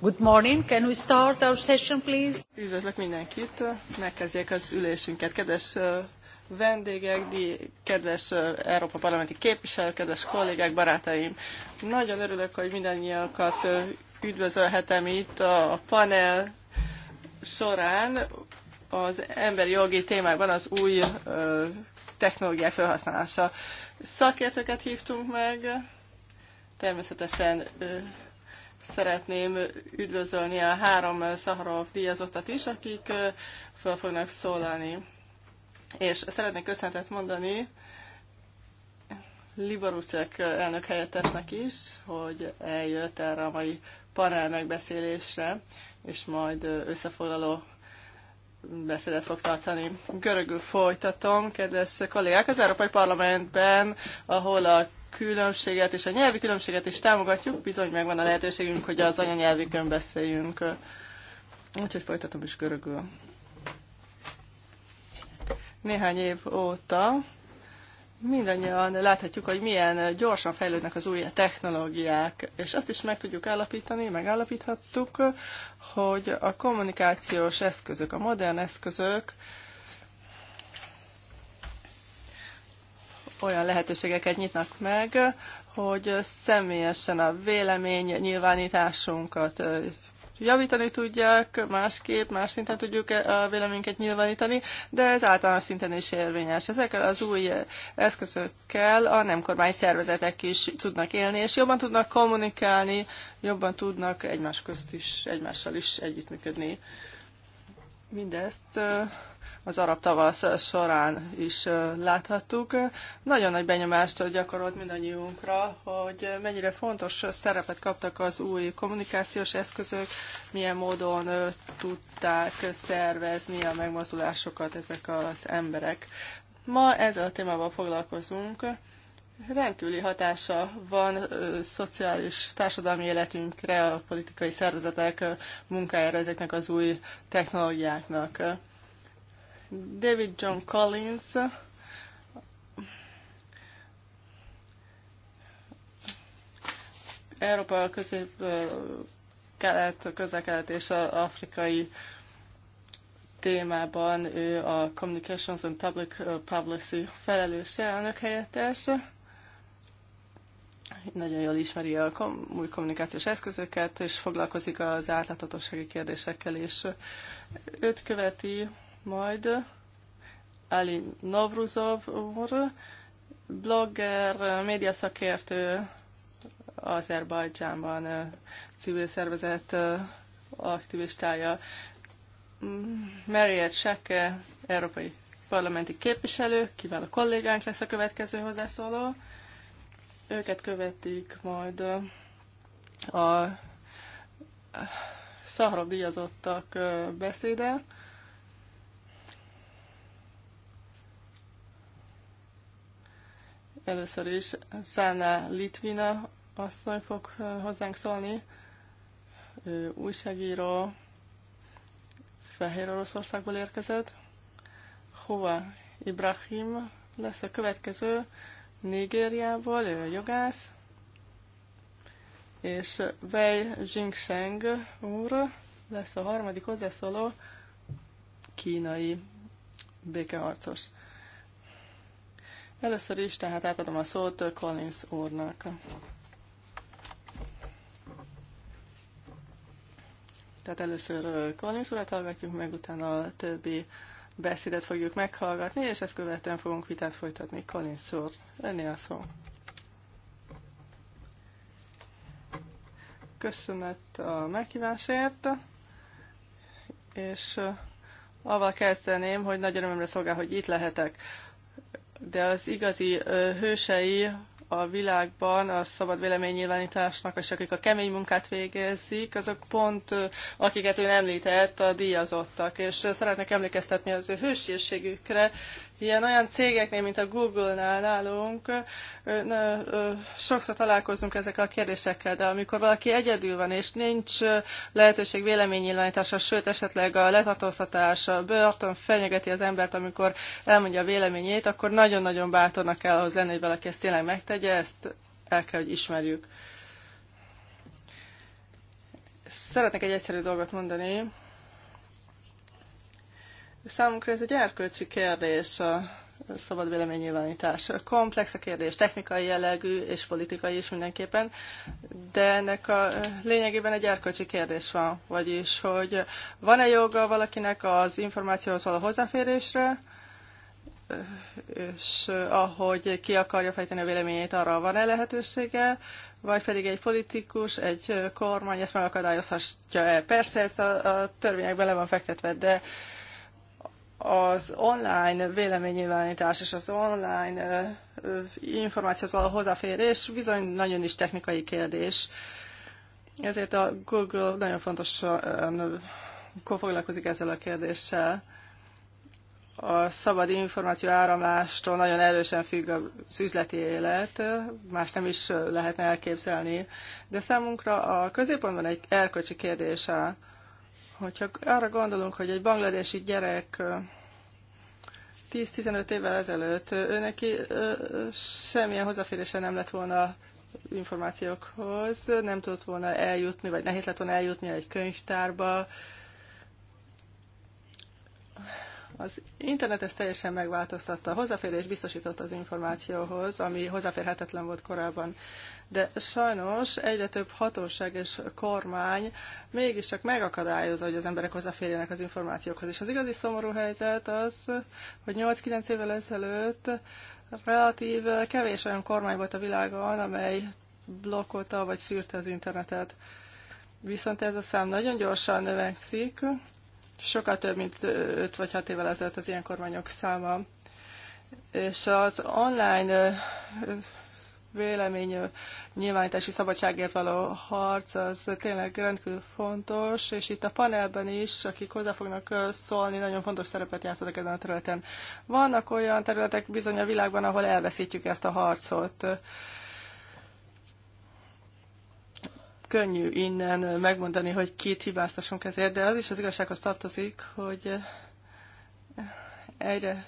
Good morning. Can we start our session, please? Üdvözlök mindenkit. Megkezdjék az ülésünket. Kedves vendégek, kedves Európa Parlamenti képviselők, kedves kollégák, barátaim. Nagyon örülök, hogy mindannyiakat üdvözölhetem itt a panel során az emberi jogi témákban az új technológiák felhasználása. Szakértőket hívtunk meg, természetesen szeretném üdvözölni a három Szaharov díjazottat is, akik fel fognak szólalni. És szeretnék köszönetet mondani Liborucek elnök helyettesnek is, hogy eljött erre a mai panel megbeszélésre, és majd összefoglaló beszédet fog tartani. Görögül folytatom, kedves kollégák, az Európai Parlamentben, ahol a különbséget és a nyelvi különbséget is támogatjuk, bizony megvan a lehetőségünk, hogy az anyanyelvükön beszéljünk. Úgyhogy folytatom is görögül. Néhány év óta mindannyian láthatjuk, hogy milyen gyorsan fejlődnek az új technológiák, és azt is meg tudjuk állapítani, megállapíthattuk, hogy a kommunikációs eszközök, a modern eszközök olyan lehetőségeket nyitnak meg, hogy személyesen a vélemény nyilvánításunkat javítani tudják, másképp, más szinten tudjuk a véleményünket nyilvánítani, de ez általános szinten is érvényes. Ezekkel az új eszközökkel a nem kormány szervezetek is tudnak élni, és jobban tudnak kommunikálni, jobban tudnak egymás közt is, egymással is együttműködni. Mindezt az arab tavasz során is láthattuk. Nagyon nagy benyomást gyakorolt mindannyiunkra, hogy mennyire fontos szerepet kaptak az új kommunikációs eszközök, milyen módon tudták szervezni a megmozdulásokat ezek az emberek. Ma ezzel a témával foglalkozunk. Rendkívüli hatása van szociális, társadalmi életünkre, a politikai szervezetek munkájára ezeknek az új technológiáknak. David John Collins Európa közép kelet, közel-kelet és a afrikai témában ő a Communications and Public Policy felelőse, elnök helyettes. Nagyon jól ismeri a kom- új kommunikációs eszközöket, és foglalkozik az átláthatósági kérdésekkel, és őt követi majd Ali Novruzov úr, blogger, médiaszakértő Azerbajdzsánban civil szervezet aktivistája. Mariette mm, Seke, európai parlamenti képviselő, kivel a kollégánk lesz a következő hozzászóló. Őket követik majd a szahra díjazottak beszéde, Először is Szána Litvina asszony fog hozzánk szólni, ő újságíró, Fehér Oroszországból érkezett. Hova Ibrahim lesz a következő, Nigériából, ő jogász, és Wei Jingsheng úr lesz a harmadik hozzászóló, kínai békeharcos. Először is, tehát átadom a szót Collins úrnak. Tehát először Collins urat hallgatjuk meg, utána a többi beszédet fogjuk meghallgatni, és ezt követően fogunk vitát folytatni. Collins úr, önné a szó. Köszönet a meghívásért, és avval kezdeném, hogy nagy örömömre szolgál, hogy itt lehetek de az igazi hősei a világban a szabad véleménynyilvánításnak, és akik a kemény munkát végezik, azok pont, akiket ő említett, a díjazottak. És szeretnék emlékeztetni az ő hősérségükre, Ilyen olyan cégeknél, mint a Google-nál nálunk, sokszor találkozunk ezekkel a kérdésekkel, de amikor valaki egyedül van, és nincs lehetőség véleménynyilvánítása, sőt esetleg a letartóztatás, a börtön fenyegeti az embert, amikor elmondja a véleményét, akkor nagyon-nagyon bátornak kell ahhoz lenni, hogy valaki ezt tényleg megtegye, ezt el kell, hogy ismerjük. Szeretnék egy egyszerű dolgot mondani. Számunkra ez egy erkölcsi kérdés a szabad véleménynyilvánítás. Komplex a kérdés, technikai jellegű és politikai is mindenképpen, de ennek a lényegében egy erkölcsi kérdés van, vagyis, hogy van-e joga valakinek az információhoz való hozzáférésre, és ahogy ki akarja fejteni a véleményét, arra van-e lehetősége, vagy pedig egy politikus, egy kormány ezt megakadályozhatja-e. Persze ez a, a törvényekben le van fektetve, de az online véleménynyilvánítás és az online információhoz való hozzáférés bizony nagyon is technikai kérdés. Ezért a Google nagyon akkor foglalkozik ezzel a kérdéssel. A szabad információ áramlástól nagyon erősen függ az üzleti élet, más nem is lehetne elképzelni. De számunkra a középpontban egy erkölcsi kérdése, Hogyha arra gondolunk, hogy egy bangladesi gyerek 10-15 évvel ezelőtt ő neki semmilyen hozzáférése nem lett volna információkhoz, nem tudott volna eljutni, vagy nehéz lett volna eljutni egy könyvtárba, az internet ezt teljesen megváltoztatta. Hozzáférés biztosított az információhoz, ami hozzáférhetetlen volt korábban. De sajnos egyre több hatóság és kormány mégiscsak megakadályozza, hogy az emberek hozzáférjenek az információkhoz. És az igazi szomorú helyzet az, hogy 8-9 évvel ezelőtt relatív kevés olyan kormány volt a világon, amely blokkolta vagy szűrte az internetet. Viszont ez a szám nagyon gyorsan növekszik, sokkal több, mint 5 vagy 6 évvel ezelőtt az ilyen kormányok száma. És az online vélemény nyilvánítási szabadságért való harc az tényleg rendkívül fontos, és itt a panelben is, akik hozzá fognak szólni, nagyon fontos szerepet játszanak ezen a területen. Vannak olyan területek bizony a világban, ahol elveszítjük ezt a harcot könnyű innen megmondani, hogy két hibáztassunk ezért, de az is az igazsághoz tartozik, hogy egyre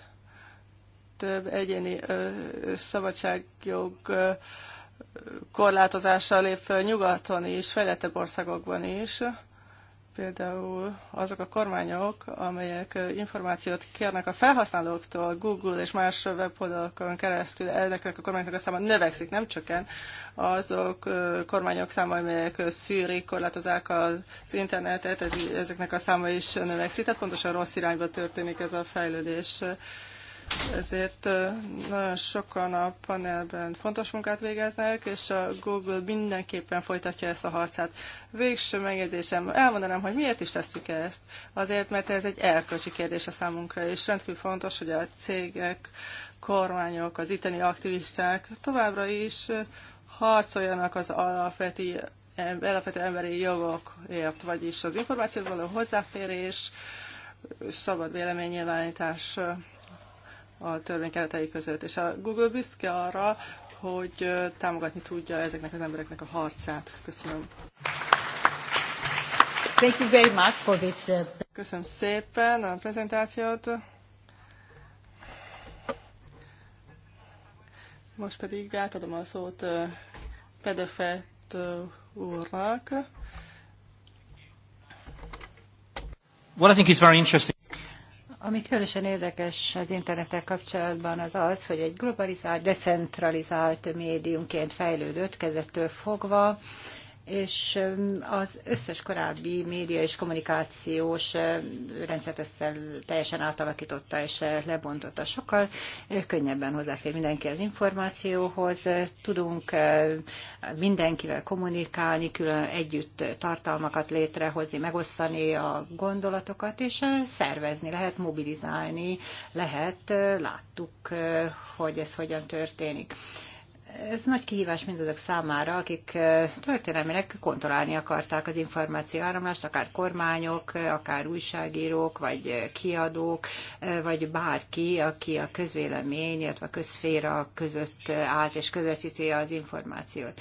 több egyéni szabadságjog korlátozással lép föl nyugaton is, fejlettebb országokban is. Például azok a kormányok, amelyek információt kérnek a felhasználóktól, Google és más weboldalakon keresztül, ezeknek a kormányoknak a száma növekszik, nem csökken. Azok kormányok száma, amelyek szűrik, korlátozák az internetet, ezeknek a száma is növekszik. Tehát pontosan rossz irányba történik ez a fejlődés ezért nagyon sokan a panelben fontos munkát végeznek, és a Google mindenképpen folytatja ezt a harcát. Végső megjegyzésem, elmondanám, hogy miért is tesszük ezt. Azért, mert ez egy erkölcsi kérdés a számunkra, és rendkívül fontos, hogy a cégek, kormányok, az itteni aktivisták továbbra is harcoljanak az alapvető, alapvető emberi jogokért, vagyis az információhoz való hozzáférés, szabad véleménynyilvánítás, a törvény keretei között. És a Google büszke arra, hogy támogatni tudja ezeknek az embereknek a harcát. Köszönöm. Thank you very much for this. Uh, Köszönöm szépen a prezentációt. Most pedig átadom a szót Pedefett úrnak. What I think is very interesting. Ami különösen érdekes az internettel kapcsolatban az az, hogy egy globalizált, decentralizált médiumként fejlődött kezdettől fogva, és az összes korábbi média és kommunikációs rendszert össze teljesen átalakította és lebontotta. Sokkal könnyebben hozzáfér mindenki az információhoz, tudunk mindenkivel kommunikálni, külön együtt tartalmakat létrehozni, megosztani a gondolatokat, és szervezni lehet, mobilizálni lehet. Láttuk, hogy ez hogyan történik. Ez nagy kihívás mindazok számára, akik történelmileg kontrollálni akarták az információ áramlást, akár kormányok, akár újságírók, vagy kiadók, vagy bárki, aki a közvélemény, illetve a közféra között állt és közvetíti az információt.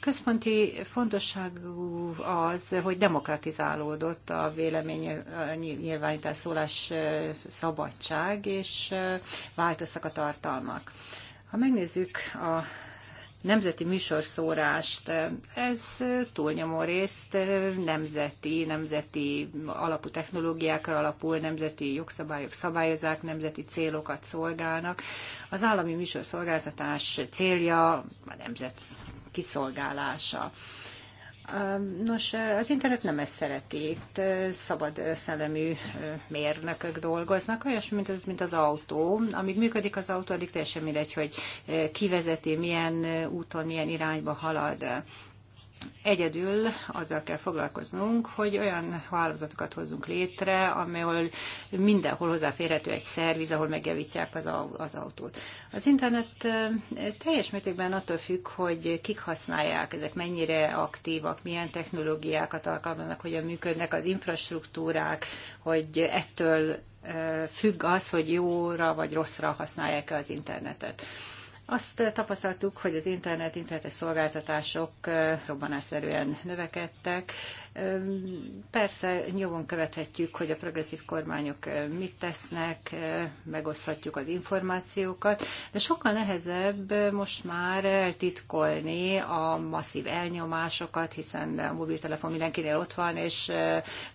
Központi fontosságú az, hogy demokratizálódott a vélemény nyilvánítás szólás szabadság, és változtak a tartalmak. Ha megnézzük a nemzeti műsorszórást, ez túlnyomó részt nemzeti, nemzeti alapú technológiákra alapul, nemzeti jogszabályok szabályozák, nemzeti célokat szolgálnak. Az állami műsorszolgáltatás célja a nemzet kiszolgálása. Nos, az internet nem ezt szereti. Itt szabad szellemű mérnökök dolgoznak, olyasmi, mint az, mint az autó. Amíg működik az autó, addig teljesen mindegy, hogy kivezeti, milyen úton, milyen irányba halad. Egyedül azzal kell foglalkoznunk, hogy olyan hálózatokat hozzunk létre, amelyol mindenhol hozzáférhető egy szerviz, ahol megjavítják az, az autót. Az internet teljes mértékben attól függ, hogy kik használják, ezek mennyire aktívak, milyen technológiákat alkalmaznak, hogyan működnek az infrastruktúrák, hogy ettől függ az, hogy jóra vagy rosszra használják-e az internetet. Azt tapasztaltuk, hogy az internet, internetes szolgáltatások robbanásszerűen növekedtek, Persze nyomon követhetjük, hogy a progresszív kormányok mit tesznek, megoszthatjuk az információkat, de sokkal nehezebb most már eltitkolni a masszív elnyomásokat, hiszen a mobiltelefon mindenkinél ott van, és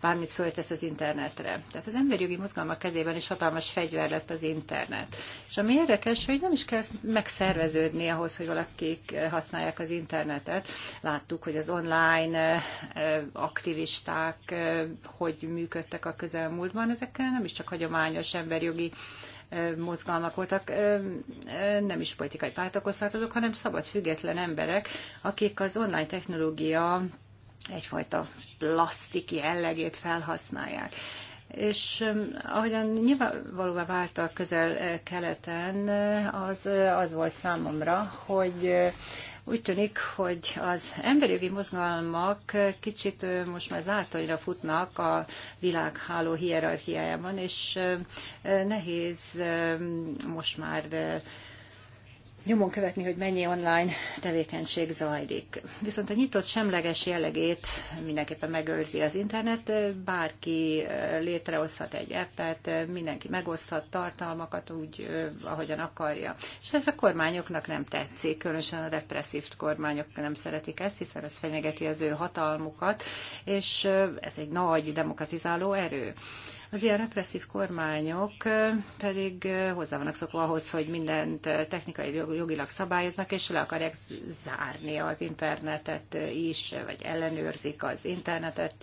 bármit föltesz az internetre. Tehát az emberi jogi kezében is hatalmas fegyver lett az internet. És ami érdekes, hogy nem is kell megszerveződni ahhoz, hogy valakik használják az internetet. Láttuk, hogy az online aktivisták hogy működtek a közelmúltban, ezek nem is csak hagyományos emberjogi mozgalmak voltak, nem is politikai pártokhoz tartozók, hanem szabad, független emberek, akik az online technológia egyfajta plastik jellegét felhasználják. És ahogyan nyilvánvalóvá vált a közel-keleten, az, az volt számomra, hogy úgy tűnik, hogy az emberi jogi mozgalmak kicsit most már zártanyra futnak a világháló hierarchiájában, és nehéz most már nyomon követni, hogy mennyi online tevékenység zajlik. Viszont a nyitott semleges jellegét mindenképpen megőrzi az internet, bárki létrehozhat egy appet, mindenki megoszthat tartalmakat úgy, ahogyan akarja. És ez a kormányoknak nem tetszik, különösen a represszív kormányok nem szeretik ezt, hiszen ez fenyegeti az ő hatalmukat, és ez egy nagy demokratizáló erő. Az ilyen represszív kormányok pedig hozzá vannak szokva ahhoz, hogy mindent technikai jogilag szabályoznak, és le akarják zárni az internetet is, vagy ellenőrzik az internetet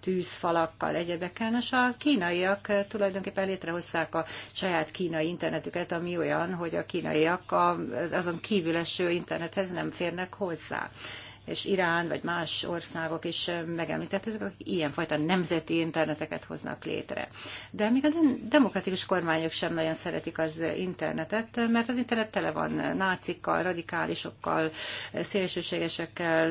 tűzfalakkal, egyebeken, és a kínaiak tulajdonképpen létrehozták a saját kínai internetüket, ami olyan, hogy a kínaiak azon kívül eső internethez nem férnek hozzá és Irán vagy más országok is megemlítettük, akik ilyenfajta nemzeti interneteket hoznak létre. De még a demokratikus kormányok sem nagyon szeretik az internetet, mert az internet tele van nácikkal, radikálisokkal, szélsőségesekkel,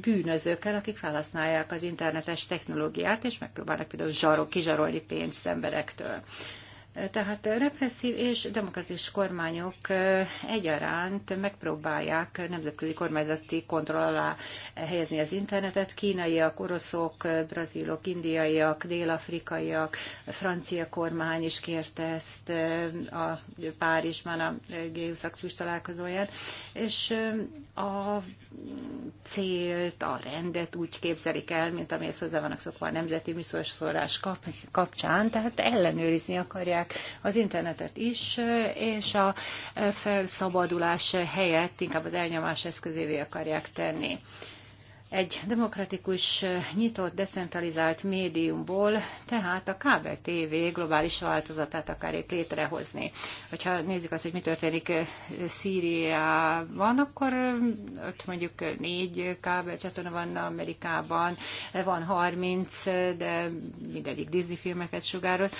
bűnözőkkel, akik felhasználják az internetes technológiát, és megpróbálnak például zsarok, kizsarolni pénzt emberektől. Tehát represszív és demokratikus kormányok egyaránt megpróbálják nemzetközi kormányzati kontroll alá helyezni az internetet. Kínaiak, oroszok, brazilok, indiaiak, dél-afrikaiak, francia kormány is kérte ezt a Párizsban a G20 találkozóján. És a célt, a rendet úgy képzelik el, mint amihez hozzá vannak szokva a nemzeti műszorsorás kapcsán, tehát ellenőrizni akarják használják az internetet is, és a felszabadulás helyett inkább az elnyomás eszközévé akarják tenni egy demokratikus, nyitott, decentralizált médiumból, tehát a kábel TV globális változatát akarják létrehozni. Hogyha nézzük azt, hogy mi történik eh, Szíriában, akkor eh, ott mondjuk négy kábel csatorna van Amerikában, eh, van 30, de mindegyik Disney filmeket sugárolt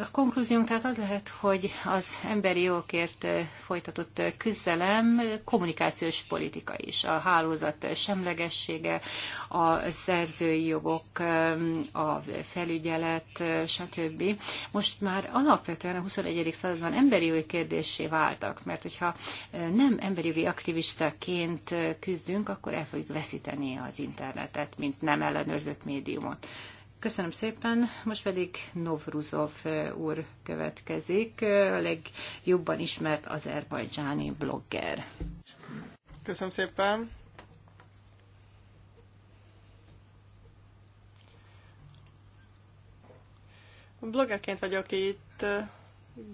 a konklúziónk tehát az lehet, hogy az emberi jogokért folytatott küzdelem kommunikációs politika is. A hálózat semlegessége, a szerzői jogok, a felügyelet, stb. Most már alapvetően a XXI. században emberi jogi kérdésé váltak, mert hogyha nem emberi jogi aktivistaként küzdünk, akkor el fogjuk veszíteni az internetet, mint nem ellenőrzött médiumot. Köszönöm szépen. Most pedig Novruzov úr következik, a legjobban ismert azerbajdzsáni blogger. Köszönöm szépen. Bloggerként vagyok itt,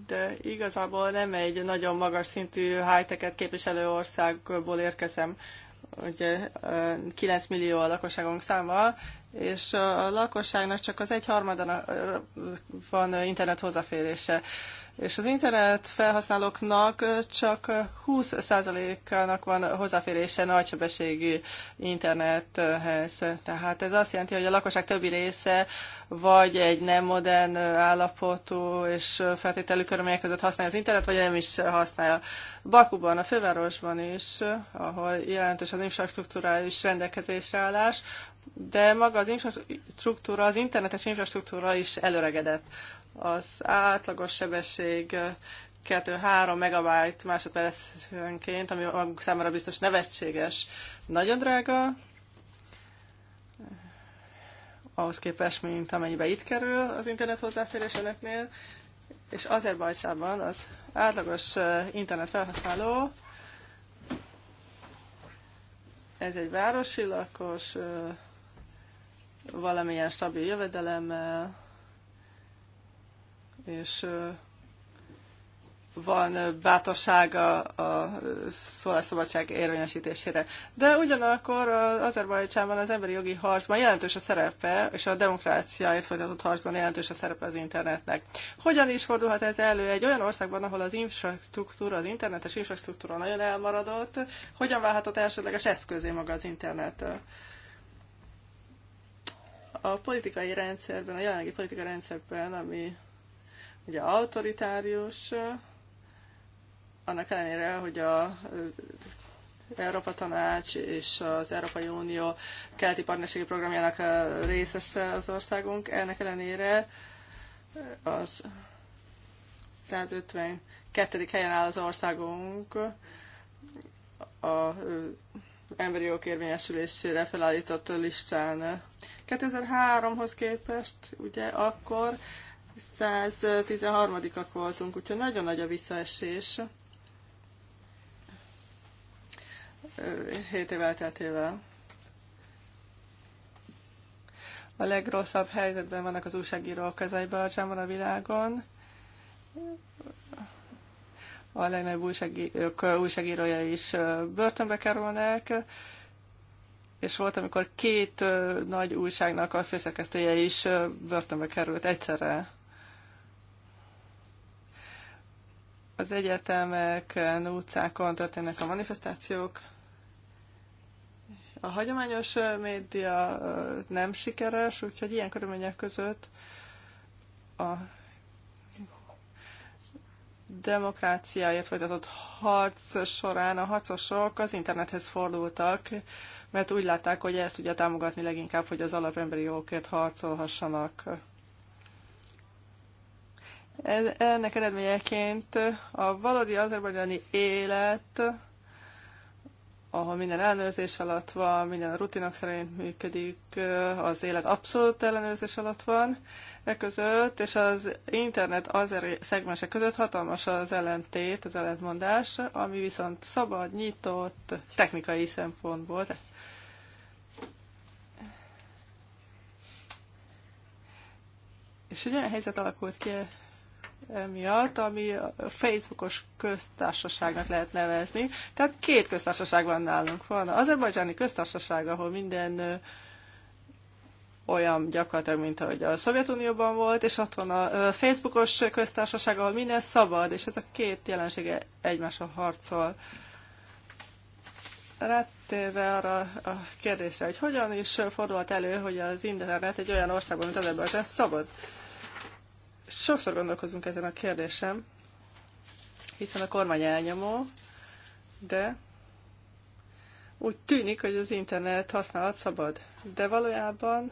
de igazából nem egy nagyon magas szintű high-tech-et képviselő országból érkezem. Ugye 9 millió a lakosságunk száma, és a lakosságnak csak az egy harmadan van internet hozzáférése. És az internet felhasználóknak csak 20%-ának van hozzáférése nagysebességű internethez. Tehát ez azt jelenti, hogy a lakosság többi része vagy egy nem modern állapotú és feltételű körülmények között használja az internet, vagy nem is használja. Bakuban, a fővárosban is, ahol jelentős az infrastruktúrális rendelkezésre állás, de maga az infrastruktúra, az internetes infrastruktúra is előregedett. Az átlagos sebesség 2-3 megabájt másodpercenként, ami maguk számára biztos nevetséges, nagyon drága, ahhoz képest, mint amennyibe itt kerül az internet hozzáférés önöknél, és Azerbajcsában az átlagos internet felhasználó, ez egy városi lakos, valamilyen stabil jövedelemmel, és van bátorsága a szólásszabadság érvényesítésére. De ugyanakkor Azerbajcsánban az emberi jogi harcban jelentős a szerepe, és a demokráciáért folytatott harcban jelentős a szerepe az internetnek. Hogyan is fordulhat ez elő egy olyan országban, ahol az infrastruktúra, az internetes infrastruktúra nagyon elmaradott, hogyan válhatott elsődleges eszközé maga az internet? a politikai rendszerben, a jelenlegi politikai rendszerben, ami ugye autoritárius, annak ellenére, hogy a Európa Tanács és az Európai Unió keleti partnerségi programjának részese az országunk. Ennek ellenére az 152. helyen áll az országunk a emberi jogok érvényesülésére felállított listán. 2003-hoz képest, ugye akkor 113-ak voltunk, úgyhogy nagyon nagy a visszaesés. 7 év elteltével. A legrosszabb helyzetben vannak az újságírók Azerbajdzsánban a világon a legnagyobb újságírók, újságírója is börtönbe kerülnek, és volt, amikor két nagy újságnak a főszerkesztője is börtönbe került egyszerre. Az egyetemek utcákon történnek a manifestációk. A hagyományos média nem sikeres, úgyhogy ilyen körülmények között a demokráciáért folytatott harc során a harcosok az internethez fordultak, mert úgy látták, hogy ezt tudja támogatni leginkább, hogy az alapemberi jogokért harcolhassanak. Ennek eredményeként a valódi azerbajdzsáni élet, ahol minden ellenőrzés alatt van, minden a rutinok szerint működik, az élet abszolút ellenőrzés alatt van, E között és az internet azer szegmensek között hatalmas az ellentét, az ellentmondás, ami viszont szabad, nyitott, technikai szempontból. És egy olyan helyzet alakult ki emiatt, ami Facebookos köztársaságnak lehet nevezni. Tehát két köztársaság van nálunk. Van az azerbajdzsáni köztársaság, ahol minden olyan gyakorlatilag, mint ahogy a Szovjetunióban volt, és ott van a Facebookos köztársaság, ahol minden szabad, és ez a két jelensége egymással harcol. Rettéve arra a kérdésre, hogy hogyan is fordulhat elő, hogy az internet egy olyan országban, mint az szabad. Sokszor gondolkozunk ezen a kérdésem, hiszen a kormány elnyomó, de úgy tűnik, hogy az internet használat szabad, de valójában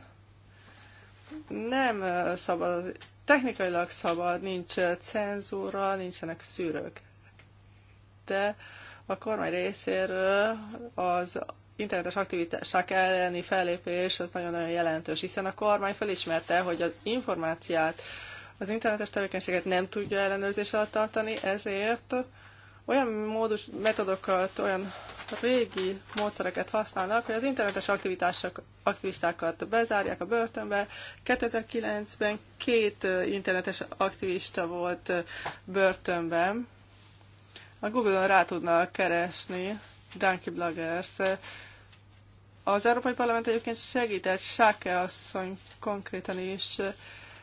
nem szabad, technikailag szabad, nincs cenzúra, nincsenek szűrők. De a kormány részéről az internetes aktivitások elleni fellépés az nagyon-nagyon jelentős, hiszen a kormány felismerte, hogy az informáciát, az internetes tevékenységet nem tudja ellenőrzés alatt tartani, ezért olyan módus, metodokat, olyan régi módszereket használnak, hogy az internetes aktivitások, aktivistákat bezárják a börtönbe. 2009-ben két internetes aktivista volt börtönben. A Google-on rá tudnak keresni Dunky Bloggers. Az Európai Parlament egyébként segített, Sáke asszony konkrétan is,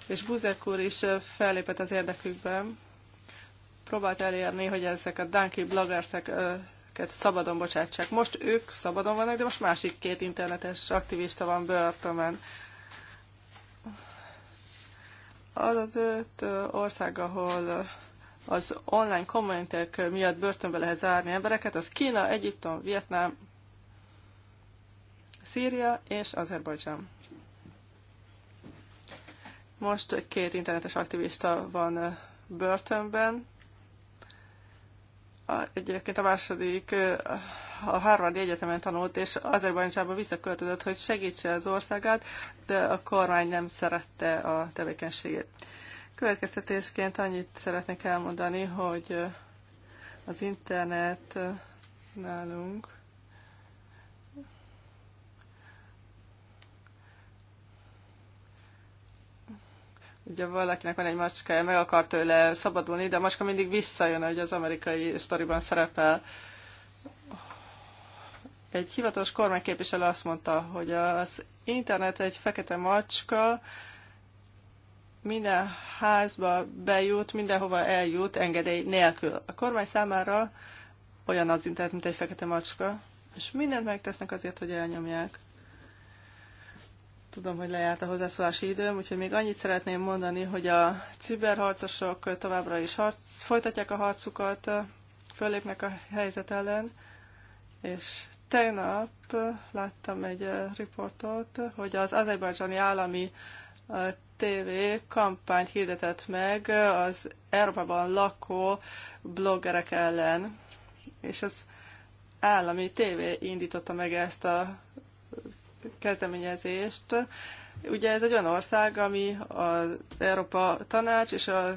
és Buzek úr is fellépett az érdekükben. Próbált elérni, hogy ezek a Dunky Bloggersek szabadon bocsátsák. Most ők szabadon vannak, de most másik két internetes aktivista van börtönben. Az az öt ország, ahol az online kommentek miatt börtönbe lehet zárni embereket, az Kína, Egyiptom, Vietnám, Szíria és Azerbajdzsán. Most két internetes aktivista van börtönben, a, egyébként a második, a harmadik Egyetemen tanult, és Azerbajdzsánba visszaköltözött, hogy segítse az országát, de a kormány nem szerette a tevékenységét. Következtetésként annyit szeretnék elmondani, hogy az internet nálunk Ugye valakinek van egy macskája, meg akar tőle szabadulni, de a macska mindig visszajön, hogy az amerikai sztoriban szerepel. Egy hivatalos kormányképviselő azt mondta, hogy az internet egy fekete macska, minden házba bejut, mindenhova eljut engedély nélkül. A kormány számára olyan az internet, mint egy fekete macska, és mindent megtesznek azért, hogy elnyomják. Tudom, hogy lejárt a hozzászólási időm, úgyhogy még annyit szeretném mondani, hogy a ciberharcosok továbbra is harc, folytatják a harcukat, fölépnek a helyzet ellen, és tegnap láttam egy eh, riportot, hogy az azerbajdzsani állami eh, TV kampányt hirdetett meg eh, az Európában lakó bloggerek ellen, és az állami TV indította meg ezt a kezdeményezést. Ugye ez egy olyan ország, ami az Európa Tanács és az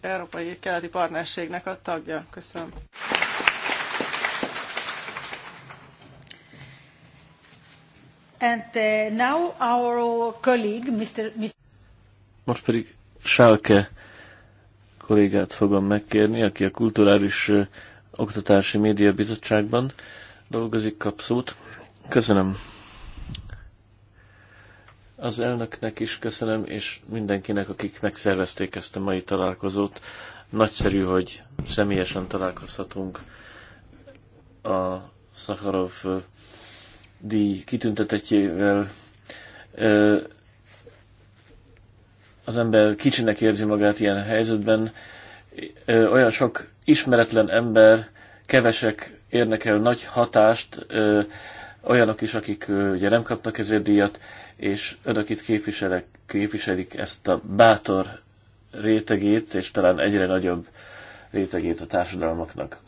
Európai Keleti Partnerségnek a tagja. Köszönöm. And uh, now our colleague, Mr. Mr. Most pedig Sálke kollégát fogom megkérni, aki a Kulturális uh, Oktatási Média Bizottságban dolgozik, kap szót. Köszönöm. Az elnöknek is köszönöm, és mindenkinek, akik megszervezték ezt a mai találkozót. Nagyszerű, hogy személyesen találkozhatunk a Szakarov díj kitüntetetjével. Az ember kicsinek érzi magát ilyen helyzetben. Olyan sok ismeretlen ember, kevesek érnek el nagy hatást, olyanok is, akik ugye nem kapnak ezért díjat, és önök itt képviselek, képviselik ezt a bátor rétegét, és talán egyre nagyobb rétegét a társadalmaknak.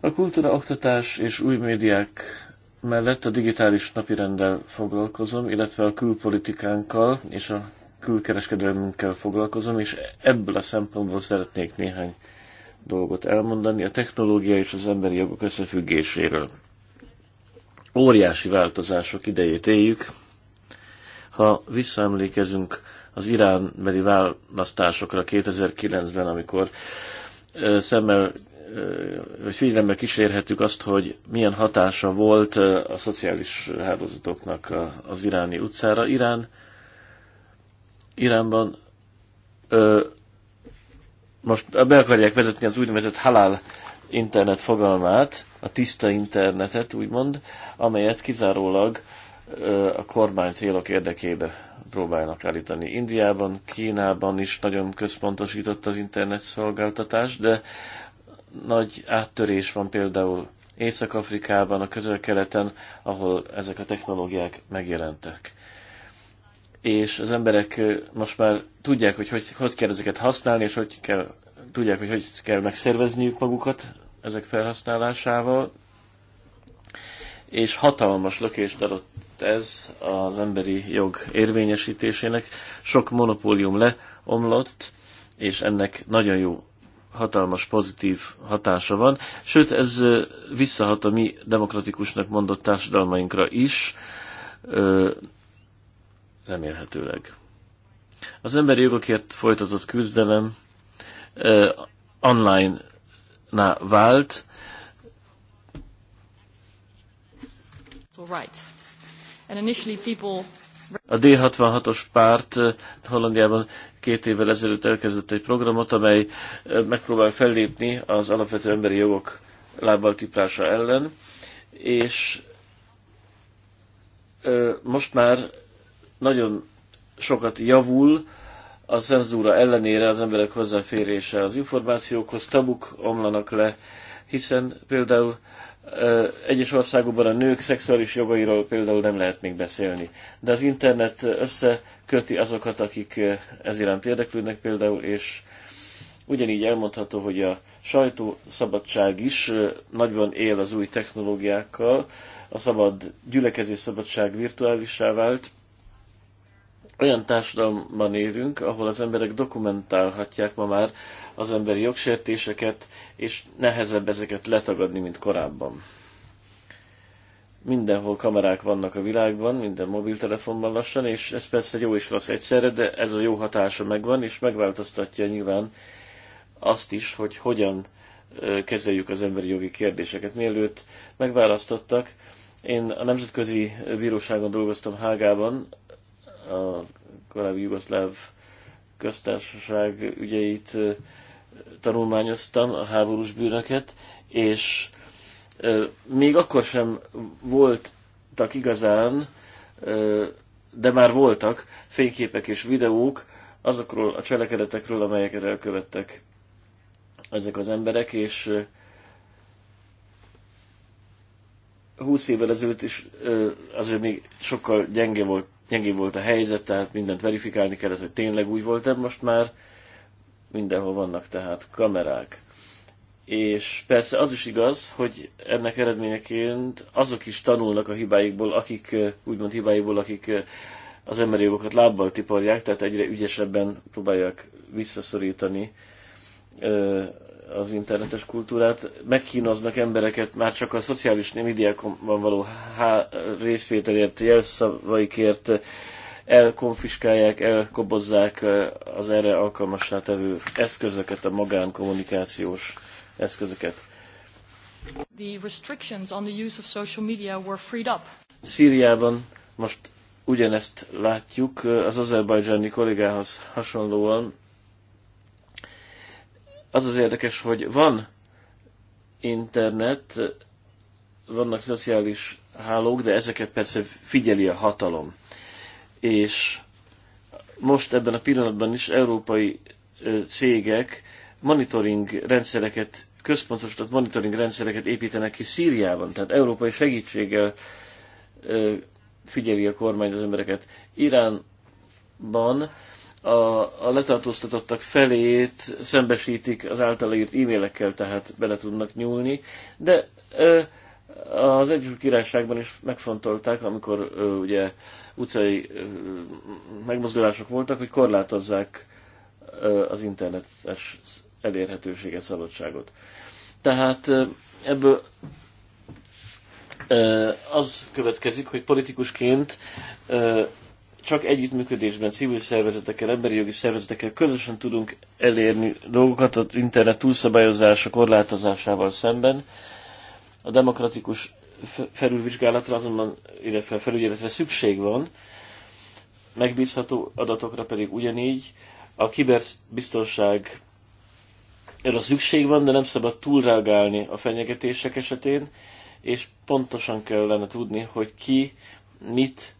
A kultúra, oktatás és új médiák mellett a digitális napirenddel foglalkozom, illetve a külpolitikánkkal és a külkereskedelmünkkel foglalkozom, és ebből a szempontból szeretnék néhány dolgot elmondani a technológia és az emberi jogok összefüggéséről. Óriási változások idejét éljük, ha visszaemlékezünk az iránbeli választásokra 2009-ben, amikor szemmel vagy figyelembe kísérhetjük azt, hogy milyen hatása volt a szociális hálózatoknak az iráni utcára. Irán, Iránban ö, most be akarják vezetni az úgynevezett halál internet fogalmát, a tiszta internetet úgymond, amelyet kizárólag a kormány célok érdekébe próbálnak állítani. Indiában, Kínában is nagyon központosított az internet szolgáltatás, de nagy áttörés van például Észak-Afrikában, a közel-keleten, ahol ezek a technológiák megjelentek. És az emberek most már tudják, hogy hogy, hogy kell ezeket használni, és hogy kell, tudják, hogy hogy kell megszervezniük magukat ezek felhasználásával, és hatalmas lökést adott ez az emberi jog érvényesítésének. Sok monopólium leomlott, és ennek nagyon jó hatalmas pozitív hatása van, sőt ez visszahat a mi demokratikusnak mondott társadalmainkra is, remélhetőleg. Az emberi jogokért folytatott küzdelem online-ná vált. Right. A D66-os párt eh, Hollandiában két évvel ezelőtt elkezdett egy programot, amely eh, megpróbál fellépni az alapvető emberi jogok lábbal tiprása ellen, és eh, most már nagyon sokat javul a cenzúra ellenére az emberek hozzáférése az információkhoz, tabuk omlanak le, hiszen például egyes országokban a nők szexuális jogairól például nem lehet még beszélni. De az internet összeköti azokat, akik ez iránt érdeklődnek például, és ugyanígy elmondható, hogy a sajtószabadság is nagyban él az új technológiákkal, a szabad gyülekezés szabadság virtuálisá vált. Olyan társadalomban érünk, ahol az emberek dokumentálhatják ma már az emberi jogsértéseket, és nehezebb ezeket letagadni, mint korábban. Mindenhol kamerák vannak a világban, minden mobiltelefonban lassan, és ez persze jó is lesz egyszerre, de ez a jó hatása megvan, és megváltoztatja nyilván azt is, hogy hogyan kezeljük az emberi jogi kérdéseket. Mielőtt megválasztottak, én a Nemzetközi Bíróságon dolgoztam Hágában, a korábbi jugoszláv köztársaság ügyeit tanulmányoztam, a háborús bűnöket, és még akkor sem voltak igazán, de már voltak fényképek és videók azokról a cselekedetekről, amelyeket elkövettek ezek az emberek, és 20 évvel ezelőtt is azért még sokkal gyenge volt gyengébb volt a helyzet, tehát mindent verifikálni kellett, hogy tényleg úgy volt-e, most már mindenhol vannak tehát kamerák. És persze az is igaz, hogy ennek eredményeként azok is tanulnak a hibáikból, akik úgymond hibáiból, akik az emberi jogokat lábbal tiparják, tehát egyre ügyesebben próbálják visszaszorítani az internetes kultúrát, megkínoznak embereket már csak a szociális médiákon való há- részvételért, jelszavaikért, elkonfiskálják, elkobozzák az erre alkalmassá tevő eszközöket, a magánkommunikációs eszközöket. The restrictions on the use of social media were freed up. Szíriában most ugyanezt látjuk, az azerbajdzsáni kollégához hasonlóan az az érdekes, hogy van internet, vannak szociális hálók, de ezeket persze figyeli a hatalom. És most ebben a pillanatban is európai cégek monitoring rendszereket, központosított monitoring rendszereket építenek ki Szíriában, tehát európai segítséggel figyeli a kormány az embereket. Iránban a, a letartóztatottak felét szembesítik az általa írt e-mailekkel, tehát bele tudnak nyúlni, de ö, az Egyesült Királyságban is megfontolták, amikor ö, ugye utcai ö, megmozdulások voltak, hogy korlátozzák ö, az internetes elérhetőséget, szabadságot. Tehát ö, ebből ö, az következik, hogy politikusként ö, csak együttműködésben civil szervezetekkel, emberi jogi szervezetekkel közösen tudunk elérni dolgokat az internet túlszabályozása, korlátozásával szemben. A demokratikus felülvizsgálatra azonban, illetve felügyeletre szükség van, megbízható adatokra pedig ugyanígy. A kiberbiztonság erre szükség van, de nem szabad túlreagálni a fenyegetések esetén, és pontosan kellene tudni, hogy ki mit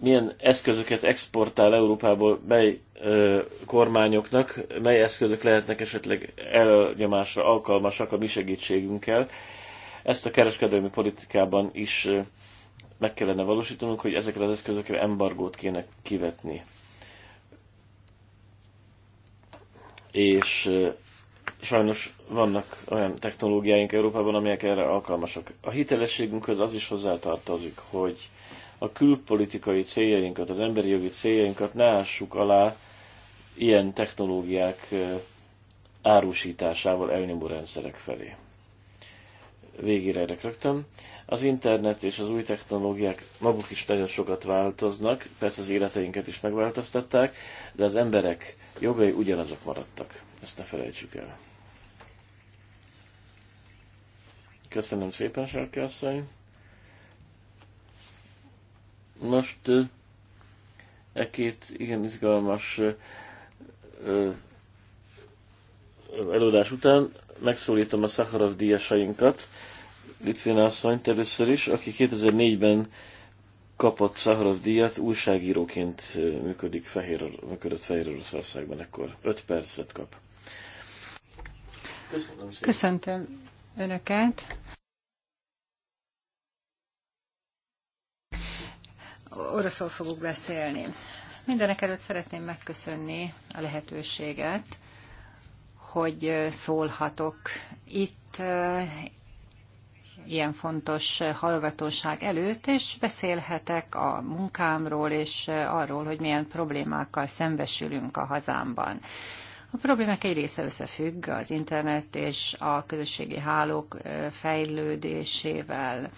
milyen eszközöket exportál Európából mely ö, kormányoknak, mely eszközök lehetnek esetleg elnyomásra alkalmasak a mi segítségünkkel. Ezt a kereskedelmi politikában is ö, meg kellene valósítanunk, hogy ezekre az eszközökre embargót kéne kivetni. És ö, sajnos vannak olyan technológiáink Európában, amelyek erre alkalmasak. A hitelességünkhöz az is hozzátartozik, hogy a külpolitikai céljainkat, az emberi jogi céljainkat ne ássuk alá ilyen technológiák árusításával elnyomó rendszerek felé. Végére erre rögtön. Az internet és az új technológiák maguk is nagyon sokat változnak, persze az életeinket is megváltoztatták, de az emberek jogai ugyanazok maradtak. Ezt ne felejtsük el. Köszönöm szépen, Sarkászony! Most e két igen izgalmas előadás után megszólítom a Szaharov díjasainkat, Litvén asszonyt először is, aki 2004-ben kapott Szaharov díjat, újságíróként működik Fehér, működött Fehér Oroszországban, ekkor 5 percet kap. Köszönöm szépen. Köszöntöm Önöket. oroszul fogok beszélni. Mindenek előtt szeretném megköszönni a lehetőséget, hogy szólhatok itt ilyen fontos hallgatóság előtt, és beszélhetek a munkámról és arról, hogy milyen problémákkal szembesülünk a hazámban. A problémák egy része összefügg az internet és a közösségi hálók fejlődésével.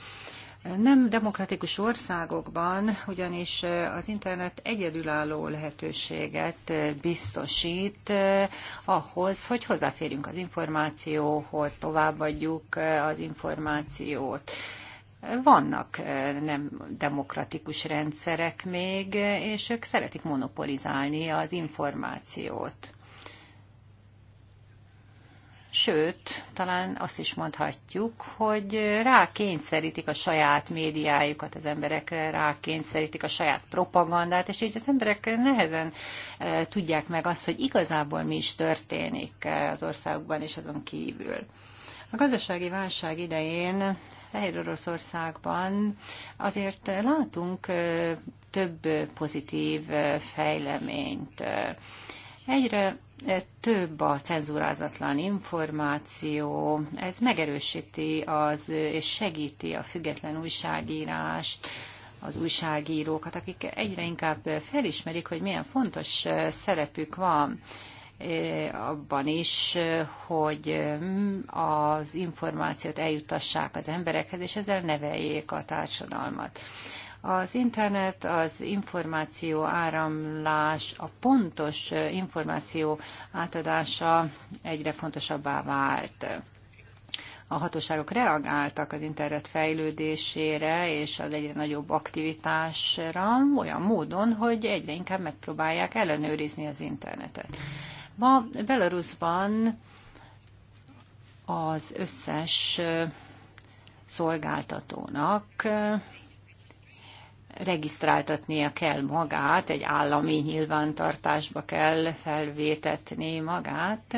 Nem demokratikus országokban ugyanis az internet egyedülálló lehetőséget biztosít eh, ahhoz, hogy hozzáférjünk az információhoz, továbbadjuk eh, az információt. Vannak eh, nem demokratikus rendszerek még, és ők szeretik monopolizálni az információt. Sőt, talán azt is mondhatjuk, hogy rákényszerítik a saját médiájukat az emberekre, rákényszerítik a saját propagandát, és így az emberek nehezen e, tudják meg azt, hogy igazából mi is történik e, az országban és azon kívül. A gazdasági válság idején Fehér Oroszországban azért látunk e, több pozitív fejleményt. Egyre több a cenzúrázatlan információ, ez megerősíti az, és segíti a független újságírást, az újságírókat, akik egyre inkább felismerik, hogy milyen fontos szerepük van eh, abban is, hogy az információt eljutassák az emberekhez, és ezzel neveljék a társadalmat. Az internet, az információ áramlás, a pontos információ átadása egyre fontosabbá vált a hatóságok reagáltak az internet fejlődésére és az egyre nagyobb aktivitásra olyan módon, hogy egyre inkább megpróbálják ellenőrizni az internetet. Ma Belarusban az összes szolgáltatónak regisztráltatnia kell magát, egy állami nyilvántartásba kell felvétetni magát.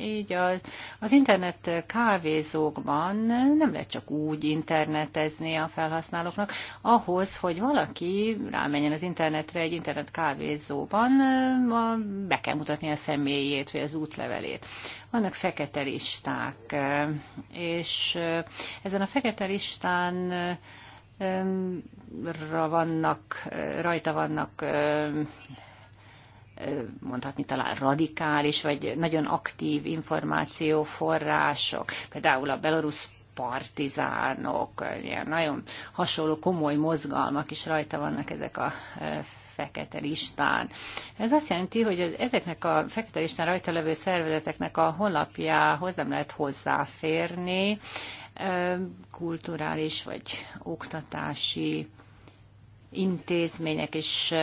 Így az, az internet kávézókban nem lehet csak úgy internetezni a felhasználóknak. Ahhoz, hogy valaki rámenjen az internetre egy internet kávézóban, be kell mutatni a személyét vagy az útlevelét. Vannak fekete listák, és ezen a fekete listán vannak, rajta vannak mondhatni talán radikális, vagy nagyon aktív információforrások, például a belorusz partizánok, ilyen nagyon hasonló komoly mozgalmak is rajta vannak ezek a fekete listán. Ez azt jelenti, hogy ezeknek a fekete listán rajta levő szervezeteknek a honlapjához nem lehet hozzáférni, kulturális vagy oktatási intézmények is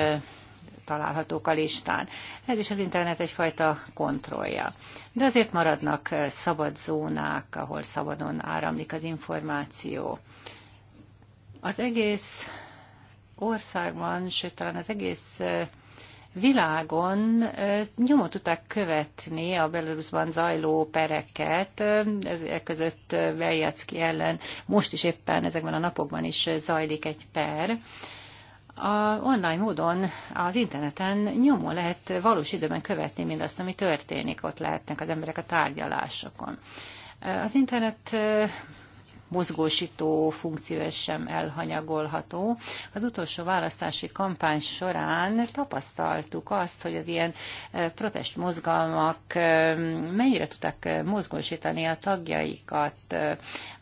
találhatók a listán. Ez is az internet egyfajta kontrollja. De azért maradnak szabad zónák, ahol szabadon áramlik az információ. Az egész országban, sőt talán az egész világon nyomot tudták követni a Belarusban zajló pereket, ezek között Veljacki ellen most is éppen ezekben a napokban is zajlik egy per. A online módon az interneten nyomon lehet valós időben követni mindazt, ami történik, ott lehetnek az emberek a tárgyalásokon. Az internet mozgósító funkció sem elhanyagolható. Az utolsó választási kampány során tapasztaltuk azt, hogy az ilyen eh, protestmozgalmak eh, mennyire tudtak eh, mozgósítani a tagjaikat.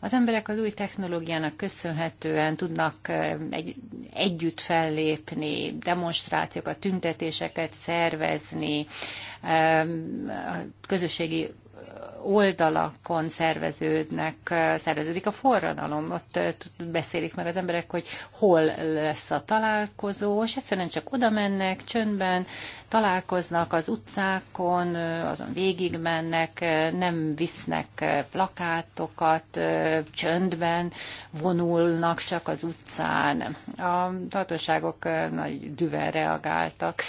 Az emberek az új technológiának köszönhetően tudnak egy, együtt fellépni, demonstrációkat, tüntetéseket szervezni, közösségi oldalakon szerveződnek, szerveződik a forradalom. Ott beszélik meg az emberek, hogy hol lesz a találkozó, és egyszerűen csak oda mennek, csöndben találkoznak az utcákon, azon végig mennek, nem visznek plakátokat, csöndben vonulnak csak az utcán. A tartóságok nagy düven reagáltak.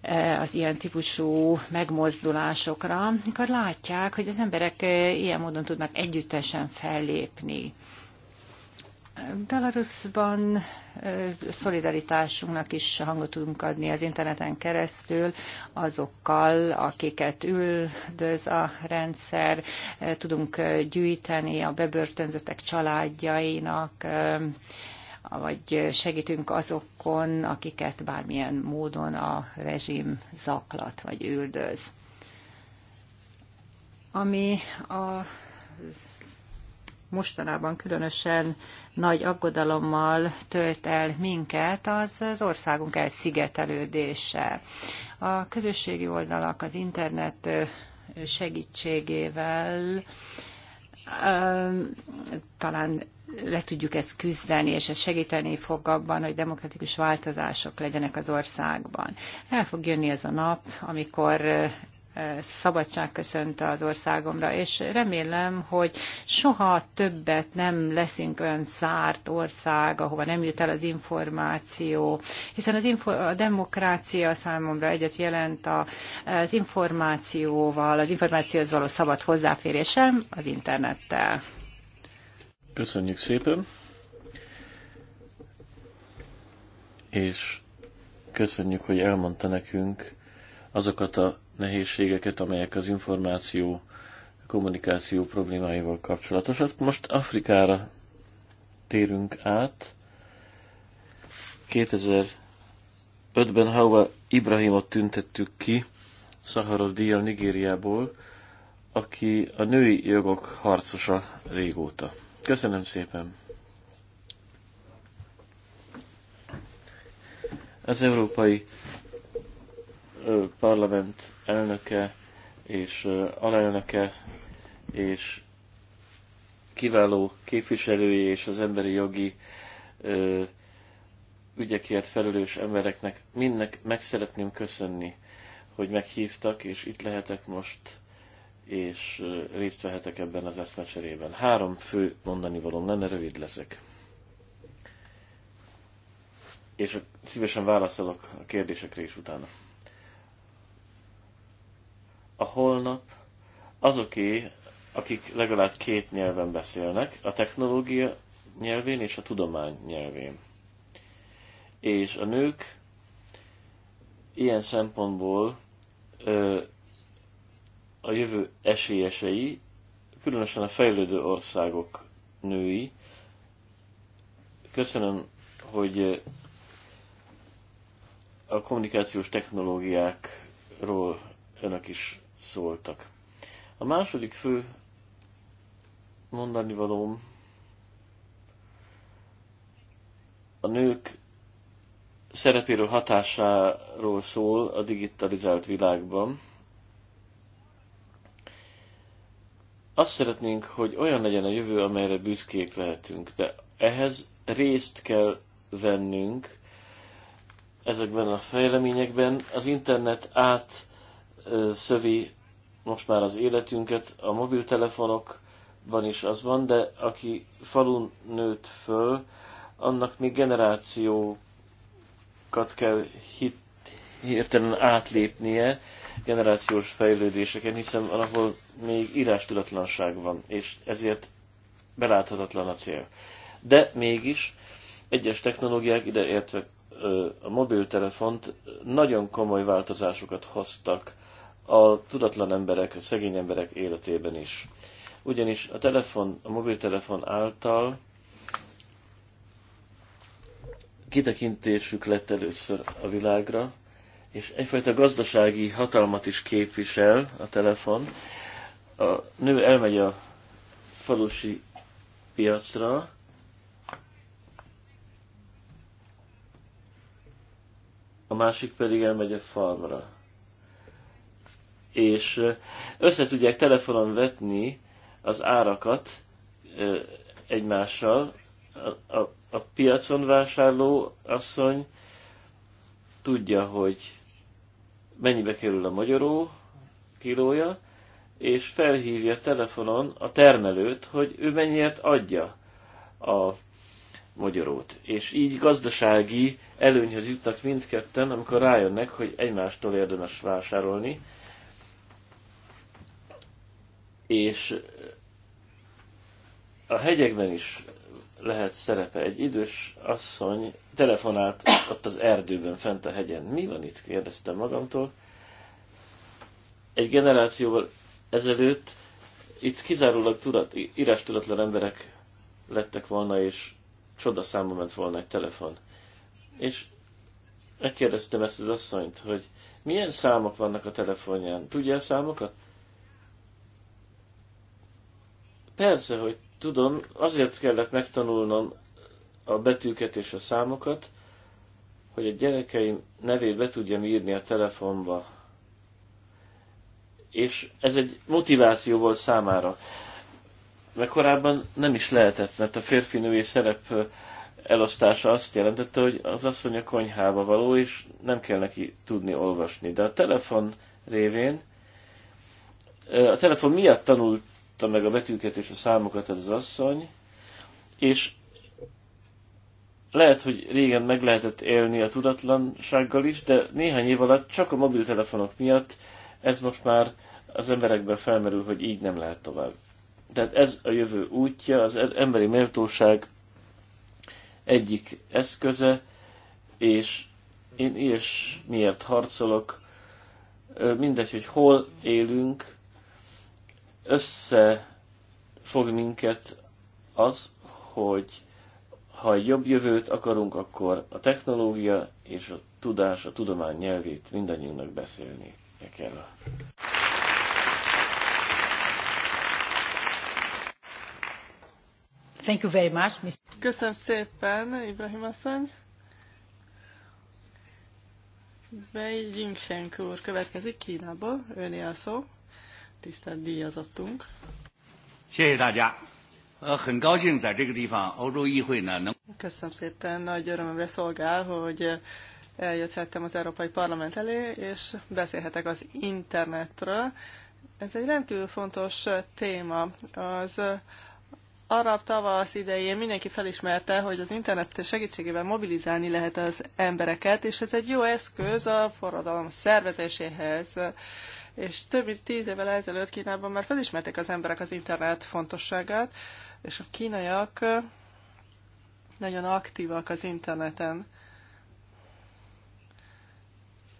Eh, az ilyen típusú megmozdulásokra, mikor látják, hogy az emberek eh, ilyen módon tudnak együttesen fellépni. Belarusban eh, szolidaritásunknak is hangot tudunk adni az interneten keresztül azokkal, akiket üldöz a rendszer, tudunk gyűjteni a bebörtönzöttek családjainak vagy segítünk azokon, akiket bármilyen módon a rezsim zaklat vagy üldöz. Ami a mostanában különösen nagy aggodalommal tölt el minket, az az országunk elszigetelődése. A közösségi oldalak az internet segítségével talán le tudjuk ezt küzdeni, és ez segíteni fog abban, hogy demokratikus változások legyenek az országban. El fog jönni ez a nap, amikor szabadság köszönt az országomra, és remélem, hogy soha többet nem leszünk olyan zárt ország, ahova nem jut el az információ, hiszen az info- a demokrácia számomra egyet jelent a, az információval, az információhoz való szabad hozzáférésem az internettel. Köszönjük szépen. És köszönjük, hogy elmondta nekünk azokat a nehézségeket, amelyek az információ, kommunikáció problémáival kapcsolatosak. Most Afrikára térünk át. 2005-ben Hawa Ibrahimot tüntettük ki Szaharov díjjal Nigériából, aki a női jogok harcosa régóta. Köszönöm szépen. Az Európai Parlament elnöke és alelnöke és kiváló képviselői és az emberi jogi ö, ügyekért felelős embereknek mindnek meg szeretném köszönni, hogy meghívtak, és itt lehetek most és részt vehetek ebben az eszmecserében. Három fő mondani valom lenne, rövid leszek. És szívesen válaszolok a kérdésekre is utána. A holnap azoké, akik legalább két nyelven beszélnek, a technológia nyelvén és a tudomány nyelvén. És a nők ilyen szempontból ö, a jövő esélyesei, különösen a fejlődő országok női. Köszönöm, hogy eh, a kommunikációs technológiákról önök is szóltak. A második fő mondani valóm a nők szerepéről, hatásáról szól a digitalizált világban. Azt szeretnénk, hogy olyan legyen a jövő, amelyre büszkék lehetünk, de ehhez részt kell vennünk ezekben a fejleményekben. Az internet átszövi most már az életünket, a mobiltelefonokban is az van, de aki falun nőtt föl, annak még generációkat kell hit hirtelen átlépnie generációs fejlődéseken, hiszen ahol még írástudatlanság van, és ezért beláthatatlan a cél. De mégis egyes technológiák, ideértve a mobiltelefont, nagyon komoly változásokat hoztak a tudatlan emberek, a szegény emberek életében is. Ugyanis a telefon, a mobiltelefon által kitekintésük lett először a világra, és egyfajta gazdasági hatalmat is képvisel a telefon. A nő elmegy a falusi piacra, a másik pedig elmegy a falra. És össze tudják telefonon vetni az árakat egymással. A, a, a piacon vásárló asszony tudja, hogy mennyibe kerül a magyaró kilója, és felhívja telefonon a termelőt, hogy ő mennyiért adja a magyarót. És így gazdasági előnyhöz jutnak mindketten, amikor rájönnek, hogy egymástól érdemes vásárolni. És a hegyekben is lehet szerepe. Egy idős asszony telefonált ott az erdőben, fent a hegyen. Mi van itt? kérdeztem magamtól. Egy generációval ezelőtt itt kizárólag tudat, írás tudatlan emberek lettek volna, és csoda számba ment volna egy telefon. És megkérdeztem ezt az asszonyt, hogy milyen számok vannak a telefonján? Tudja a számokat? Persze, hogy tudom, azért kellett megtanulnom a betűket és a számokat, hogy a gyerekeim nevét be tudjam írni a telefonba. És ez egy motiváció volt számára. Mert korábban nem is lehetett, mert a férfinői szerep elosztása azt jelentette, hogy az asszony a konyhába való, és nem kell neki tudni olvasni. De a telefon révén, a telefon miatt tanult tudta meg a betűket és a számokat ez az asszony, és lehet, hogy régen meg lehetett élni a tudatlansággal is, de néhány év alatt csak a mobiltelefonok miatt ez most már az emberekben felmerül, hogy így nem lehet tovább. Tehát ez a jövő útja, az emberi méltóság egyik eszköze, és én miért harcolok, mindegy, hogy hol élünk, Összefog minket az, hogy ha egy jobb jövőt akarunk, akkor a technológia és a tudás, a tudomány nyelvét mindannyiunknak beszélni kell. Thank you very much, Mr. Köszönöm szépen, Ibrahim asszony. Bei Jingshenk következik Kínából, őné a szó tisztelt díjazottunk. Köszönöm szépen, nagy örömömre szolgál, hogy eljöthettem az Európai Parlament elé, és beszélhetek az internetről. Ez egy rendkívül fontos téma. Az arab tavasz idején mindenki felismerte, hogy az internet segítségével mobilizálni lehet az embereket, és ez egy jó eszköz a forradalom szervezéséhez és több mint tíz évvel ezelőtt Kínában már felismerték az emberek az internet fontosságát, és a kínaiak nagyon aktívak az interneten.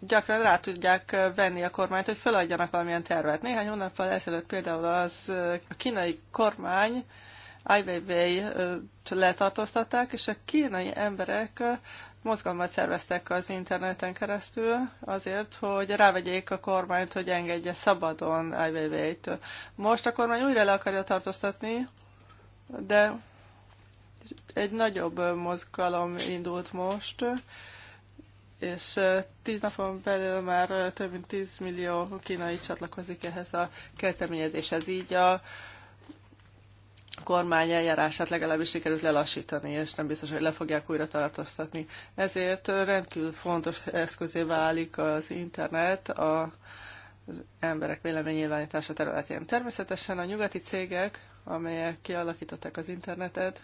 Gyakran rá tudják venni a kormányt, hogy feladjanak valamilyen tervet. Néhány hónappal ezelőtt például az a kínai kormány Ai Weiwei letartóztatták, és a kínai emberek mozgalmat szerveztek az interneten keresztül azért, hogy rávegyék a kormányt, hogy engedje szabadon ivv t Most a kormány újra le akarja tartóztatni, de egy nagyobb mozgalom indult most, és tíz napon belül már több mint 10 millió kínai csatlakozik ehhez a kezdeményezéshez. Így a kormány eljárását legalábbis sikerült lelassítani, és nem biztos, hogy le fogják újra tartóztatni. Ezért rendkívül fontos eszközé válik az internet az emberek véleménynyilvánítása területén. Természetesen a nyugati cégek, amelyek kialakították az internetet,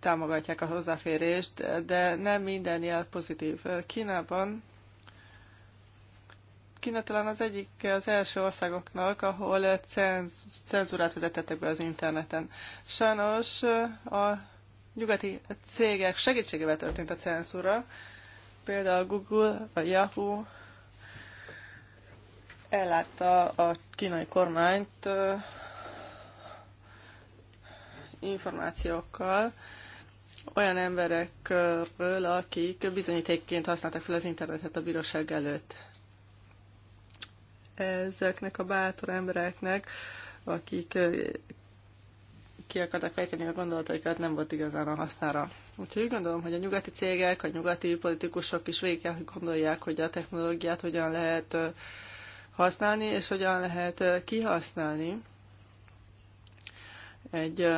támogatják a hozzáférést, de nem minden jel pozitív. Kínában Kína talán az egyik az első országoknak, ahol cenz, cenzúrát vezetettek be az interneten. Sajnos a nyugati cégek segítségével történt a cenzúra, például Google, a Yahoo ellátta a kínai kormányt információkkal, olyan emberekről, akik bizonyítékként használtak fel az internetet a bíróság előtt ezeknek a bátor embereknek, akik eh, ki akartak fejteni a gondolataikat, nem volt igazán a hasznára. Úgyhogy úgy gondolom, hogy a nyugati cégek, a nyugati politikusok is végig kell, hogy gondolják, hogy a technológiát hogyan lehet eh, használni, és hogyan lehet eh, kihasználni. Egy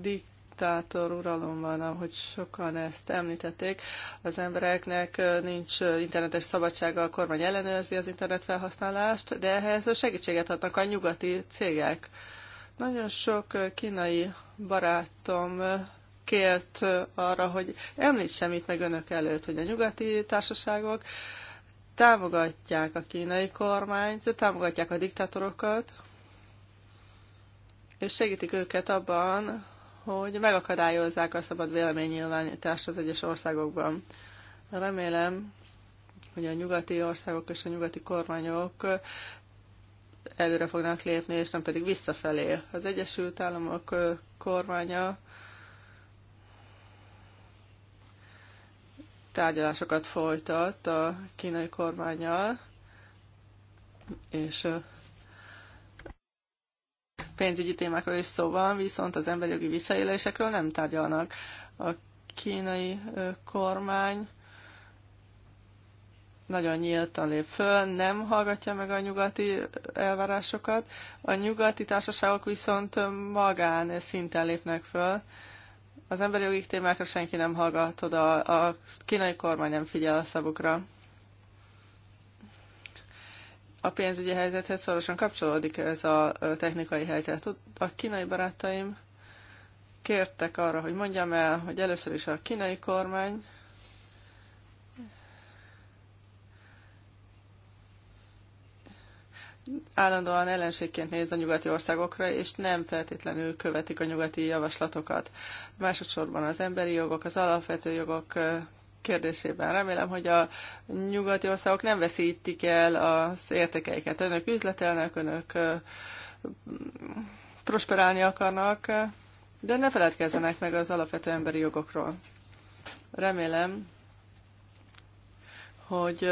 dik diktátor uralom van, ahogy sokan ezt említették. Az embereknek nincs internetes szabadsága, a kormány ellenőrzi az internet felhasználást, de ehhez segítséget adnak a nyugati cégek. Nagyon sok kínai barátom kért arra, hogy említsem itt meg önök előtt, hogy a nyugati társaságok támogatják a kínai kormányt, támogatják a diktátorokat, és segítik őket abban, hogy megakadályozzák a szabad véleménynyilvánítást az egyes országokban. Remélem, hogy a nyugati országok és a nyugati kormányok előre fognak lépni, és nem pedig visszafelé. Az Egyesült Államok kormánya tárgyalásokat folytat a kínai kormányjal, és pénzügyi témákról is szó van, viszont az emberi jogi visszaélésekről nem tárgyalnak. A kínai kormány nagyon nyíltan lép föl, nem hallgatja meg a nyugati elvárásokat. A nyugati társaságok viszont magán szinten lépnek föl. Az emberi jogi témákra senki nem hallgat oda, a kínai kormány nem figyel a szavukra a pénzügyi helyzethez szorosan kapcsolódik ez a technikai helyzet. A kínai barátaim kértek arra, hogy mondjam el, hogy először is a kínai kormány állandóan ellenségként néz a nyugati országokra, és nem feltétlenül követik a nyugati javaslatokat. Másodszorban az emberi jogok, az alapvető jogok kérdésében. Remélem, hogy a nyugati országok nem veszítik el az értékeiket. Önök üzletelnek, önök prosperálni akarnak, de ne feledkezzenek meg az alapvető emberi jogokról. Remélem, hogy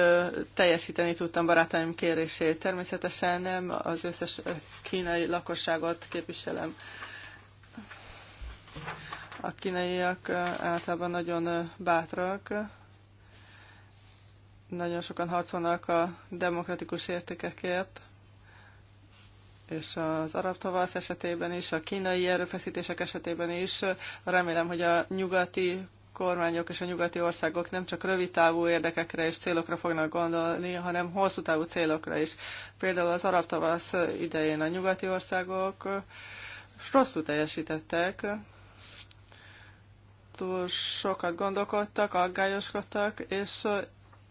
teljesíteni tudtam barátaim kérését. Természetesen nem az összes kínai lakosságot képviselem. A kínaiak általában nagyon bátrak, nagyon sokan harcolnak a demokratikus értékekért, és az arab tavasz esetében is, a kínai erőfeszítések esetében is. Remélem, hogy a nyugati kormányok és a nyugati országok nem csak rövid távú érdekekre és célokra fognak gondolni, hanem hosszú távú célokra is. Például az arab tavasz idején a nyugati országok rosszul teljesítettek, túl sokat gondolkodtak, aggályoskodtak, és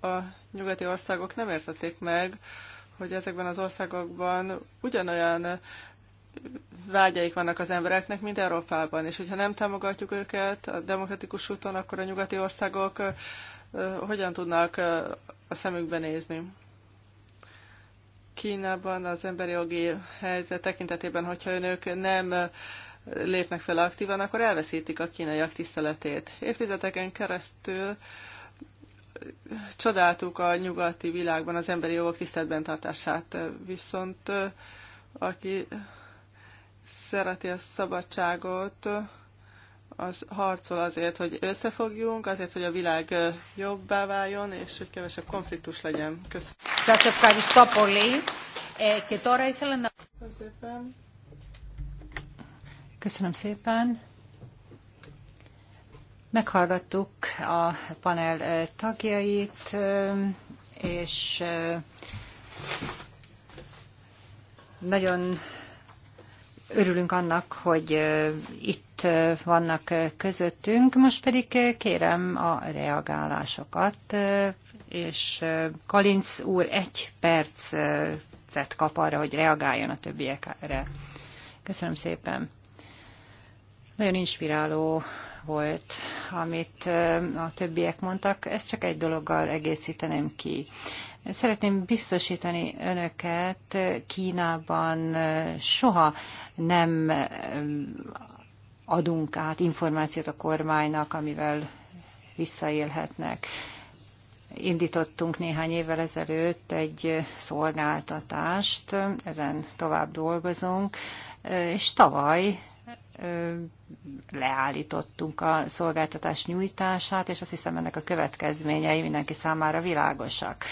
a nyugati országok nem értették meg, hogy ezekben az országokban ugyanolyan vágyaik vannak az embereknek, mint Európában. És hogyha nem támogatjuk őket a demokratikus úton, akkor a nyugati országok hogyan tudnak a szemükbe nézni? Kínában az emberi jogi helyzet tekintetében, hogyha önök nem lépnek fel aktívan, akkor elveszítik a kínaiak tiszteletét. Évtizedeken keresztül csodáltuk a nyugati világban az emberi jogok tiszteletben tartását, viszont aki szereti a szabadságot, az harcol azért, hogy összefogjunk, azért, hogy a világ jobbá váljon, és hogy kevesebb konfliktus legyen. Köszönöm. Köszönöm szépen. Köszönöm szépen. Meghallgattuk a panel tagjait, és nagyon örülünk annak, hogy itt vannak közöttünk. Most pedig kérem a reagálásokat, és Kalinc úr egy percet kap arra, hogy reagáljon a többiekre. Köszönöm szépen. Nagyon inspiráló volt, amit a többiek mondtak. Ezt csak egy dologgal egészíteném ki. Szeretném biztosítani önöket, Kínában soha nem adunk át információt a kormánynak, amivel visszaélhetnek. Indítottunk néhány évvel ezelőtt egy szolgáltatást, ezen tovább dolgozunk, és tavaly leállítottunk a szolgáltatás nyújtását, és azt hiszem ennek a következményei mindenki számára világosak.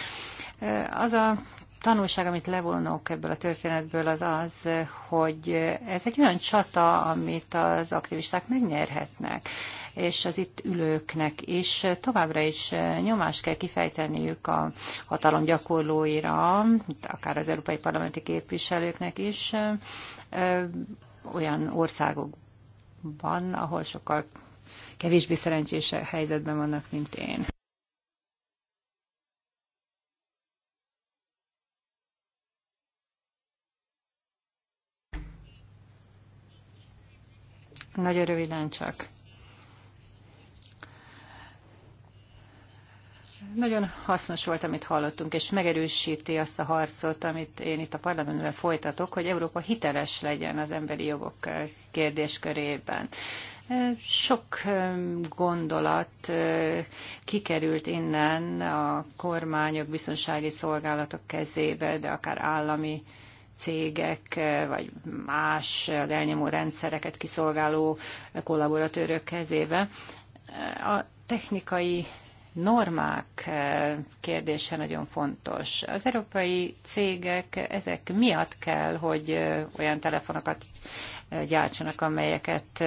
Az a tanulság, amit levonok ebből a történetből, az az, hogy ez egy olyan csata, amit az aktivisták megnyerhetnek és az itt ülőknek is továbbra is nyomást kell kifejteniük a hatalom gyakorlóira, akár az európai parlamenti képviselőknek is, olyan országokban, ahol sokkal kevésbé szerencsés helyzetben vannak, mint én. Nagyon röviden csak. Nagyon hasznos volt, amit hallottunk, és megerősíti azt a harcot, amit én itt a parlamentben folytatok, hogy Európa hiteles legyen az emberi jogok eh, kérdéskörében. Eh, sok eh, gondolat kikerült innen a kormányok, biztonsági szolgálatok kezébe, de akár állami cégek, vagy más az elnyomó rendszereket kiszolgáló kollaboratőrök kezébe. A technikai normák eh, kérdése nagyon fontos. Az európai cégek ezek miatt kell, hogy eh, olyan telefonokat eh, gyártsanak, amelyeket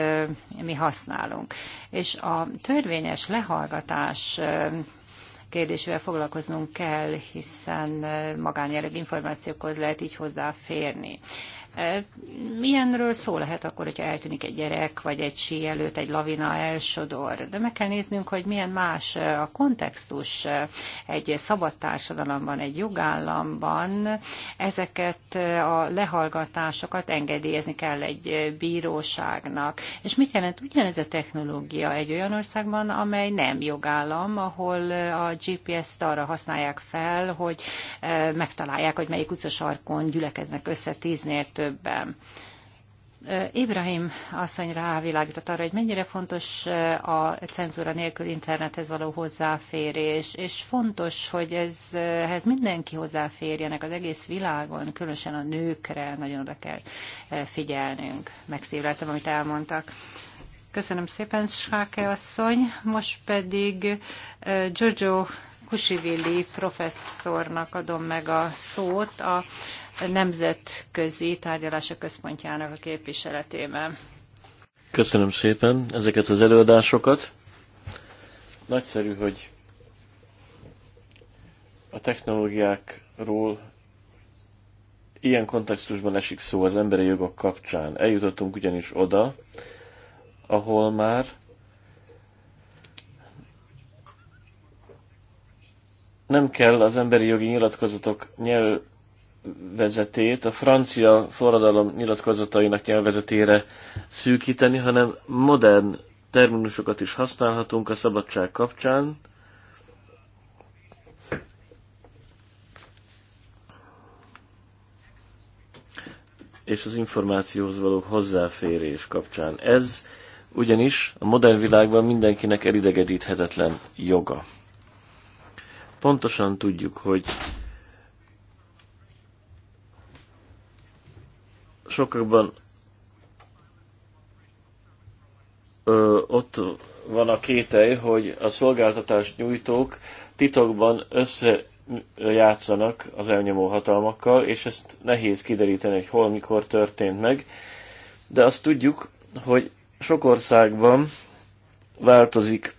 mi használunk. És a törvényes lehallgatás kérdésével foglalkoznunk kell, hiszen magánjelög információkhoz lehet így hozzáférni. Milyenről szó lehet akkor, hogyha eltűnik egy gyerek, vagy egy sí egy lavina elsodor? De meg kell néznünk, hogy milyen más a kontextus egy szabad társadalomban, egy jogállamban. Ezeket a lehallgatásokat engedélyezni kell egy bíróságnak. És mit jelent ugyanez a technológia egy olyan országban, amely nem jogállam, ahol a GPS-t arra használják fel, hogy megtalálják, hogy melyik utcasarkon gyülekeznek össze tíznél többen. Ibrahim asszony rávilágított arra, hogy mennyire fontos a cenzúra nélkül internethez való hozzáférés, és fontos, hogy ez, ehhez mindenki hozzáférjenek az egész világon, különösen a nőkre nagyon oda kell figyelnünk. Megszívleltem, amit elmondtak. Köszönöm szépen, Sáke asszony. Most pedig Giorgio Kusivilli professzornak adom meg a szót, a nemzetközi tárgyalások központjának a képviseletében. Köszönöm szépen ezeket az előadásokat. Nagyszerű, hogy a technológiákról ilyen kontextusban esik szó az emberi jogok kapcsán. Eljutottunk ugyanis oda, ahol már nem kell az emberi jogi nyilatkozatok nyelv nyelvezetét a francia forradalom nyilatkozatainak nyelvezetére szűkíteni, hanem modern terminusokat is használhatunk a szabadság kapcsán. és az információhoz való hozzáférés kapcsán. Ez ugyanis a modern világban mindenkinek elidegedíthetetlen joga. Pontosan tudjuk, hogy sokakban ö, ott van a kételj, hogy a szolgáltatás nyújtók titokban összejátszanak az elnyomó hatalmakkal, és ezt nehéz kideríteni, hogy hol, mikor történt meg. De azt tudjuk, hogy sok országban változik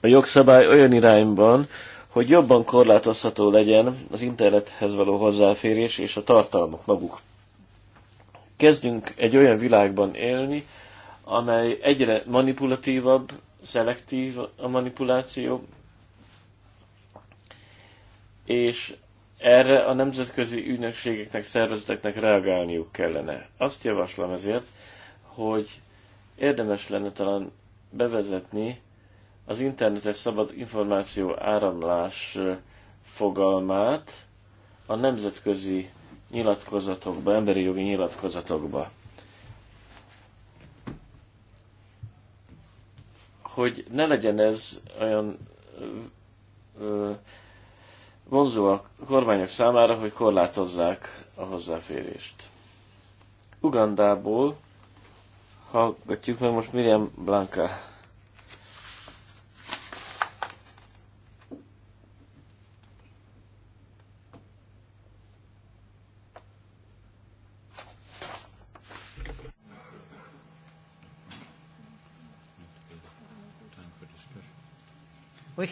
a jogszabály olyan irányban, hogy jobban korlátozható legyen az internethez való hozzáférés és a tartalmak maguk kezdünk egy olyan világban élni, amely egyre manipulatívabb, szelektív a manipuláció, és erre a nemzetközi ügynökségeknek, szervezeteknek reagálniuk kellene. Azt javaslom ezért, hogy érdemes lenne talán bevezetni az internetes szabad információ áramlás fogalmát a nemzetközi nyilatkozatokba, emberi jogi nyilatkozatokba. Hogy ne legyen ez olyan vonzó a kormányok számára, hogy korlátozzák a hozzáférést. Ugandából hallgatjuk meg most Miriam Blanca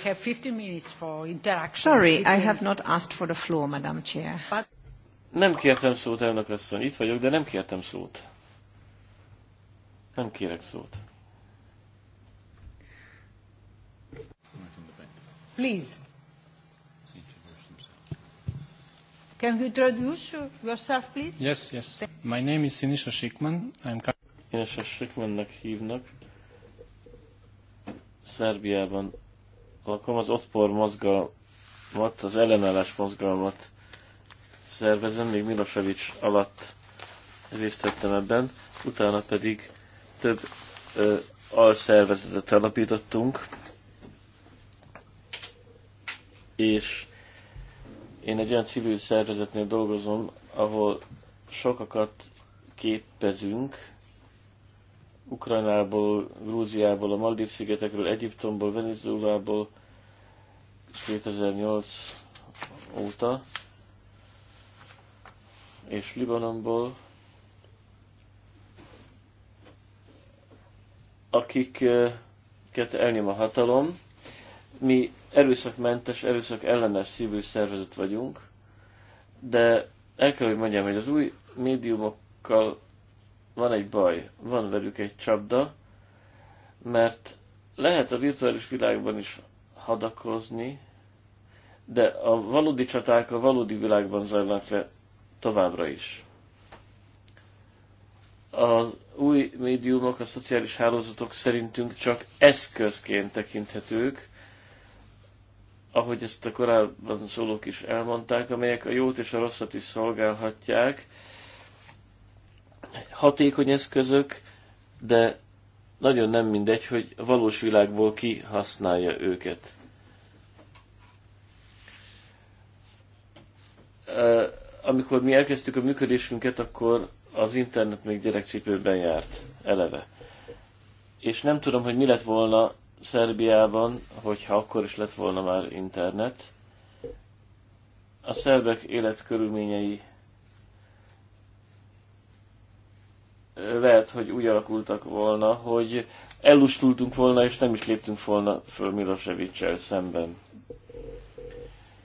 have 50 minutes for interaction. Sorry, I have not asked for the floor, Madam Chair. But... Nem kértem szót, elnök asszony. Itt vagyok, de nem kértem szót. Nem kérek szót. Please. Can you introduce yourself, please? Yes, yes. My name is Sinisha Shikman. I'm Sinisha Shikmannak hívnak. Szerbiában alkalom az otpor mozgalmat, az ellenállás mozgalmat szervezem, még Milosevic alatt részt vettem ebben, utána pedig több ö, alszervezetet alapítottunk, és én egy olyan civil szervezetnél dolgozom, ahol sokakat képezünk, Ukrajnából, Grúziából, a Maldív-szigetekről, Egyiptomból, Venezuelából 2008 óta, és Libanonból, akiket elnyom a hatalom. Mi erőszakmentes, erőszak ellenes civil szervezet vagyunk, de el kell, hogy mondjam, hogy az új médiumokkal van egy baj, van velük egy csapda, mert lehet a virtuális világban is hadakozni, de a valódi csaták a valódi világban zajlanak le továbbra is. Az új médiumok, a szociális hálózatok szerintünk csak eszközként tekinthetők, ahogy ezt a korábban szólók is elmondták, amelyek a jót és a rosszat is szolgálhatják, hatékony eszközök, de nagyon nem mindegy, hogy a valós világból ki használja őket. Amikor mi elkezdtük a működésünket, akkor az internet még gyerekcipőben járt eleve. És nem tudom, hogy mi lett volna Szerbiában, hogyha akkor is lett volna már internet. A szerbek életkörülményei lehet, hogy úgy alakultak volna, hogy ellustultunk volna, és nem is léptünk volna föl milosevic szemben.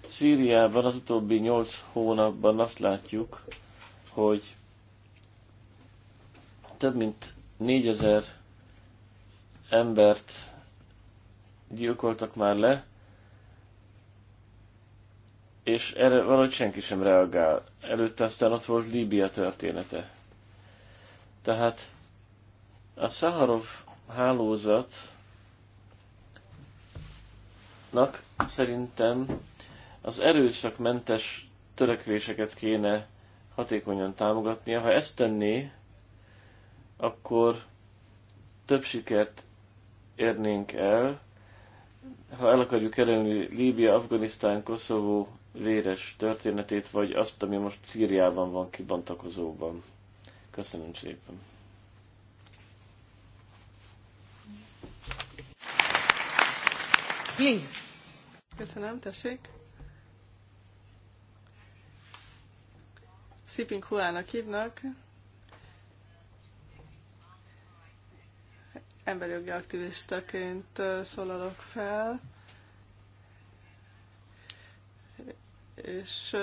Szíriában az utóbbi nyolc hónapban azt látjuk, hogy több mint négyezer embert gyilkoltak már le, és erre valahogy senki sem reagál. Előtte aztán ott volt Líbia története. Tehát a Szaharov hálózatnak szerintem az erőszakmentes törekvéseket kéne hatékonyan támogatnia. Ha ezt tenné, akkor több sikert érnénk el, ha el akarjuk kerülni Líbia, Afganisztán, Koszovó véres történetét, vagy azt, ami most Szíriában van kibontakozóban. Köszönöm szépen. Please. Köszönöm, tessék. Siping Huának hívnak. Emberjogi aktivistaként szólalok fel. És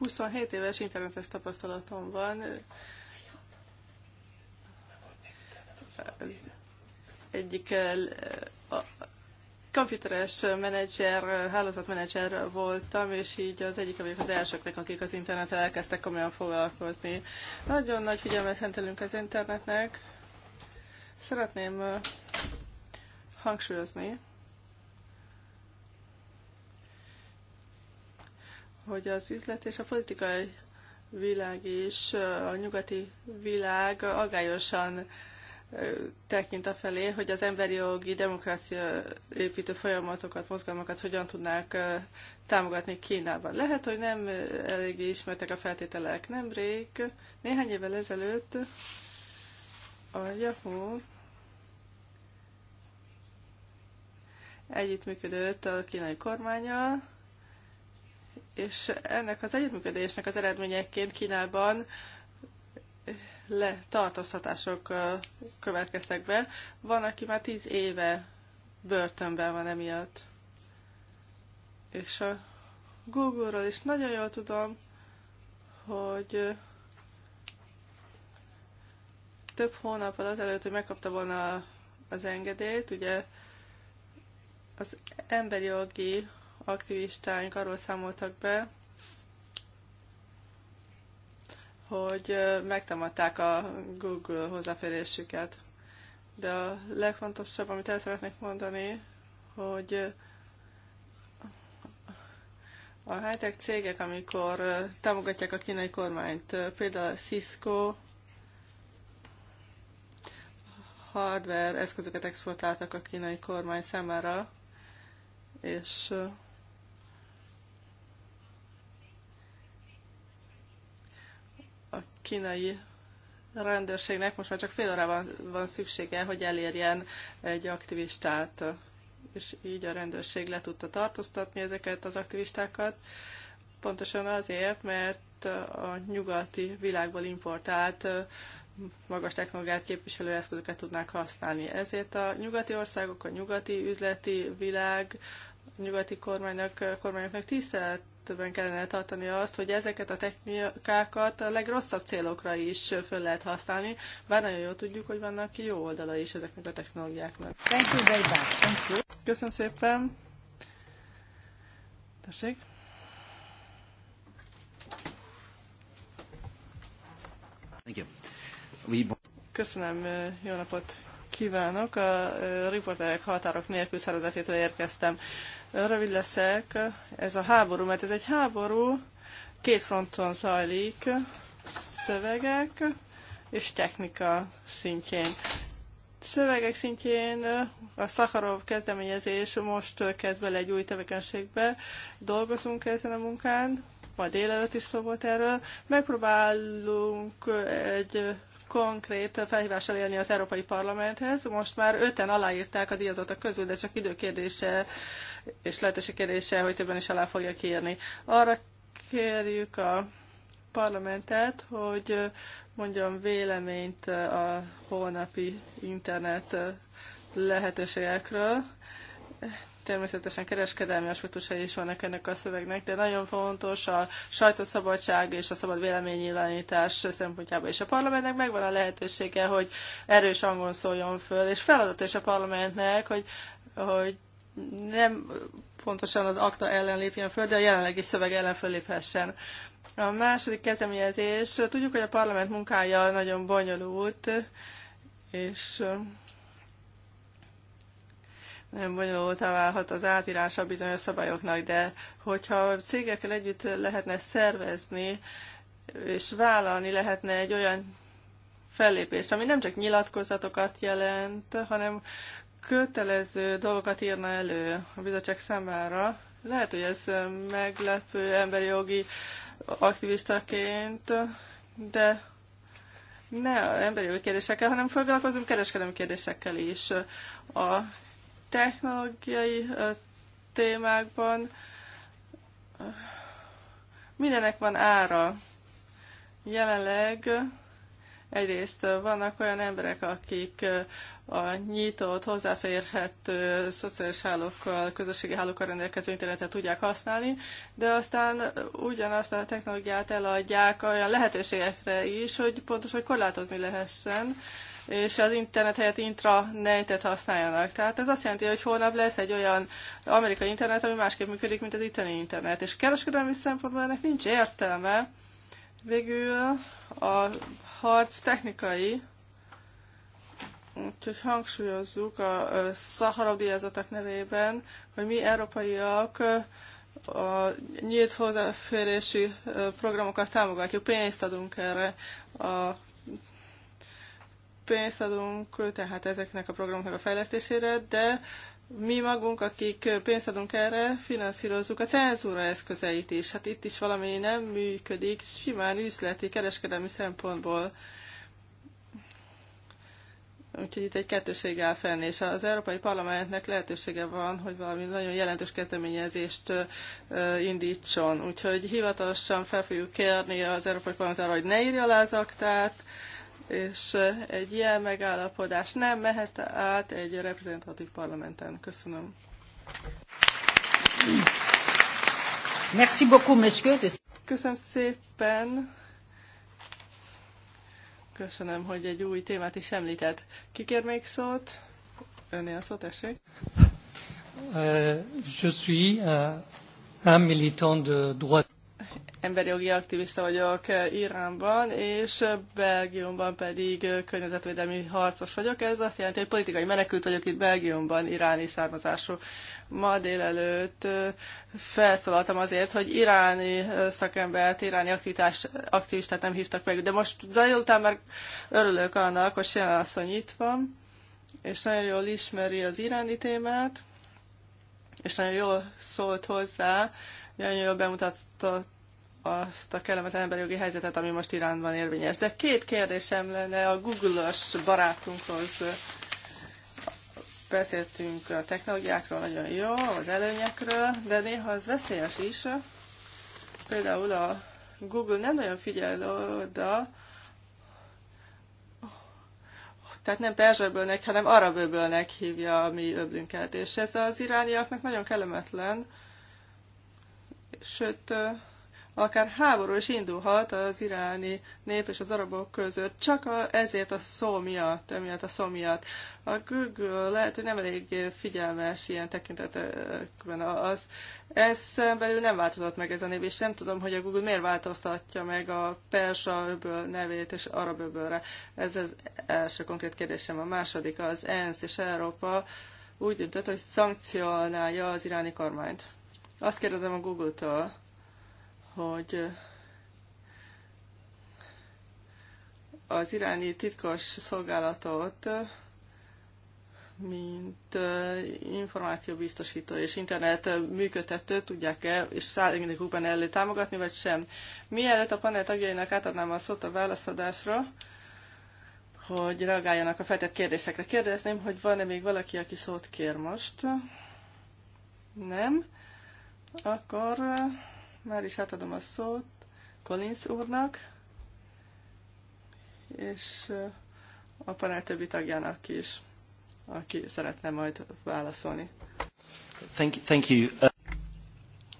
27 éves internetes tapasztalatom van. Egyik eh, a komputeres menedzser, hálózatmenedzser voltam, és így az egyik vagyok az elsőknek, akik az internettel elkezdtek komolyan foglalkozni. Nagyon nagy figyelmet szentelünk az internetnek. Szeretném eh, hangsúlyozni, hogy az üzlet és a politikai világ is, a nyugati világ agályosan tekint a felé, hogy az emberi jogi demokrácia építő folyamatokat, mozgalmakat hogyan tudnák támogatni Kínában. Lehet, hogy nem eléggé ismertek a feltételek. Nemrég, néhány évvel ezelőtt a Yahoo együttműködött a kínai kormányjal, és ennek az együttműködésnek az eredményeként Kínában letartóztatások következtek be. Van, aki már tíz éve börtönben van emiatt. És a Google-ról is nagyon jól tudom, hogy több hónap azelőtt, hogy megkapta volna az engedélyt, ugye az emberi jogi aktivistáink arról számoltak be, hogy megtámadták a Google hozzáférésüket. De a legfontosabb, amit el szeretnék mondani, hogy a high-tech cégek, amikor támogatják a kínai kormányt, például a Cisco hardware eszközöket exportáltak a kínai kormány számára, és kínai rendőrségnek most már csak fél óra van, van szüksége, hogy elérjen egy aktivistát, és így a rendőrség le tudta tartóztatni ezeket az aktivistákat, pontosan azért, mert a nyugati világból importált magas technológiát képviselő eszközöket tudnák használni. Ezért a nyugati országok, a nyugati üzleti világ, a nyugati kormányok, kormányoknak tisztelt tiszteletben kellene tartani azt, hogy ezeket a technikákat a legrosszabb célokra is föl lehet használni, bár nagyon jól tudjuk, hogy vannak jó oldala is ezeknek a technológiáknak. Thank you very much. Thank you. Köszönöm szépen. Tessék. Thank you. We... Köszönöm, jó napot kívánok! A riporterek határok nélkül szervezetétől érkeztem. Rövid leszek, ez a háború, mert ez egy háború, két fronton zajlik, szövegek és technika szintjén. Szövegek szintjén a Szakarov kezdeményezés most kezd bele egy új tevékenységbe. Dolgozunk ezen a munkán, ma délelőtt is szó volt erről. Megpróbálunk egy konkrét felhívással élni az Európai Parlamenthez. Most már öten aláírták a díjazatok közül, de csak időkérdése és lehetőség kérdése, hogy többen is alá fogja kérni. Arra kérjük a parlamentet, hogy mondjam véleményt a holnapi internet lehetőségekről. Természetesen kereskedelmi aspektusai is vannak ennek a szövegnek, de nagyon fontos a sajtószabadság és a szabad véleménynyilvánítás szempontjából. És a parlamentnek megvan a lehetősége, hogy erős hangon szóljon föl, és feladat is a parlamentnek, hogy, hogy nem pontosan az akta ellen lépjen föl, de a jelenlegi szöveg ellen föléphessen. A második kezdeményezés, tudjuk, hogy a parlament munkája nagyon bonyolult, és eh, nagyon bonyolultá válhat az átírása bizonyos szabályoknak, de hogyha cégekkel együtt lehetne szervezni, és vállalni lehetne egy olyan fellépést, ami nem csak nyilatkozatokat jelent, hanem kötelező dolgokat írna elő a bizottság számára, lehet, hogy ez meglepő emberi jogi aktivistaként, de ne emberi jogi kérdésekkel, hanem foglalkozunk kereskedelmi kérdésekkel is. A technológiai témákban mindenek van ára. Jelenleg Egyrészt vannak olyan emberek, akik eh, a nyitott, hozzáférhető szociális hálókkal, közösségi hálókkal rendelkező internetet tudják használni, de aztán eh, ugyanazt a technológiát eladják olyan lehetőségekre is, hogy pontosan hogy korlátozni lehessen, és az internet helyett intranetet használjanak. Tehát ez azt jelenti, hogy holnap lesz egy olyan amerikai internet, ami másképp működik, mint az itteni internet. És kereskedelmi szempontból ennek nincs értelme. Végül a harc technikai, úgyhogy hangsúlyozzuk a szaharodiázatok nevében, hogy mi európaiak a nyílt hozzáférési programokat támogatjuk, pénzt adunk erre, a pénzt adunk tehát ezeknek a programoknak a fejlesztésére, de mi magunk, akik pénzt adunk erre, finanszírozzuk a cenzúra eszközeit is. Hát itt is valami nem működik, simán üzleti, kereskedelmi szempontból. Úgyhogy itt egy kettőség áll fenn, és az Európai Parlamentnek lehetősége van, hogy valami nagyon jelentős kezdeményezést indítson. Úgyhogy hivatalosan fel fogjuk kérni az Európai Parlament arra, hogy ne írja alá az aktát, és egy ilyen megállapodás nem mehet át egy reprezentatív parlamenten. Köszönöm. Merci beaucoup, monsieur. Köszönöm szépen. Köszönöm, hogy egy új témát is említett. Kikér még szót? Önnél a szót, tessék. Uh, je suis uh, un militant de droite emberi jogi aktivista vagyok Iránban, és Belgiumban pedig környezetvédelmi harcos vagyok. Ez azt jelenti, hogy politikai menekült vagyok itt Belgiumban, iráni származású. Ma délelőtt felszólaltam azért, hogy iráni szakembert, iráni aktivitás, aktivistát nem hívtak meg, de most délután már örülök annak, hogy Sian asszony itt van, és nagyon jól ismeri az iráni témát, és nagyon jól szólt hozzá, nagyon jól bemutatott azt a kellemetlen emberi jogi helyzetet, ami most Iránban érvényes. De két kérdésem lenne a Google-os barátunkhoz. Beszéltünk a technológiákról, nagyon jó, az előnyekről, de néha az veszélyes is. Például a Google nem nagyon figyel oda, tehát nem perzsebölnek, hanem araböbölnek hívja a mi öblünket. És ez az irániaknak nagyon kellemetlen, sőt, akár háború is indulhat az iráni nép és az arabok között, csak a, ezért a szó miatt, emiatt a szó miatt. A Google lehet, hogy nem elég figyelmes ilyen tekintetekben az. Ez belül nem változott meg ez a név, és nem tudom, hogy a Google miért változtatja meg a persa öböl nevét és arab öbölre. Ez az első konkrét kérdésem. A második az ENSZ és Európa úgy döntött, hogy szankcionálja az iráni kormányt. Azt kérdezem a Google-től, hogy az iráni titkos szolgálatot, mint információbiztosító és internet működtető tudják-e, és szándékukban elő támogatni, vagy sem. Mielőtt a panel tagjainak átadnám a szót a válaszadásra, hogy reagáljanak a feltett kérdésekre. Kérdezném, hogy van-e még valaki, aki szót kér most? Nem? Akkor már is átadom a szót Collins úrnak, és uh, a panel többi tagjának is, aki szeretne majd válaszolni. Thank you. Thank you. Uh,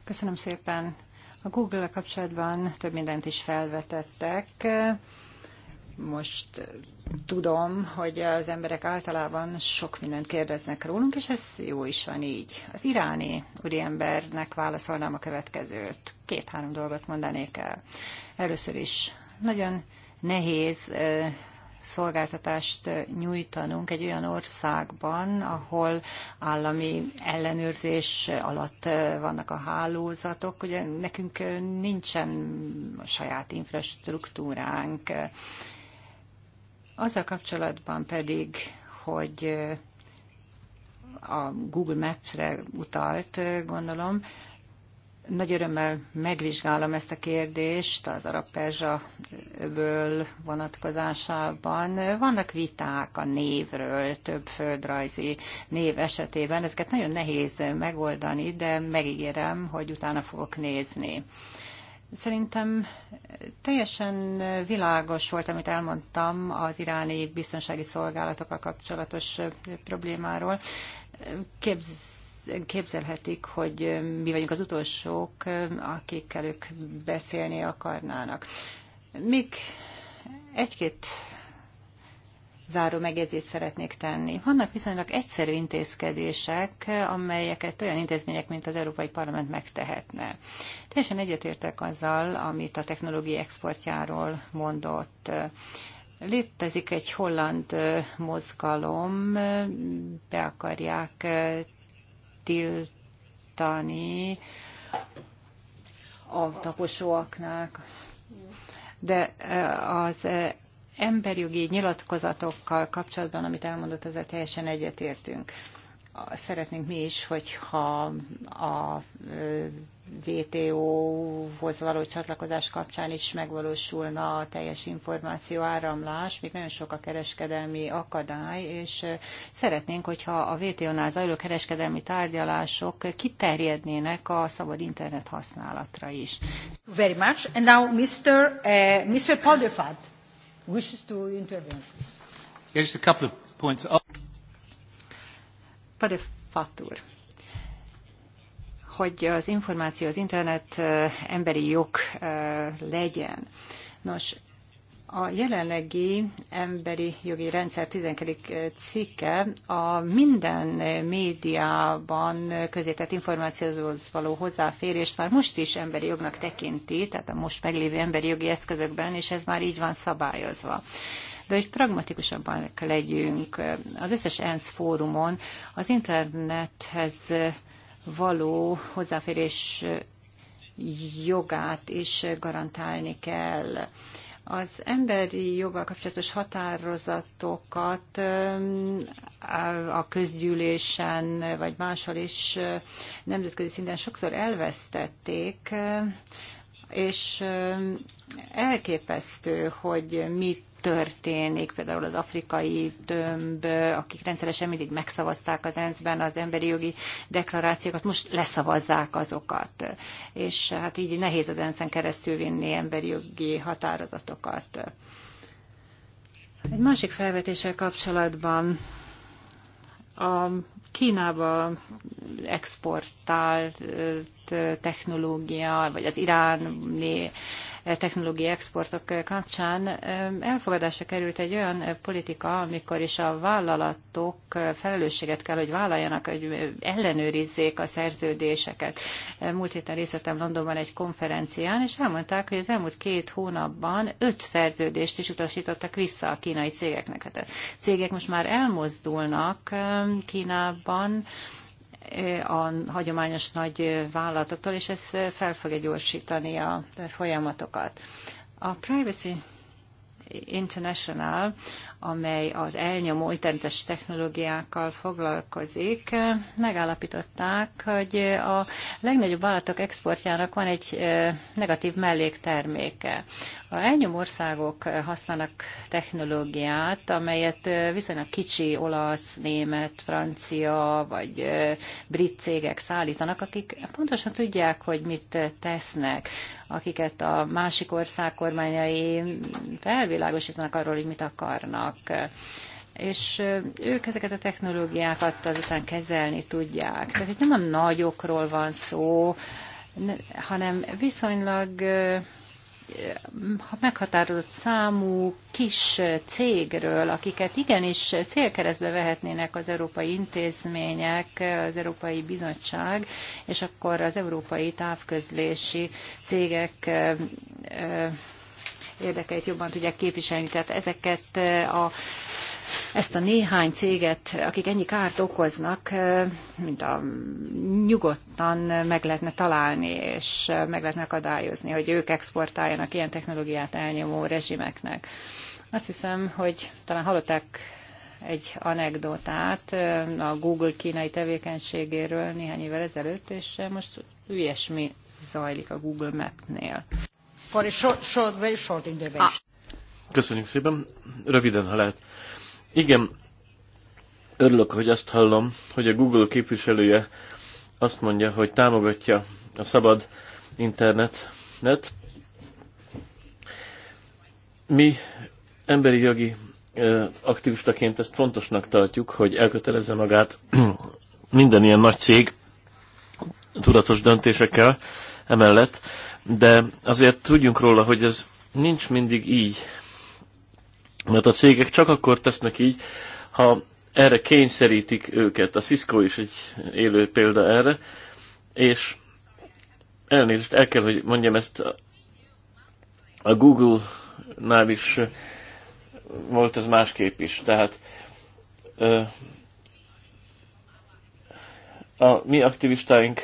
Köszönöm szépen. A Google-a kapcsolatban több mindent is felvetettek most tudom, hogy az emberek általában sok mindent kérdeznek rólunk, és ez jó is van így. Az iráni úriembernek válaszolnám a következőt. Két-három dolgot mondanék el. Először is nagyon nehéz szolgáltatást nyújtanunk egy olyan országban, ahol állami ellenőrzés alatt vannak a hálózatok. Ugye nekünk nincsen a saját infrastruktúránk, azzal kapcsolatban pedig, hogy eh, a Google Maps-re utalt, eh, gondolom, nagy örömmel megvizsgálom ezt a kérdést az arab perzsa öböl eh, vonatkozásában. Vannak viták a névről, több földrajzi név esetében. Ezeket nagyon nehéz megoldani, de megígérem, hogy utána fogok nézni. Szerintem teljesen világos volt, amit elmondtam az iráni biztonsági szolgálatokkal kapcsolatos problémáról. Képz képzelhetik, hogy mi vagyunk az utolsók, akikkel ők beszélni akarnának. Még egy-két záró megjegyzést szeretnék tenni. Vannak viszonylag egyszerű intézkedések, amelyeket olyan intézmények, mint az Európai Parlament megtehetne. Teljesen egyetértek azzal, amit a technológia exportjáról mondott. Létezik egy holland mozgalom, be akarják tiltani a taposóaknak, de az emberjogi nyilatkozatokkal kapcsolatban, amit elmondott, ezzel teljesen egyetértünk. Szeretnénk mi is, hogyha a VTO-hoz való csatlakozás kapcsán is megvalósulna a teljes információ áramlás, még nagyon sok a kereskedelmi akadály, és szeretnénk, hogyha a VTO-nál zajló kereskedelmi tárgyalások kiterjednének a szabad internet használatra is. Very much. And now Mr. Uh, eh, Mr. Podefat wishes to intervene. Yeah, just a couple of points. Oh, Pade Fatur hogy az információ az internet eh, emberi jog eh, legyen. Nos, a jelenlegi emberi jogi rendszer 12. cikke a minden médiában közétett információhoz való hozzáférést már most is emberi jognak tekinti, tehát a most meglévő emberi jogi eszközökben, és ez már így van szabályozva de hogy pragmatikusabban legyünk. Az összes ENSZ fórumon az internethez való hozzáférés jogát is garantálni kell. Az emberi joggal kapcsolatos határozatokat a közgyűlésen vagy máshol is nemzetközi szinten sokszor elvesztették, és elképesztő, hogy mit történik, például az afrikai tömb, akik rendszeresen mindig megszavazták az ENSZ-ben az emberi jogi deklarációkat, most leszavazzák azokat. És hát így nehéz az ENSZ-en keresztül vinni emberi jogi határozatokat. Egy másik felvetéssel kapcsolatban a Kínába exportált technológia, vagy az iráni technológiai exportok kapcsán elfogadásra került egy olyan politika, amikor is a vállalatok felelősséget kell, hogy vállaljanak, hogy ellenőrizzék a szerződéseket. Múlt héten részletem Londonban egy konferencián, és elmondták, hogy az elmúlt két hónapban öt szerződést is utasítottak vissza a kínai cégeknek. Hát a cégek most már elmozdulnak Kínában, a hagyományos nagy vállalatoktól, és ez fel fogja gyorsítani a folyamatokat. A Privacy International amely az elnyomó internetes technológiákkal foglalkozik, megállapították, hogy a legnagyobb vállalatok exportjának van egy negatív mellékterméke. A elnyomó országok használnak technológiát, amelyet viszonylag kicsi olasz, német, francia vagy brit cégek szállítanak, akik pontosan tudják, hogy mit tesznek akiket a másik ország kormányai felvilágosítanak arról, hogy mit akarnak vannak, és ők ezeket a technológiákat azután kezelni tudják. Tehát itt nem a nagyokról van szó, hanem viszonylag meghatározott számú kis cégről, akiket igenis célkeresztbe vehetnének az európai intézmények, az Európai Bizottság, és akkor az európai távközlési cégek érdekeit jobban tudják képviselni. Tehát ezeket a ezt a néhány céget, akik ennyi kárt okoznak, mint a nyugodtan meg lehetne találni, és meg lehetne akadályozni, hogy ők exportáljanak ilyen technológiát elnyomó rezsimeknek. Azt hiszem, hogy talán hallották egy anekdotát a Google kínai tevékenységéről néhány évvel ezelőtt, és most ilyesmi zajlik a Google Map-nél for a short, short, very short intervention. Ah. Köszönjük szépen. Röviden, ha lehet. Igen, örülök, hogy azt hallom, hogy a Google képviselője azt mondja, hogy támogatja a szabad internetet. Mi emberi jogi aktivistaként ezt fontosnak tartjuk, hogy elkötelezze magát minden ilyen nagy cég tudatos döntésekkel emellett, de azért tudjunk róla, hogy ez nincs mindig így. Mert a cégek csak akkor tesznek így, ha erre kényszerítik őket. A Cisco is egy élő példa erre, és elnézést, el kell, hogy mondjam ezt a Google-nál is volt ez másképp is. Tehát a mi aktivistáink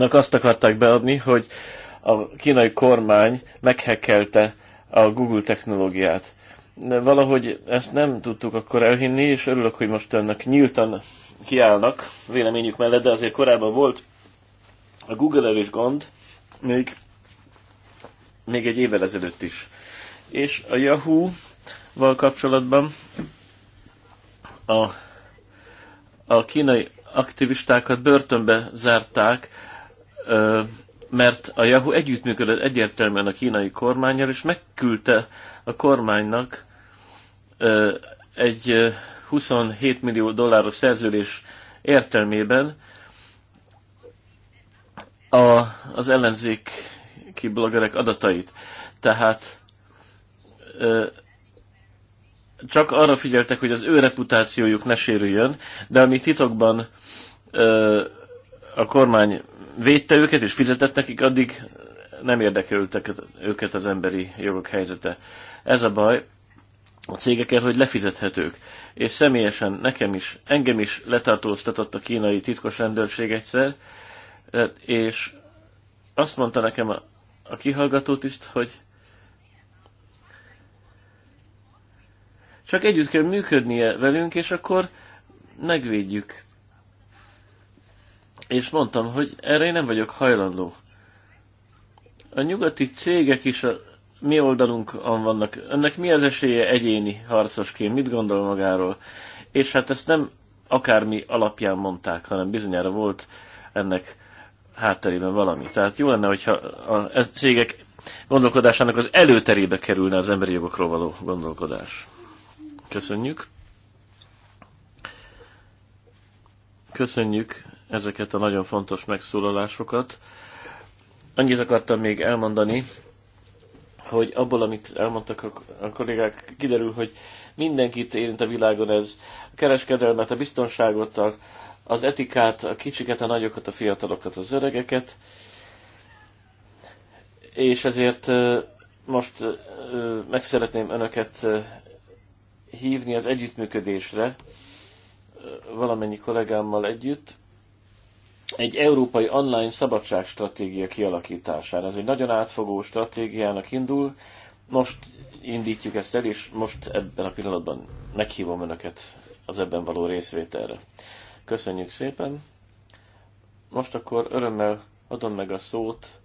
azt akarták beadni, hogy a kínai kormány meghekkelte a Google technológiát. De valahogy ezt nem tudtuk akkor elhinni, és örülök, hogy most ennek nyíltan kiállnak véleményük mellett, de azért korábban volt a Google-el is gond, még, még egy évvel ezelőtt is. És a Yahoo-val kapcsolatban a, a kínai aktivistákat börtönbe zárták, mert a Yahoo együttműködött egyértelműen a kínai kormányjal, és megküldte a kormánynak egy 27 millió dolláros szerződés értelmében a, az ellenzéki bloggerek adatait. Tehát csak arra figyeltek, hogy az ő reputációjuk ne sérüljön, de ami titokban a kormány védte őket és fizetett nekik, addig nem érdekelődtek őket az emberi jogok helyzete. Ez a baj a cégekkel, hogy lefizethetők. És személyesen nekem is, engem is letartóztatott a kínai titkos rendőrség egyszer, e, és azt mondta nekem a, a kihallgató tiszt, hogy csak együtt kell működnie velünk, és akkor megvédjük és mondtam, hogy erre én nem vagyok hajlandó. A nyugati cégek is a mi oldalunkon vannak. Ennek mi az esélye egyéni harcosként? Mit gondol magáról? És hát ezt nem akármi alapján mondták, hanem bizonyára volt ennek hátterében valami. Tehát jó lenne, hogyha a cégek gondolkodásának az előterébe kerülne az emberi jogokról való gondolkodás. Köszönjük. Köszönjük ezeket a nagyon fontos megszólalásokat. Annyit akartam még elmondani, hogy abból, amit elmondtak a kollégák, kiderül, hogy mindenkit érint a világon ez. A kereskedelmet, a biztonságot, a, az etikát, a kicsiket, a nagyokat, a fiatalokat, az öregeket. És ezért most meg szeretném önöket hívni az együttműködésre valamennyi kollégámmal együtt, egy európai online szabadságstratégia kialakítására. Ez egy nagyon átfogó stratégiának indul. Most indítjuk ezt el, és most ebben a pillanatban meghívom Önöket az ebben való részvételre. Köszönjük szépen! Most akkor örömmel adom meg a szót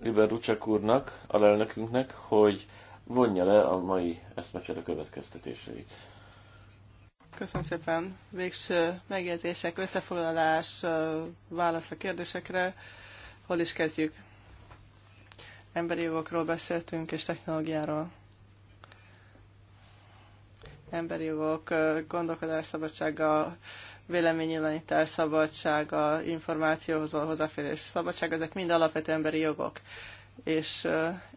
Liber Rucsek úrnak, alelnökünknek, hogy vonja le a mai eszmecsere következtetéseit. Köszönöm szépen. Végső megjegyzések, összefoglalás, válasz a kérdésekre. Hol is kezdjük? Emberi jogokról beszéltünk, és technológiáról. Emberi jogok, gondolkodásszabadsága, véleménynyilvánítás szabadsága, információhoz való hozzáférés szabadság, ezek mind alapvető emberi jogok és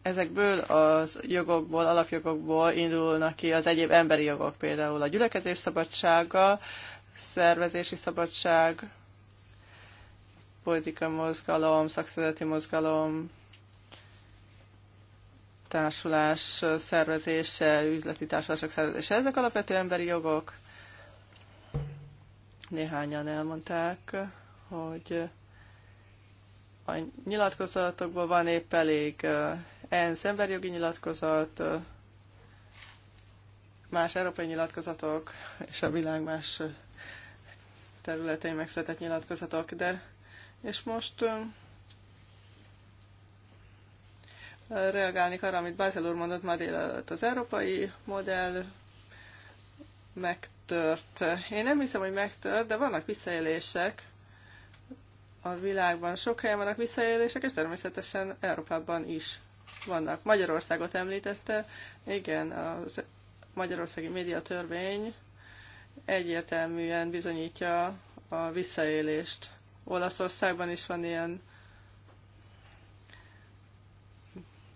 ezekből az jogokból, alapjogokból indulnak ki az egyéb emberi jogok, például a gyülekezés szabadsága, szervezési szabadság, politika mozgalom, szakszervezeti mozgalom, társulás szervezése, üzleti társulások szervezése. Ezek alapvető emberi jogok. Néhányan elmondták, hogy a nyilatkozatokból van épp elég eh, ENSZ emberjogi nyilatkozat, eh, más európai nyilatkozatok és a világ más eh, területein megszületett nyilatkozatok, de és most reagálnék arra, amit Bázel úr mondott már délelőtt. Az európai modell megtört. Én nem hiszem, hogy megtört, de vannak visszaélések, a világban sok helyen vannak visszaélések, és természetesen Európában is vannak. Magyarországot említette, igen, a magyarországi médiatörvény egyértelműen bizonyítja a visszaélést. Olaszországban is van ilyen,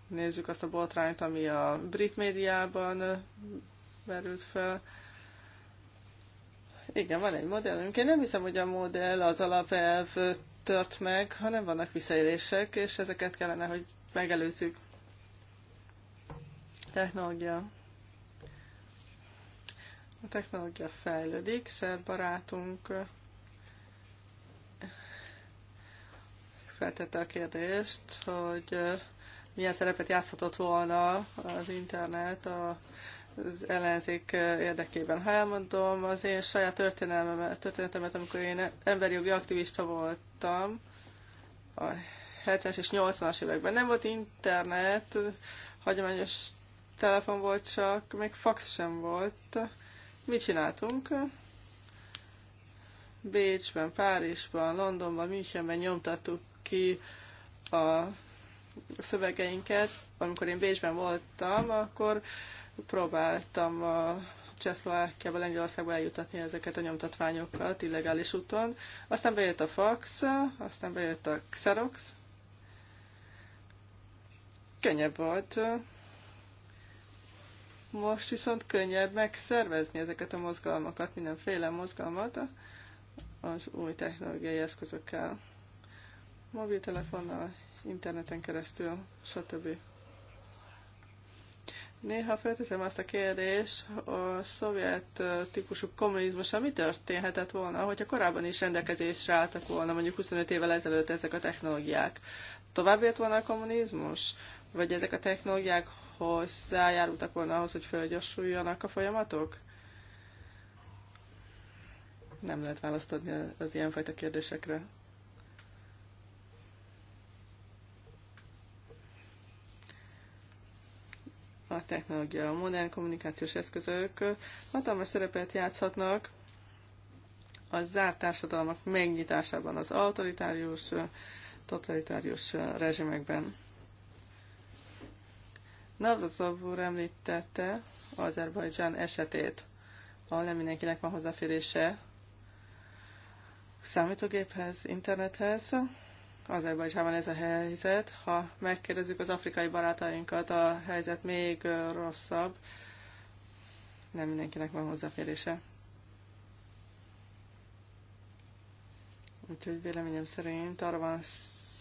nézzük azt a botrányt, ami a brit médiában merült fel. Igen, van egy modellünk. Én nem hiszem, hogy a modell az alapelv tört meg, hanem vannak visszaélések, és ezeket kellene, hogy megelőzzük. Technológia. A technológia fejlődik, barátunk eh, feltette a kérdést, hogy eh, milyen szerepet játszhatott volna az internet a az ellenzék érdekében. Ha elmondom az én saját történelmemet, történetemet, amikor én emberi jogi aktivista voltam, a 70-es és 80-as években nem volt internet, hagyományos telefon volt csak, még fax sem volt. Mit csináltunk? Bécsben, Párizsban, Londonban, Münchenben nyomtattuk ki a szövegeinket. Amikor én Bécsben voltam, akkor Próbáltam a Csehszlovákiába, Lengyelországba eljutatni ezeket a nyomtatványokat illegális úton. Aztán bejött a fax, aztán bejött a Xerox. Könnyebb volt. Most viszont könnyebb megszervezni ezeket a mozgalmakat, mindenféle mozgalmat az új technológiai eszközökkel, mobiltelefonnal, interneten keresztül, stb. Néha felteszem azt a kérdést, a szovjet típusú kommunizmus mi történhetett volna, hogyha korábban is rendelkezésre álltak volna, mondjuk 25 évvel ezelőtt ezek a technológiák. Tovább jött volna a kommunizmus? Vagy ezek a technológiák hozzájárultak volna ahhoz, hogy felgyorsuljanak a folyamatok? Nem lehet választ adni az ilyenfajta kérdésekre. a technológia, a modern kommunikációs eszközök hatalmas szerepet játszhatnak a zárt társadalmak megnyitásában, az autoritárius, totalitárius rezsimekben. Navrozov úr említette Azerbajdzsán esetét, ahol nem mindenkinek van hozzáférése számítógéphez, internethez, Azerbajdzsában ez a helyzet. Ha megkérdezzük az afrikai barátainkat, a helyzet még rosszabb. Nem mindenkinek van hozzáférése. Úgyhogy véleményem szerint arra van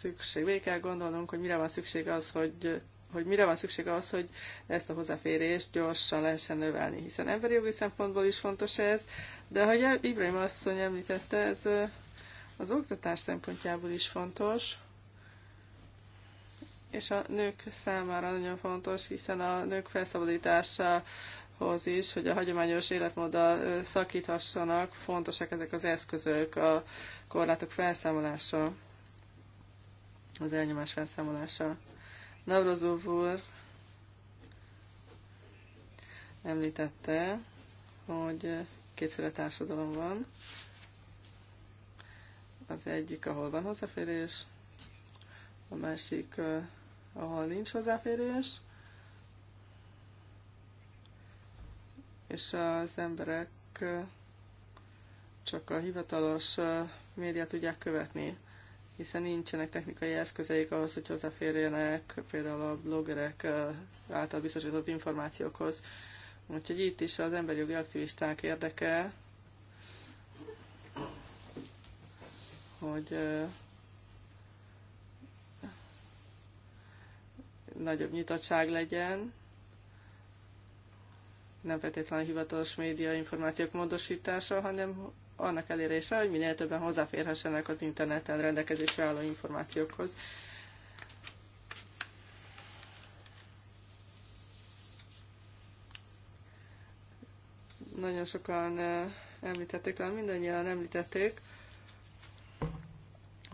szükség, végig kell gondolnunk, hogy mire van szükség az, hogy hogy mire van szükség az, hogy ezt a hozzáférést gyorsan lehessen növelni, hiszen emberi jogi szempontból is fontos ez, de ahogy Ibrahim asszony említette, ez az oktatás szempontjából is fontos, és a nők számára nagyon fontos, hiszen a nők felszabadításához is, hogy a hagyományos életmóddal szakíthassanak, fontosak ezek az eszközök, a korlátok felszámolása, az elnyomás felszámolása. Navrozov úr említette, hogy kétféle társadalom van. Az egyik, ahol van hozzáférés, a másik, eh, ahol nincs hozzáférés, és az emberek eh, csak a hivatalos eh, médiát tudják követni, hiszen nincsenek technikai eszközeik ahhoz, hogy hozzáférjenek például a bloggerek által biztosított információkhoz. Úgyhogy itt is az emberi jogi aktivisták érdeke, hogy nagyobb nyitottság legyen, nem feltétlenül a hivatalos média információk módosítása, hanem annak elérése, hogy minél többen hozzáférhessenek az interneten rendelkezésre álló információkhoz. Nagyon sokan említették, talán mindannyian említették,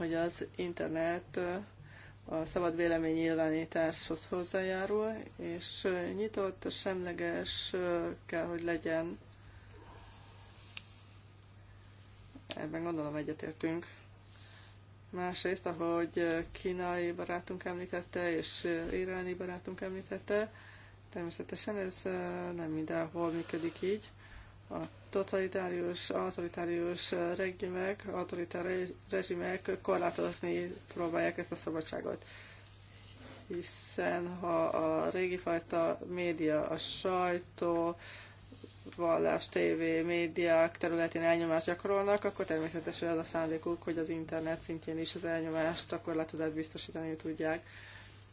hogy az internet a szabad nyilvánításhoz hozzájárul, és nyitott, semleges kell, hogy legyen. Ebben gondolom egyetértünk. Másrészt, ahogy kínai barátunk említette, és iráni barátunk említette, természetesen ez nem mindenhol működik így. A totalitárius, autoritárius regimek, autoritár rezsimek korlátozni próbálják ezt a szabadságot. Hiszen ha a régi fajta média, a sajtó, vallás, tévé, médiák területén elnyomást gyakorolnak, akkor természetesen az a szándékuk, hogy az internet szintjén is az elnyomást, a korlátozást biztosítani tudják.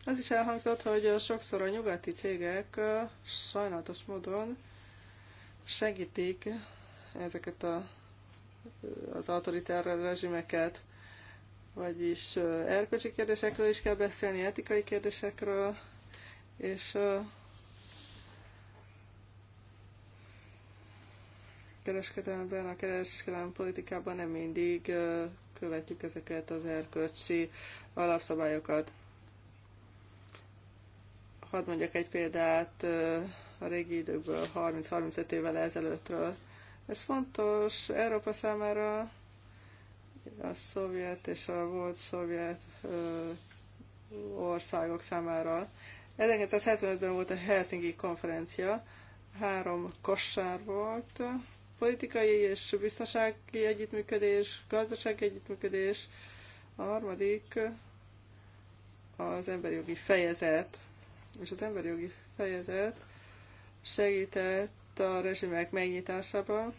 Az is elhangzott, hogy sokszor a nyugati cégek sajnálatos módon segítik ezeket a, az autoritár rezsimeket, vagyis erkölcsi kérdésekről is kell beszélni, etikai kérdésekről, és kereskedelemben, a kereskedelmi politikában nem mindig követjük ezeket az erkölcsi alapszabályokat. Hadd mondjak egy példát, a régi időkből, 30-35 évvel ezelőttről. Ez fontos Európa számára, a szovjet és a volt szovjet ö, országok számára. 1975-ben volt a Helsinki konferencia, három kosár volt, politikai és biztonsági együttműködés, gazdasági együttműködés, a harmadik az emberi jogi fejezet, és az emberi jogi fejezet segített a rezsimek megnyitásában,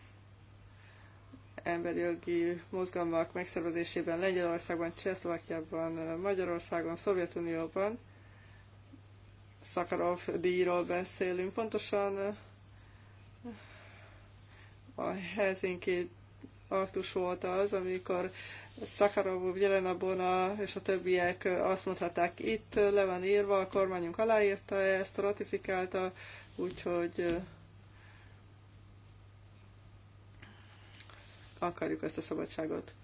emberi jogi mozgalmak megszervezésében Lengyelországban, Csehszlovákiában, Magyarországon, Szovjetunióban. Szakarov díjról beszélünk. Pontosan a Helsinki aktus volt az, amikor Szakarov, Bona és a többiek azt mondhatták, itt le van írva, a kormányunk aláírta ezt, ratifikálta, Úgyhogy akarjuk ezt a szabadságot.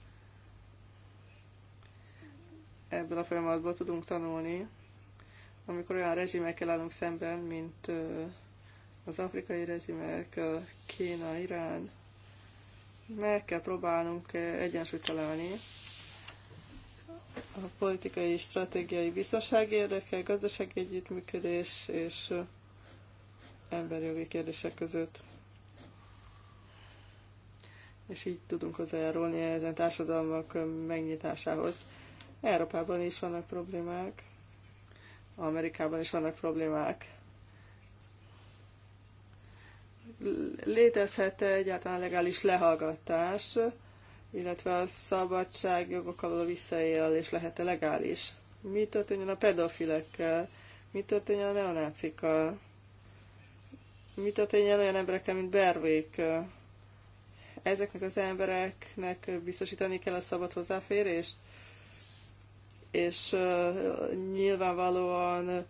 Ebből a folyamatból tudunk tanulni, amikor olyan rezsimekkel állunk szemben, mint az afrikai rezsimek, Kína, Irán, meg kell próbálnunk egyensúlyt találni a politikai, stratégiai biztonsági érdekel, gazdasági együttműködés és emberjogi kérdések között. És így tudunk hozzájárulni ezen társadalmak megnyitásához. Európában is vannak problémák, Amerikában is vannak problémák. létezhet -e egyáltalán legális lehallgatás, illetve a szabadság jogokkal való visszaélés lehet-e legális? Mi történjen a pedofilekkel? Mi történjen a neonácikkal? mi történjen olyan emberekkel, mint Bervék? Ezeknek az embereknek biztosítani kell a szabad hozzáférést, és nyilvánvalóan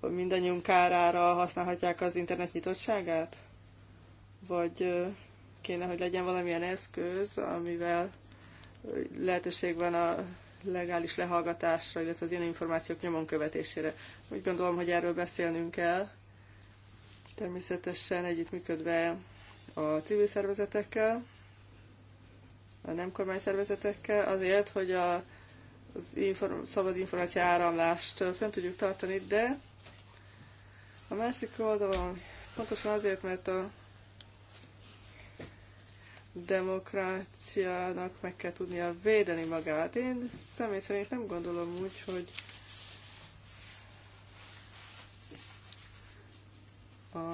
mindannyiunk kárára használhatják az internet nyitottságát? Vagy kéne, hogy legyen valamilyen eszköz, amivel lehetőség van a legális lehallgatásra, illetve az ilyen információk nyomon követésére. Úgy gondolom, hogy erről beszélnünk kell természetesen együttműködve a civil szervezetekkel, a nem kormány szervezetekkel, azért, hogy a, az inform, szabad információ áramlást fent tudjuk tartani, de a másik oldalon pontosan azért, mert a demokráciának meg kell tudnia védeni magát. Én személy szerint nem gondolom úgy, hogy a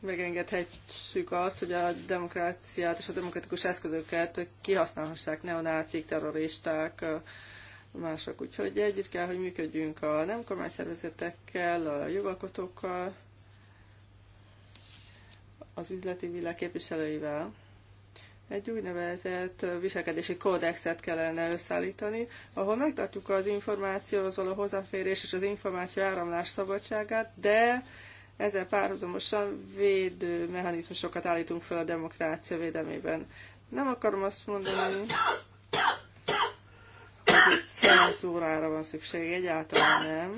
megengedhetjük azt, hogy a demokráciát és a demokratikus eszközöket kihasználhassák neonácik, terroristák, mások. Úgyhogy együtt kell, hogy működjünk a nem szervezetekkel, a jogalkotókkal, az üzleti világ képviselőivel egy úgynevezett viselkedési kódexet kellene összeállítani, ahol megtartjuk az információhoz való hozzáférés és az információ áramlás szabadságát, de ezzel párhuzamosan védő mechanizmusokat állítunk fel a demokrácia védelmében. Nem akarom azt mondani, hogy cenzúrára van szükség, egyáltalán nem.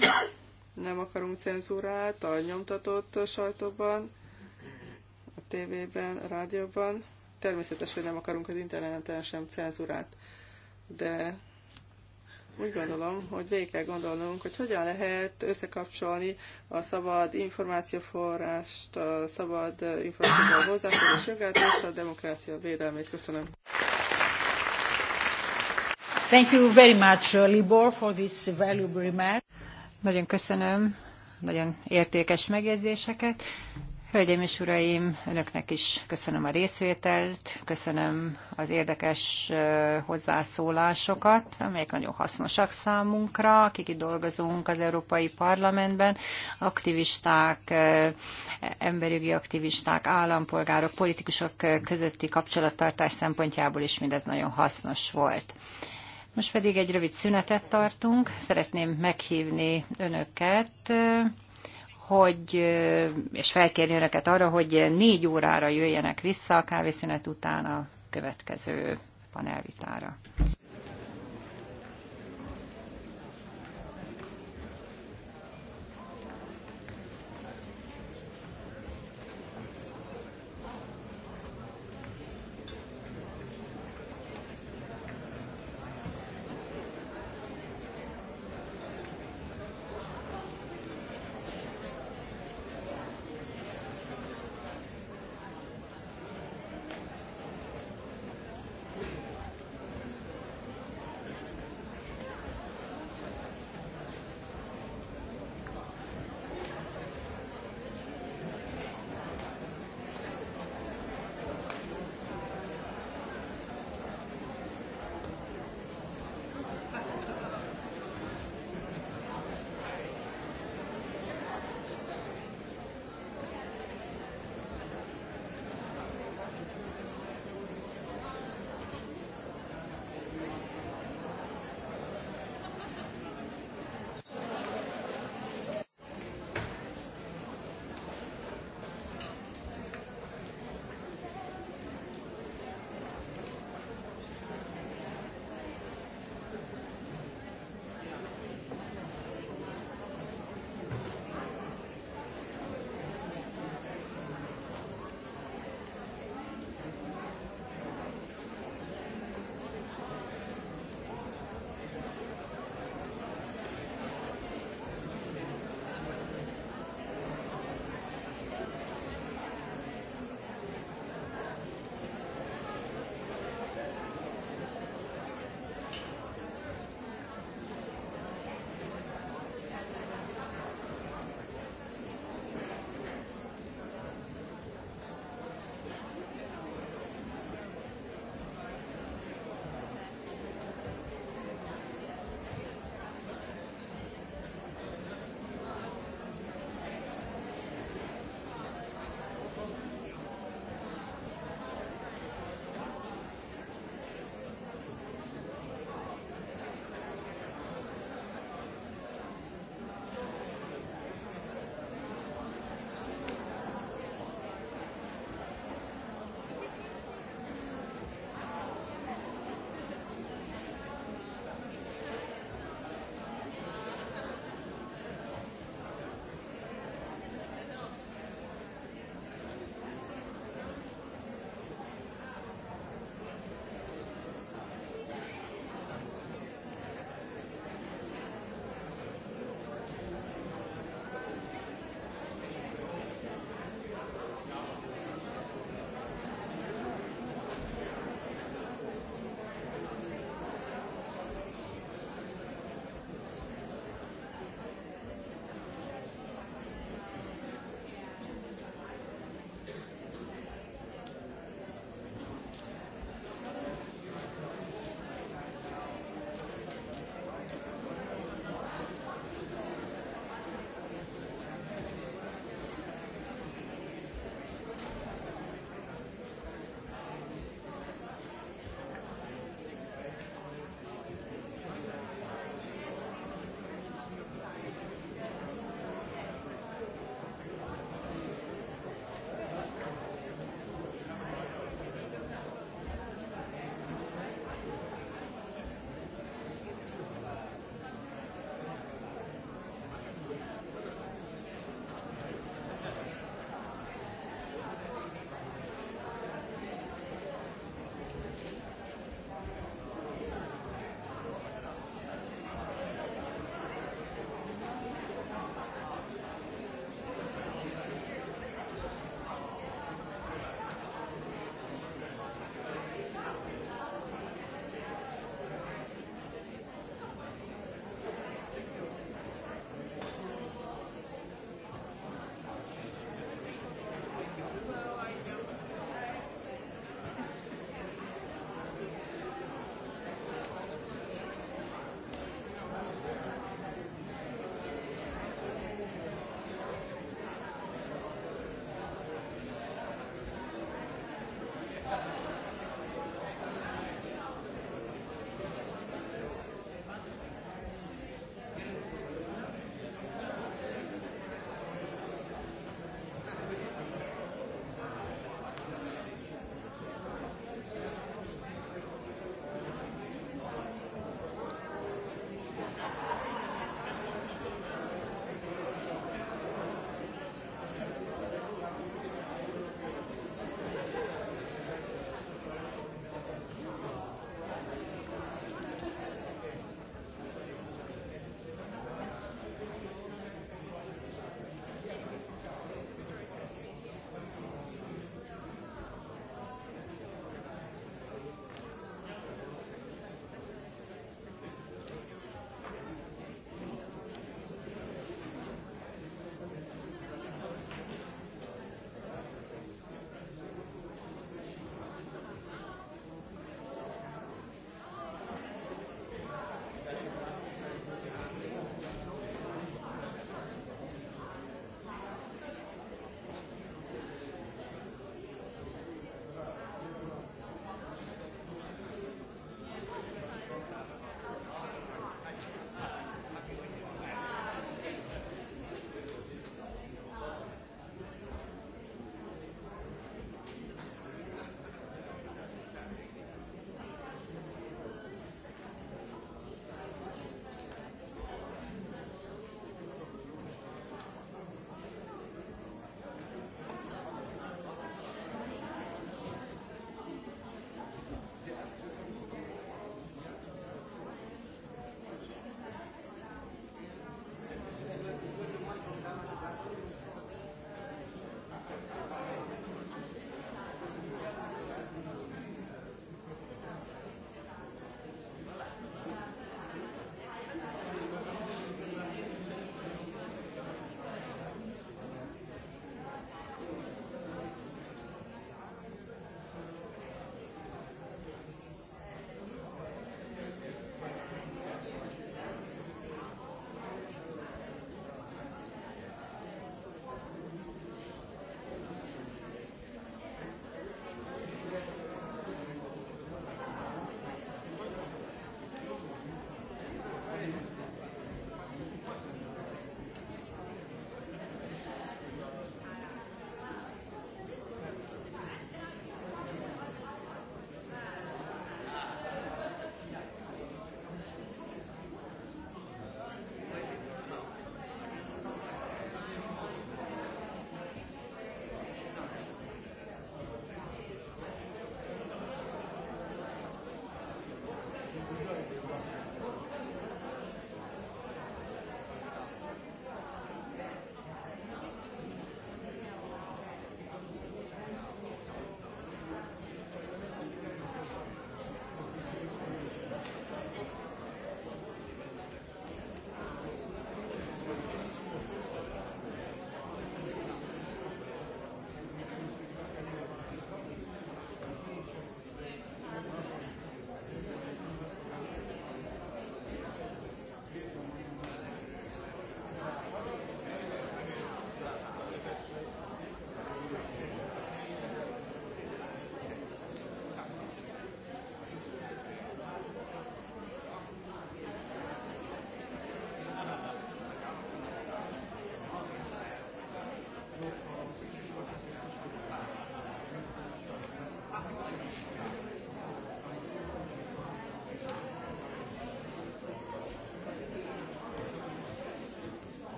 Nem akarunk cenzúrát a nyomtatott sajtóban, a tévében, a rádióban Természetes, hogy nem akarunk az interneten sem cenzurát, de úgy gondolom, hogy végig kell gondolnunk, hogy hogyan lehet összekapcsolni a szabad információforrást, a szabad információval hozzáférés jogát és a demokrácia védelmét. Köszönöm. Thank you very much, uh, Libor, for this valuable remark. Nagyon köszönöm, nagyon értékes megjegyzéseket. Hölgyeim és Uraim, Önöknek is köszönöm a részvételt, köszönöm az érdekes hozzászólásokat, amelyek nagyon hasznosak számunkra, akik itt dolgozunk az Európai Parlamentben, aktivisták, emberjogi aktivisták, állampolgárok, politikusok közötti kapcsolattartás szempontjából is mindez nagyon hasznos volt. Most pedig egy rövid szünetet tartunk. Szeretném meghívni önöket hogy, és felkérni önöket arra, hogy négy órára jöjjenek vissza a kávészünet után a következő panelvitára.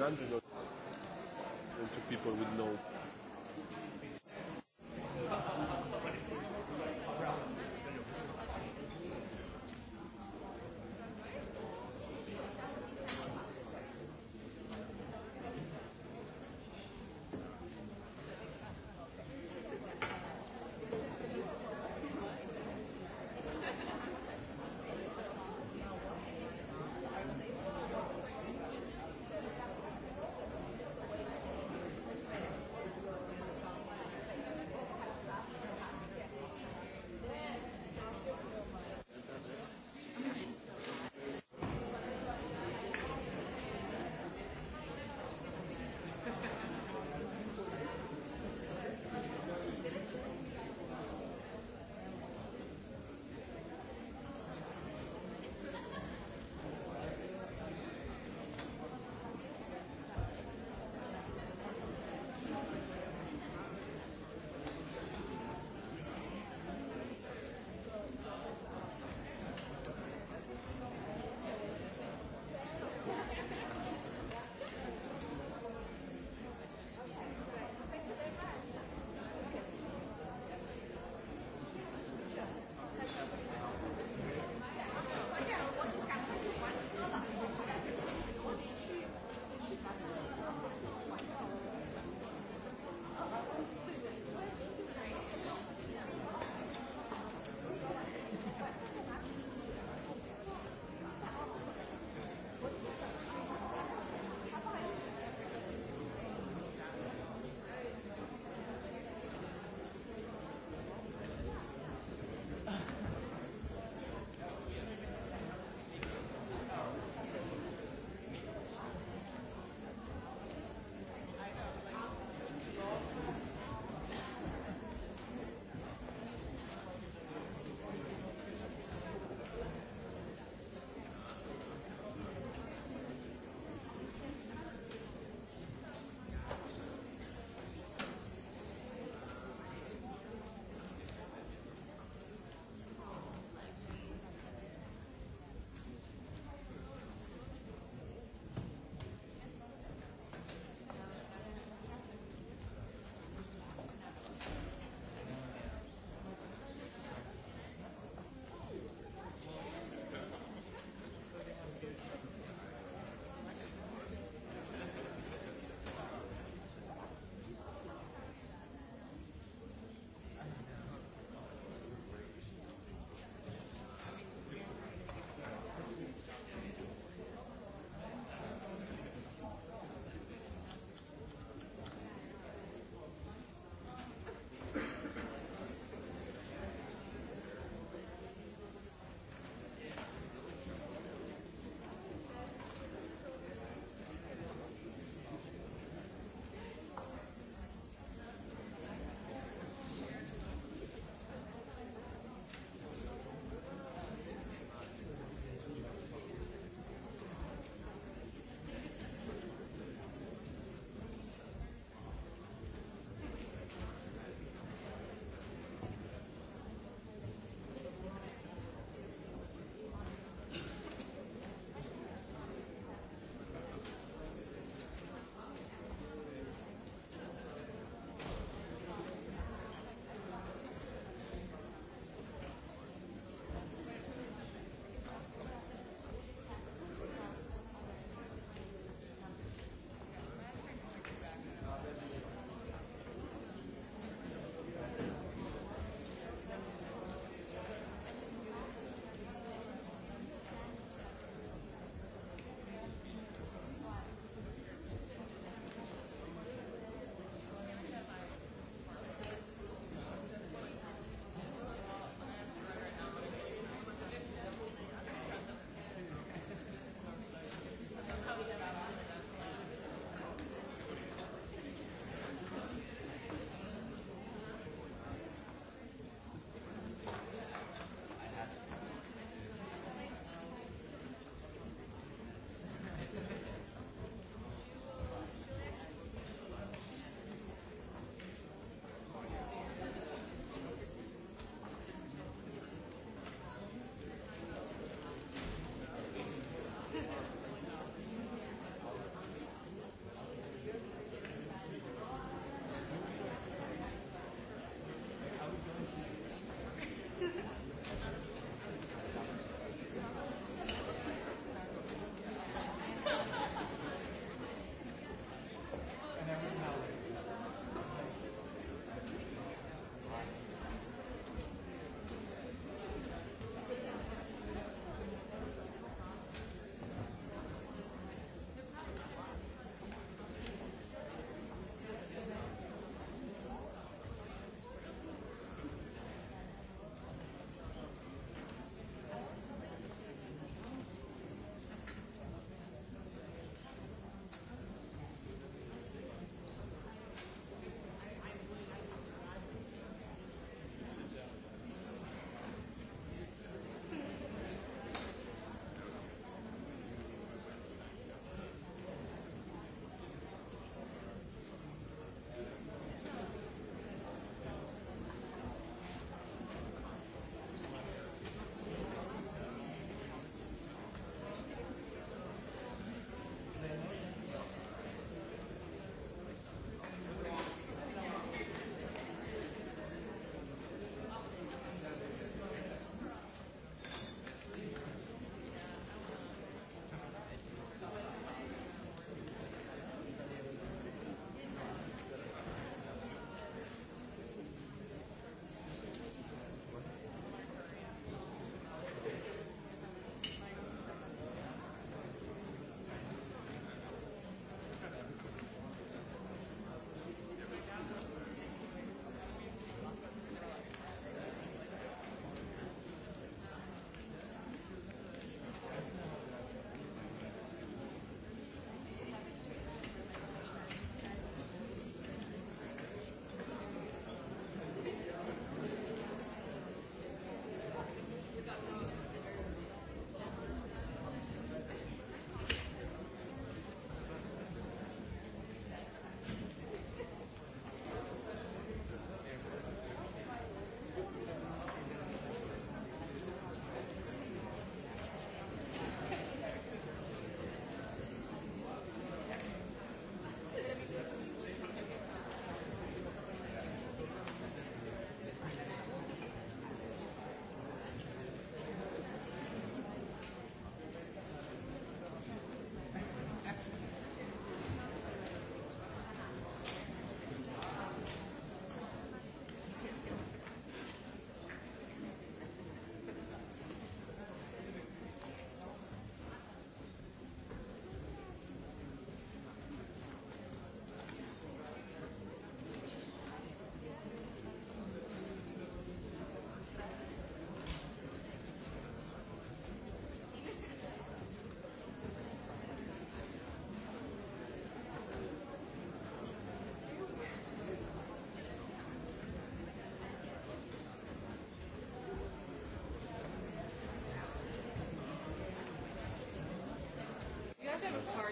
100 or to people with no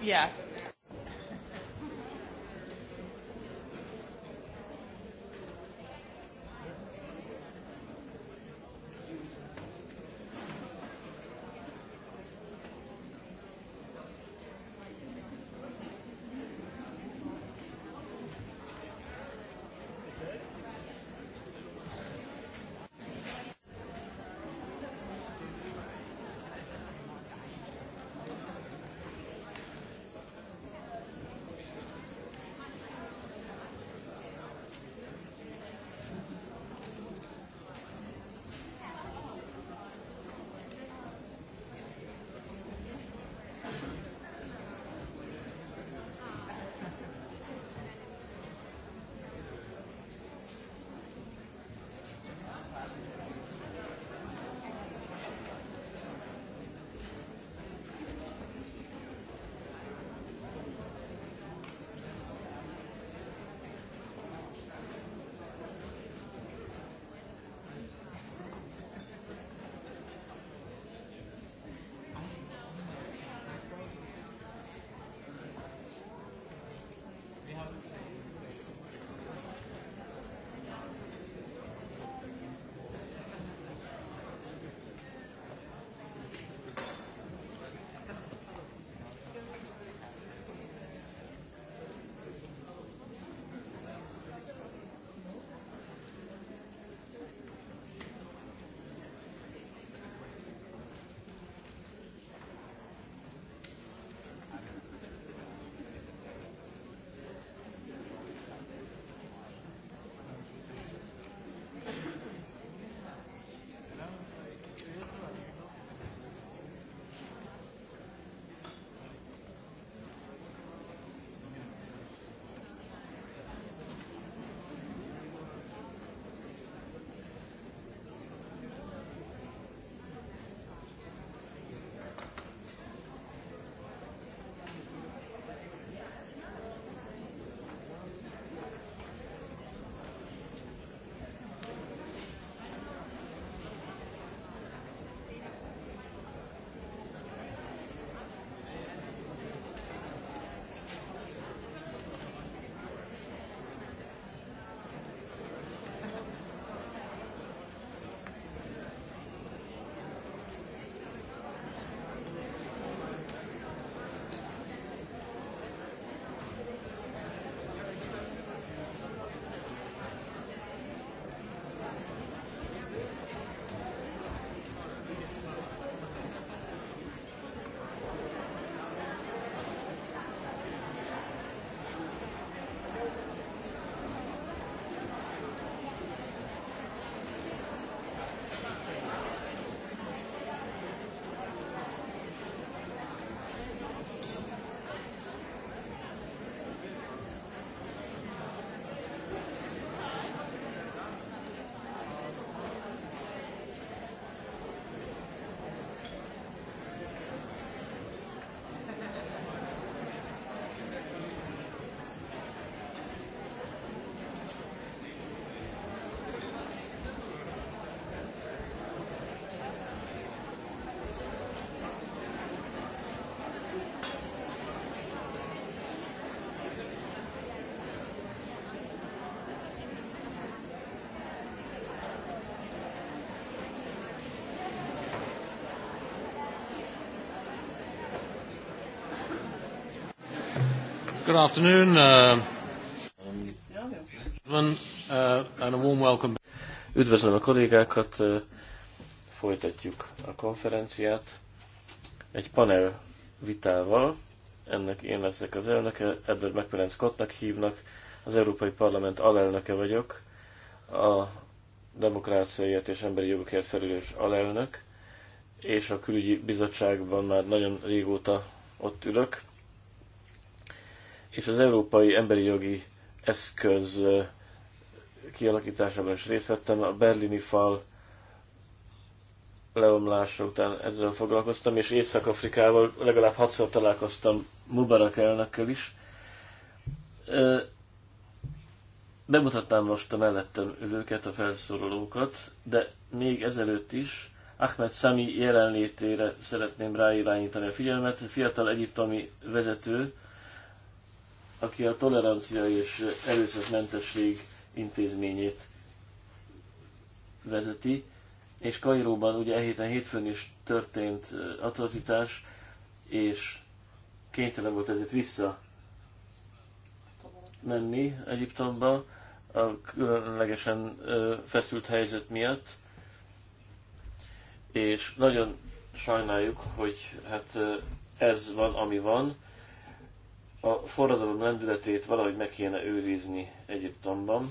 Yeah. Good afternoon. Uh, uh, and a warm welcome. Üdvözlöm a kollégákat, uh, folytatjuk a konferenciát egy panel vitával. Ennek én leszek az elnöke, Edward McMillan Scottnak hívnak, az Európai Parlament alelnöke vagyok, a demokráciáért és emberi jogokért felelős alelnök, és a külügyi bizottságban már nagyon régóta ott ülök, és az Európai Emberi Jogi Eszköz kialakításában is részt vettem. A berlini fal leomlása után ezzel foglalkoztam, és Észak-Afrikával legalább hatszor találkoztam Mubarak elnökkel is. Bemutattam most a mellettem ülőket, a felszólalókat, de még ezelőtt is Ahmed Sami jelenlétére szeretném ráirányítani a figyelmet. Fiatal egyiptomi vezető, aki a tolerancia és erőszakmentesség intézményét vezeti, és Kairóban ugye e héten hétfőn is történt atrocitás, és kénytelen volt ezért vissza menni Egyiptomba a különlegesen feszült helyzet miatt, és nagyon sajnáljuk, hogy hát ez van, ami van, a forradalom lendületét valahogy meg kéne őrizni Egyiptomban.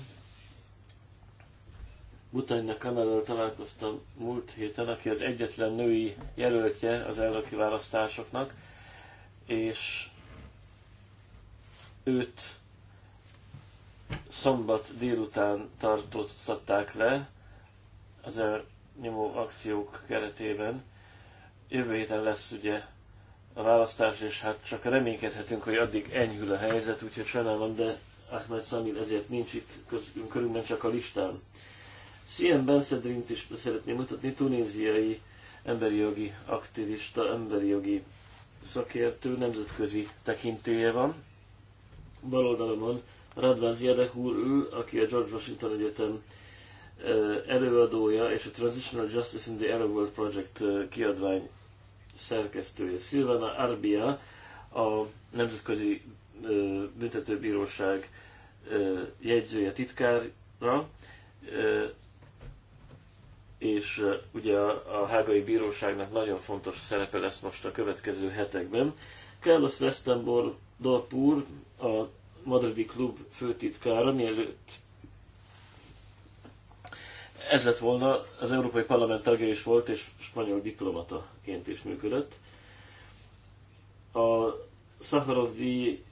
Butanya Kanadával találkoztam múlt héten, aki az egyetlen női jelöltje az elnöki választásoknak, és őt szombat délután tartóztatták le az elnyomó akciók keretében. Jövő héten lesz ugye a választás, és hát csak reménykedhetünk, hogy addig enyhül a helyzet, úgyhogy sajnálom, de Ahmed Samir ezért nincs itt körülben csak a listán. Siem Benszedrint is szeretném mutatni, tunéziai emberi jogi aktivista, emberi jogi szakértő, nemzetközi tekintéje van. Bal oldalon Radvan úr aki a George Washington Egyetem eh, előadója és a Transitional Justice in the Arab World Project eh, kiadvány szerkesztője, Silvana Arbia, a Nemzetközi Büntetőbíróság jegyzője, titkára, és ugye a hágai bíróságnak nagyon fontos szerepe lesz most a következő hetekben. Carlos Westenborg Dorpur, a Madridi Klub főtitkára, mielőtt ez lett volna, az Európai Parlament tagja is volt, és spanyol diplomataként is működött. A Szaharov díj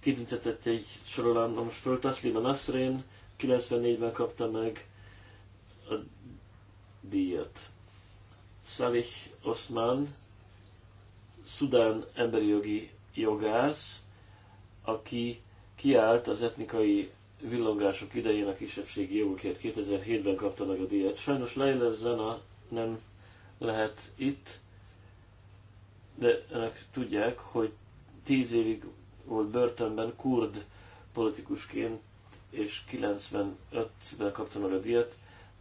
kitüntetett egy sorolamba most föl, Taslima Nasrén, 94-ben kapta meg a díjat. Salih Osman, Szudán emberi jogi jogász, aki kiállt az etnikai villongások idején a kisebbségi jogokért 2007-ben kapta meg a díjat. Sajnos Leila Zana nem lehet itt, de önök tudják, hogy tíz évig volt börtönben kurd politikusként, és 95-ben kapta meg a díjat.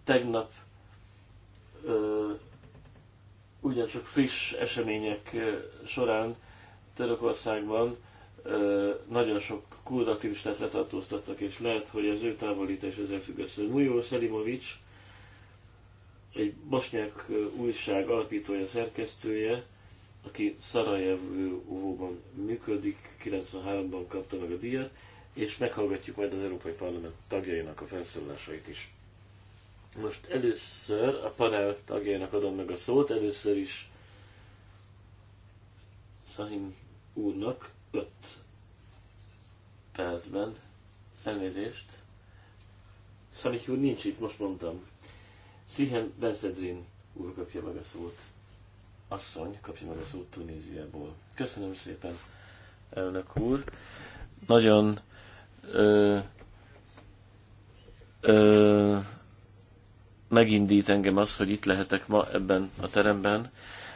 Tegnap ö, ugyancsak friss események során Törökországban nagyon sok kurd aktivistát letartóztattak, és lehet, hogy az ő távolítás ezzel függ össze. Mujó Szelimovics, egy bosnyák újság alapítója, szerkesztője, aki Szarajevóban működik, 93-ban kapta meg a díjat, és meghallgatjuk majd az Európai Parlament tagjainak a felszólásait is. Most először a panel tagjainak adom meg a szót, először is Szahim úrnak, 5 percben. Elnézést. Szaniki úr nincs itt, most mondtam. Szihen Benzedrin úr kapja meg a szót. Asszony kapja meg a szót Tunéziából. Köszönöm szépen, elnök úr. Nagyon ö, ö, megindít engem az, hogy itt lehetek ma ebben a teremben,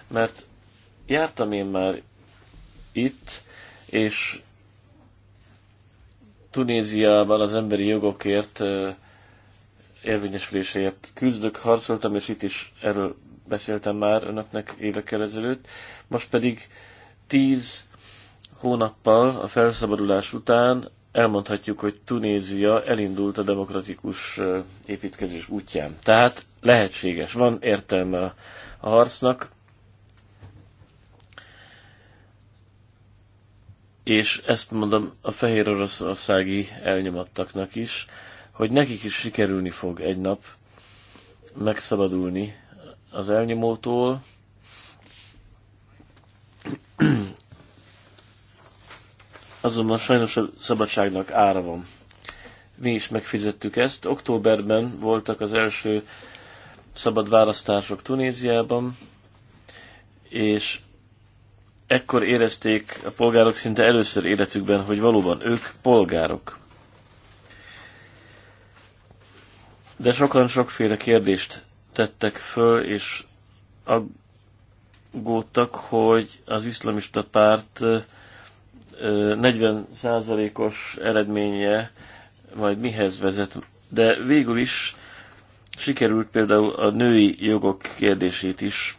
mert jártam én már itt, és Tunéziában az emberi jogokért érvényesüléséért küzdök, harcoltam, és itt is erről beszéltem már önöknek évekkel ezelőtt. Most pedig tíz hónappal a felszabadulás után elmondhatjuk, hogy Tunézia elindult a demokratikus építkezés útján. Tehát lehetséges, van értelme a harcnak, és ezt mondom a fehér oroszországi elnyomattaknak is, hogy nekik is sikerülni fog egy nap megszabadulni az elnyomótól, azonban sajnos a szabadságnak ára van. Mi is megfizettük ezt. Októberben voltak az első szabad választások Tunéziában, és ekkor érezték a polgárok szinte először életükben, hogy valóban ők polgárok. De sokan sokféle kérdést tettek föl, és aggódtak, hogy az iszlamista párt 40%-os eredménye majd mihez vezet. De végül is sikerült például a női jogok kérdését is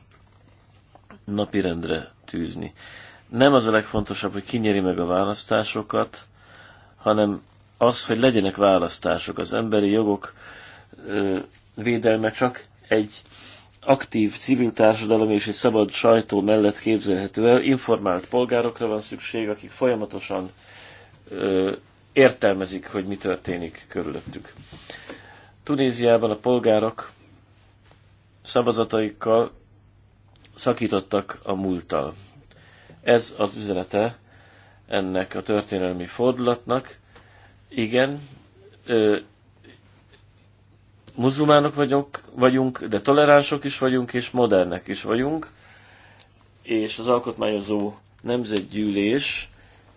napirendre tűzni. Nem az a legfontosabb, hogy kinyeri meg a választásokat, hanem az, hogy legyenek választások. Az emberi jogok ö, védelme csak egy aktív civil társadalom és egy szabad sajtó mellett képzelhető el. Informált polgárokra van szükség, akik folyamatosan ö, értelmezik, hogy mi történik körülöttük. Tunéziában a polgárok szavazataikkal szakítottak a múlttal. Ez az üzenete ennek a történelmi fordulatnak. Igen, ö, muzulmánok vagyunk, vagyunk, de toleránsok is vagyunk, és modernek is vagyunk, és az alkotmányozó nemzetgyűlés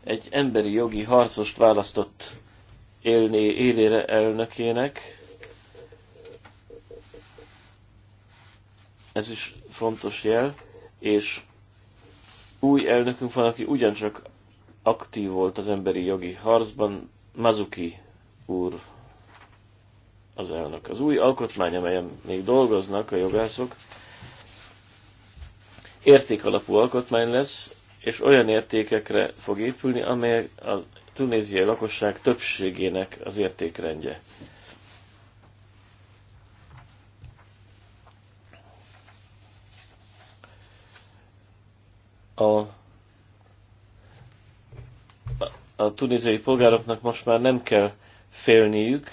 egy emberi jogi harcost választott élné élére elnökének. Ez is fontos jel, és új elnökünk van, aki ugyancsak aktív volt az emberi jogi harcban, Mazuki úr az elnök. Az új alkotmány, amelyen még dolgoznak a jogászok, értékalapú alkotmány lesz, és olyan értékekre fog épülni, amely a tunéziai lakosság többségének az értékrendje. a, a tunizai polgároknak most már nem kell félniük,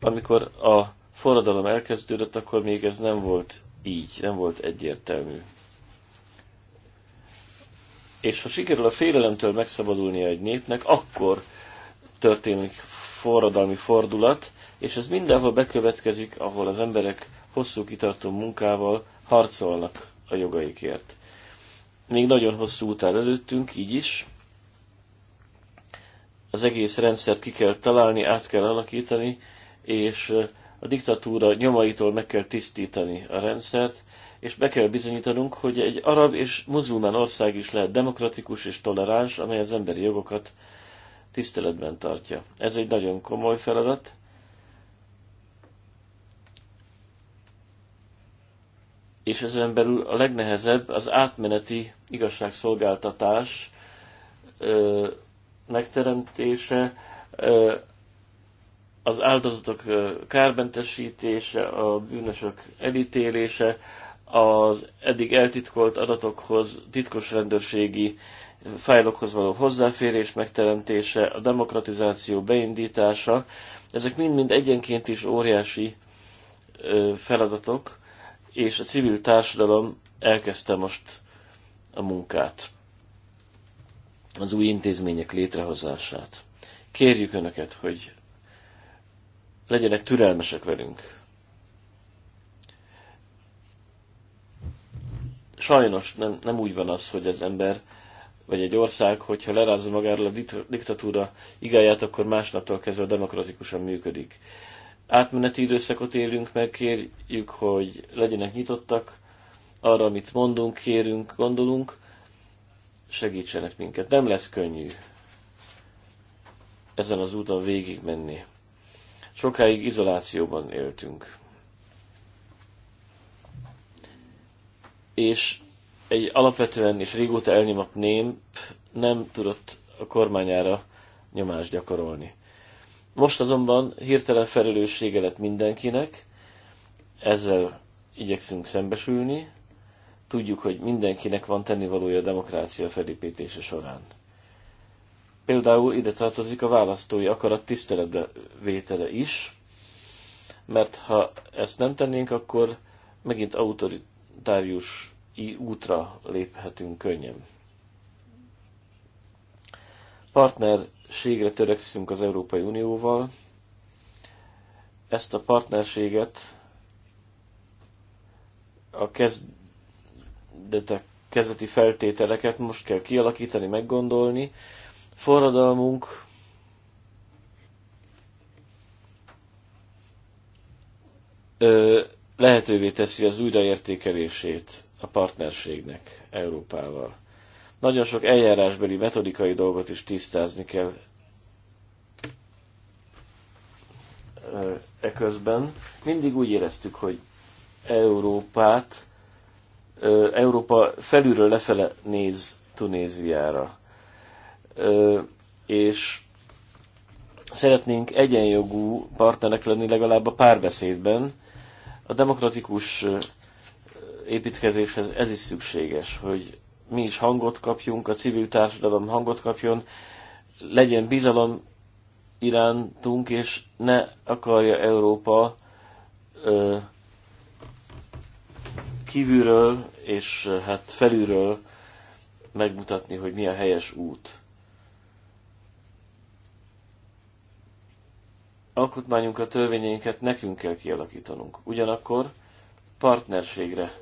amikor a forradalom elkezdődött, akkor még ez nem volt így, nem volt egyértelmű. És ha sikerül a félelemtől megszabadulnia egy népnek, akkor történik forradalmi fordulat, és ez mindenhol bekövetkezik, ahol az emberek hosszú kitartó munkával harcolnak a jogaikért. Még nagyon hosszú út áll előttünk, így is. Az egész rendszert ki kell találni, át kell alakítani, és a diktatúra nyomaitól meg kell tisztítani a rendszert, és be kell bizonyítanunk, hogy egy arab és muzulmán ország is lehet demokratikus és toleráns, amely az emberi jogokat tiszteletben tartja. Ez egy nagyon komoly feladat, és ezen belül a legnehezebb az átmeneti igazságszolgáltatás ö, megteremtése, ö, az áldozatok kármentesítése, a bűnösök elítélése, az eddig eltitkolt adatokhoz, titkos rendőrségi fájlokhoz való hozzáférés megteremtése, a demokratizáció beindítása, ezek mind-mind egyenként is óriási feladatok, és a civil társadalom elkezdte most a munkát, az új intézmények létrehozását. Kérjük Önöket, hogy legyenek türelmesek velünk. Sajnos nem, nem úgy van az, hogy az ember vagy egy ország, hogyha lerázza magáról a diktatúra igáját, akkor másnaptól kezdve demokratikusan működik átmeneti időszakot élünk meg, kérjük, hogy legyenek nyitottak arra, amit mondunk, kérünk, gondolunk, segítsenek minket. Nem lesz könnyű ezen az úton végig menni. Sokáig izolációban éltünk. És egy alapvetően és régóta elnyomott nép nem tudott a kormányára nyomást gyakorolni. Most azonban hirtelen felelőssége lett mindenkinek, ezzel igyekszünk szembesülni, tudjuk, hogy mindenkinek van tennivalója a demokrácia felépítése során. Például ide tartozik a választói akarat tiszteletbe vétele is, mert ha ezt nem tennénk, akkor megint autoritárius útra léphetünk könnyen. Partner partnerségre törekszünk az Európai Unióval. Ezt a partnerséget a kezdetek, kezdeti feltételeket most kell kialakítani, meggondolni. Forradalmunk ö, lehetővé teszi az újraértékelését a partnerségnek Európával. Nagyon sok eljárásbeli metodikai dolgot is tisztázni kell eközben. Mindig úgy éreztük, hogy Európát, Európa felülről lefele néz Tunéziára. És szeretnénk egyenjogú partnerek lenni legalább a párbeszédben. A demokratikus építkezéshez ez is szükséges, hogy mi is hangot kapjunk, a civil társadalom hangot kapjon, legyen bizalom irántunk, és ne akarja Európa ö, kívülről és hát felülről megmutatni, hogy mi a helyes út. Alkotmányunkat, törvényeinket nekünk kell kialakítanunk. Ugyanakkor partnerségre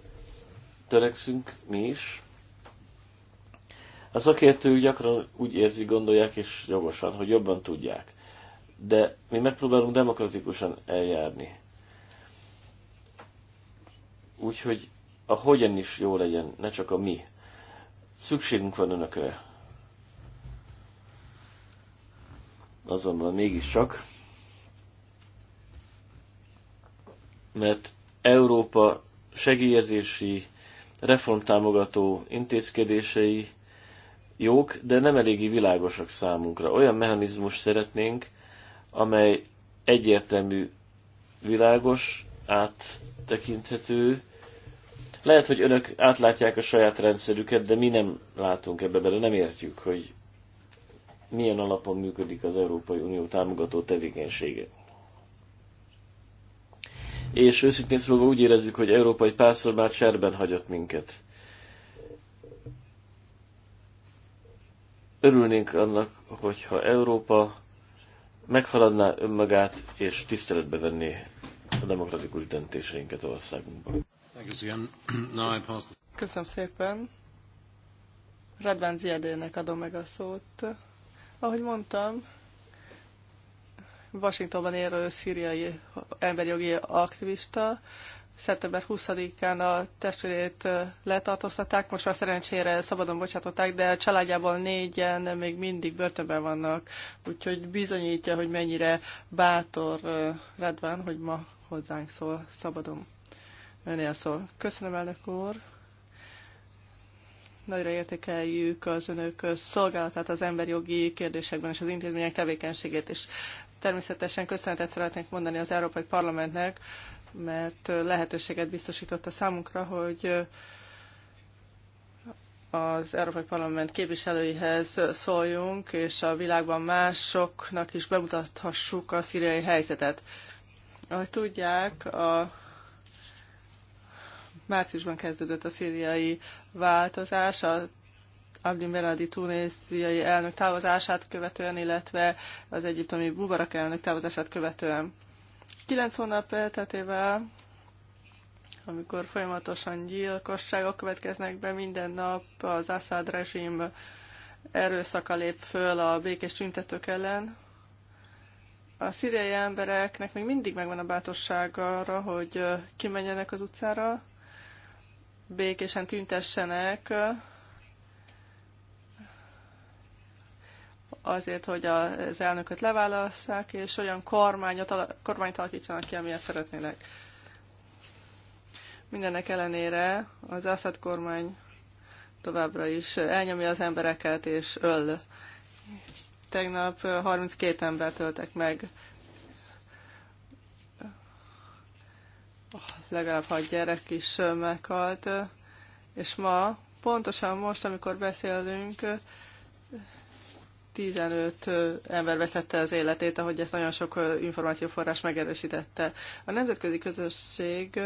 törekszünk mi is, a szakértők gyakran úgy érzik, gondolják, és jogosan, hogy jobban tudják. De mi megpróbálunk demokratikusan eljárni. Úgyhogy a hogyan is jó legyen, ne csak a mi. Szükségünk van önökre. Azonban mégiscsak, mert Európa segélyezési, reformtámogató intézkedései jók, de nem eléggé világosak számunkra. Olyan mechanizmus szeretnénk, amely egyértelmű, világos, áttekinthető. Lehet, hogy önök átlátják a saját rendszerüket, de mi nem látunk ebbe bele, nem értjük, hogy milyen alapon működik az Európai Unió támogató tevékenysége. És őszintén szólva úgy érezzük, hogy európai pászor már cserben hagyott minket Örülnénk annak, hogyha Európa meghaladná önmagát és tiszteletbe venné a demokratikus döntéseinket országunkban. Köszönöm szépen. Radván Ziedének adom meg a szót. Ahogy mondtam, Washingtonban élő szíriai emberjogi aktivista, szeptember 20-án a testvérét letartóztatták, most már szerencsére szabadon bocsátották, de a családjából négyen még mindig börtönben vannak, úgyhogy bizonyítja, hogy mennyire bátor Redván, hogy ma hozzánk szól szabadon. Önél szól. Köszönöm, elnök úr! Nagyra értékeljük az önök szolgálatát az emberi jogi kérdésekben és az intézmények tevékenységét is. Természetesen köszönetet szeretnénk mondani az Európai Parlamentnek, mert lehetőséget biztosított a számunkra, hogy az Európai Parlament képviselőihez szóljunk, és a világban másoknak is bemutathassuk a szíriai helyzetet. Ahogy tudják, a márciusban kezdődött a szíriai változás, a Abdin Benadi tunéziai elnök távozását követően, illetve az egyiptomi Bubarak elnök távozását követően. Kilenc hónap elteltével, amikor folyamatosan gyilkosságok következnek be minden nap, az Assad rezsim erőszaka lép föl a békés tüntetők ellen, a szíriai embereknek még mindig megvan a bátorság arra, hogy kimenjenek az utcára, békésen tüntessenek azért, hogy az elnököt leválasszák, és olyan kormányot, kormányt alakítsanak ki, amilyet szeretnének. Mindenek ellenére az Assad kormány továbbra is elnyomja az embereket és öl. Tegnap 32 ember töltek meg, legalább hat gyerek is meghalt, és ma, pontosan most, amikor beszélünk, 15 ember veszette az életét, ahogy ezt nagyon sok információforrás megerősítette. A nemzetközi közösség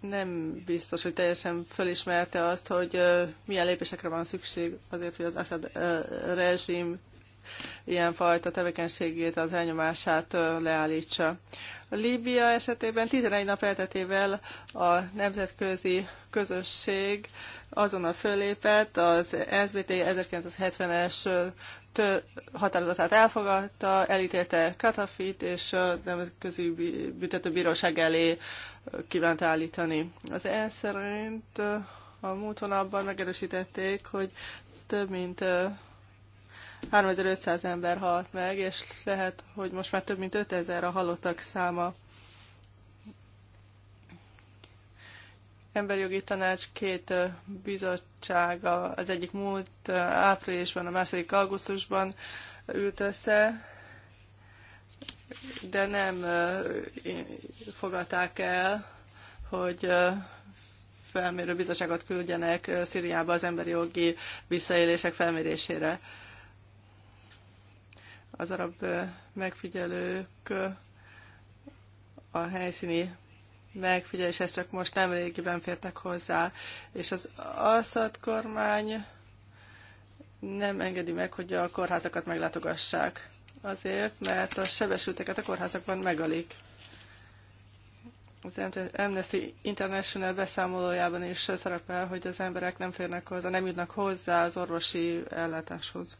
nem biztos, hogy teljesen fölismerte azt, hogy milyen lépésekre van szükség azért, hogy az Assad rezsim ilyenfajta tevékenységét, az elnyomását leállítsa. Líbia esetében 11 nap elteltével a nemzetközi közösség azonnal fölépett, az SBT 1970-es határozatát elfogadta, elítélte Katafit, és a nemzetközi büntetőbíróság elé kívánt állítani. Az ENSZ szerint a múlt hónapban megerősítették, hogy több mint 3500 ember halt meg, és lehet, hogy most már több mint 5000 a halottak száma. Emberjogi Tanács két bizottsága, az egyik múlt áprilisban, a második augusztusban ült össze, de nem fogadták el, hogy felmérő bizottságot küldjenek Szíriába az emberi jogi visszaélések felmérésére. Az arab megfigyelők a helyszíni megfigyeléshez csak most nem régiben fértek hozzá, és az Assad kormány nem engedi meg, hogy a kórházakat meglátogassák. Azért, mert a sebesülteket a kórházakban megalik. Az Amnesty International beszámolójában is szerepel, hogy az emberek nem férnek hozzá, nem jutnak hozzá az orvosi ellátáshoz.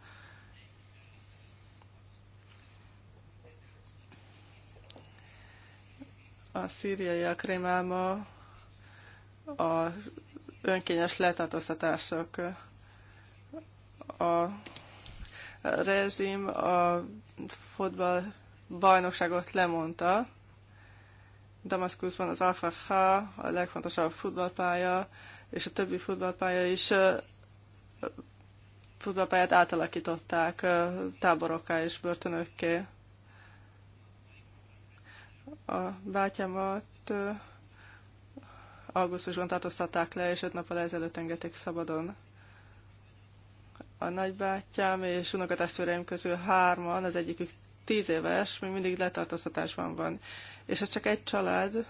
a szíriaiak rémálma a önkényes letartóztatások. A rezsim a fotball bajnokságot lemondta. Damaszkuszban az al a legfontosabb futballpálya, és a többi futballpálya is futballpályát átalakították táborokká és börtönökké a bátyámat augusztusban tartóztatták le, és öt nappal ezelőtt engedték szabadon. A nagybátyám és unokatestvéreim közül hárman, az egyikük tíz éves, még mindig letartóztatásban van. És ez csak egy család,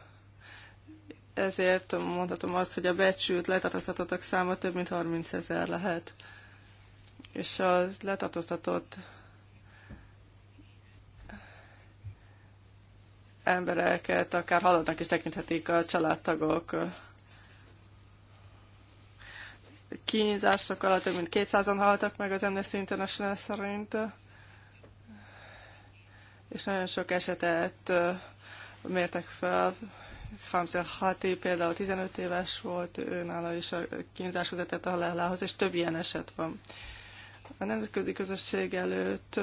ezért mondhatom azt, hogy a becsült letartóztatottak száma több mint 30 ezer lehet. És a letartóztatott embereket akár halottnak is tekinthetik a családtagok. Kínzások alatt több mint 200-an haltak meg az Amnesty International szerint, és nagyon sok esetet mértek fel. Hamza Hati például 15 éves volt, nála is a kínzás vezetett a halálához, és több ilyen eset van. A nemzetközi közösség előtt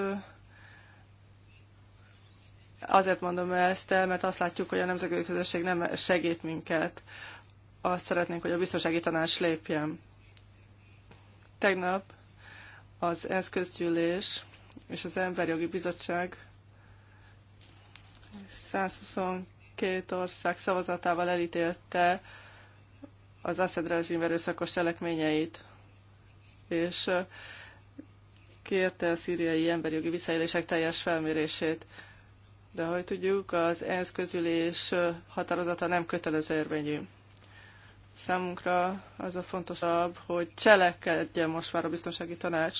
Azért mondom ezt el, mert azt látjuk, hogy a nemzetközi közösség nem segít minket. Azt szeretnénk, hogy a biztonsági tanács lépjen. Tegnap az ENSZ közgyűlés és az Emberjogi Bizottság 122 ország szavazatával elítélte az Assad rezsim erőszakos cselekményeit, és uh, kérte a szíriai emberjogi visszaélések teljes felmérését. De ahogy tudjuk, az ENSZ közülés határozata nem kötelező érvényű. Számunkra az a fontosabb, hogy cselekedjen most már a biztonsági tanács.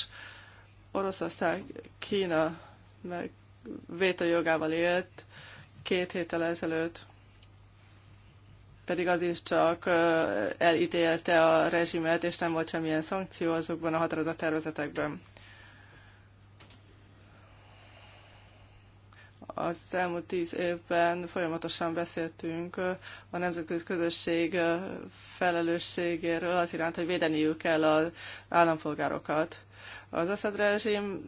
Oroszország, Kína meg vétőjogával élt két héttel ezelőtt, pedig az is csak elítélte a rezsimet, és nem volt semmilyen szankció azokban a határozattervezetekben. Az elmúlt tíz évben folyamatosan beszéltünk a nemzetközi közösség felelősségéről az iránt, hogy védeniük kell az állampolgárokat. Az Assad rezsim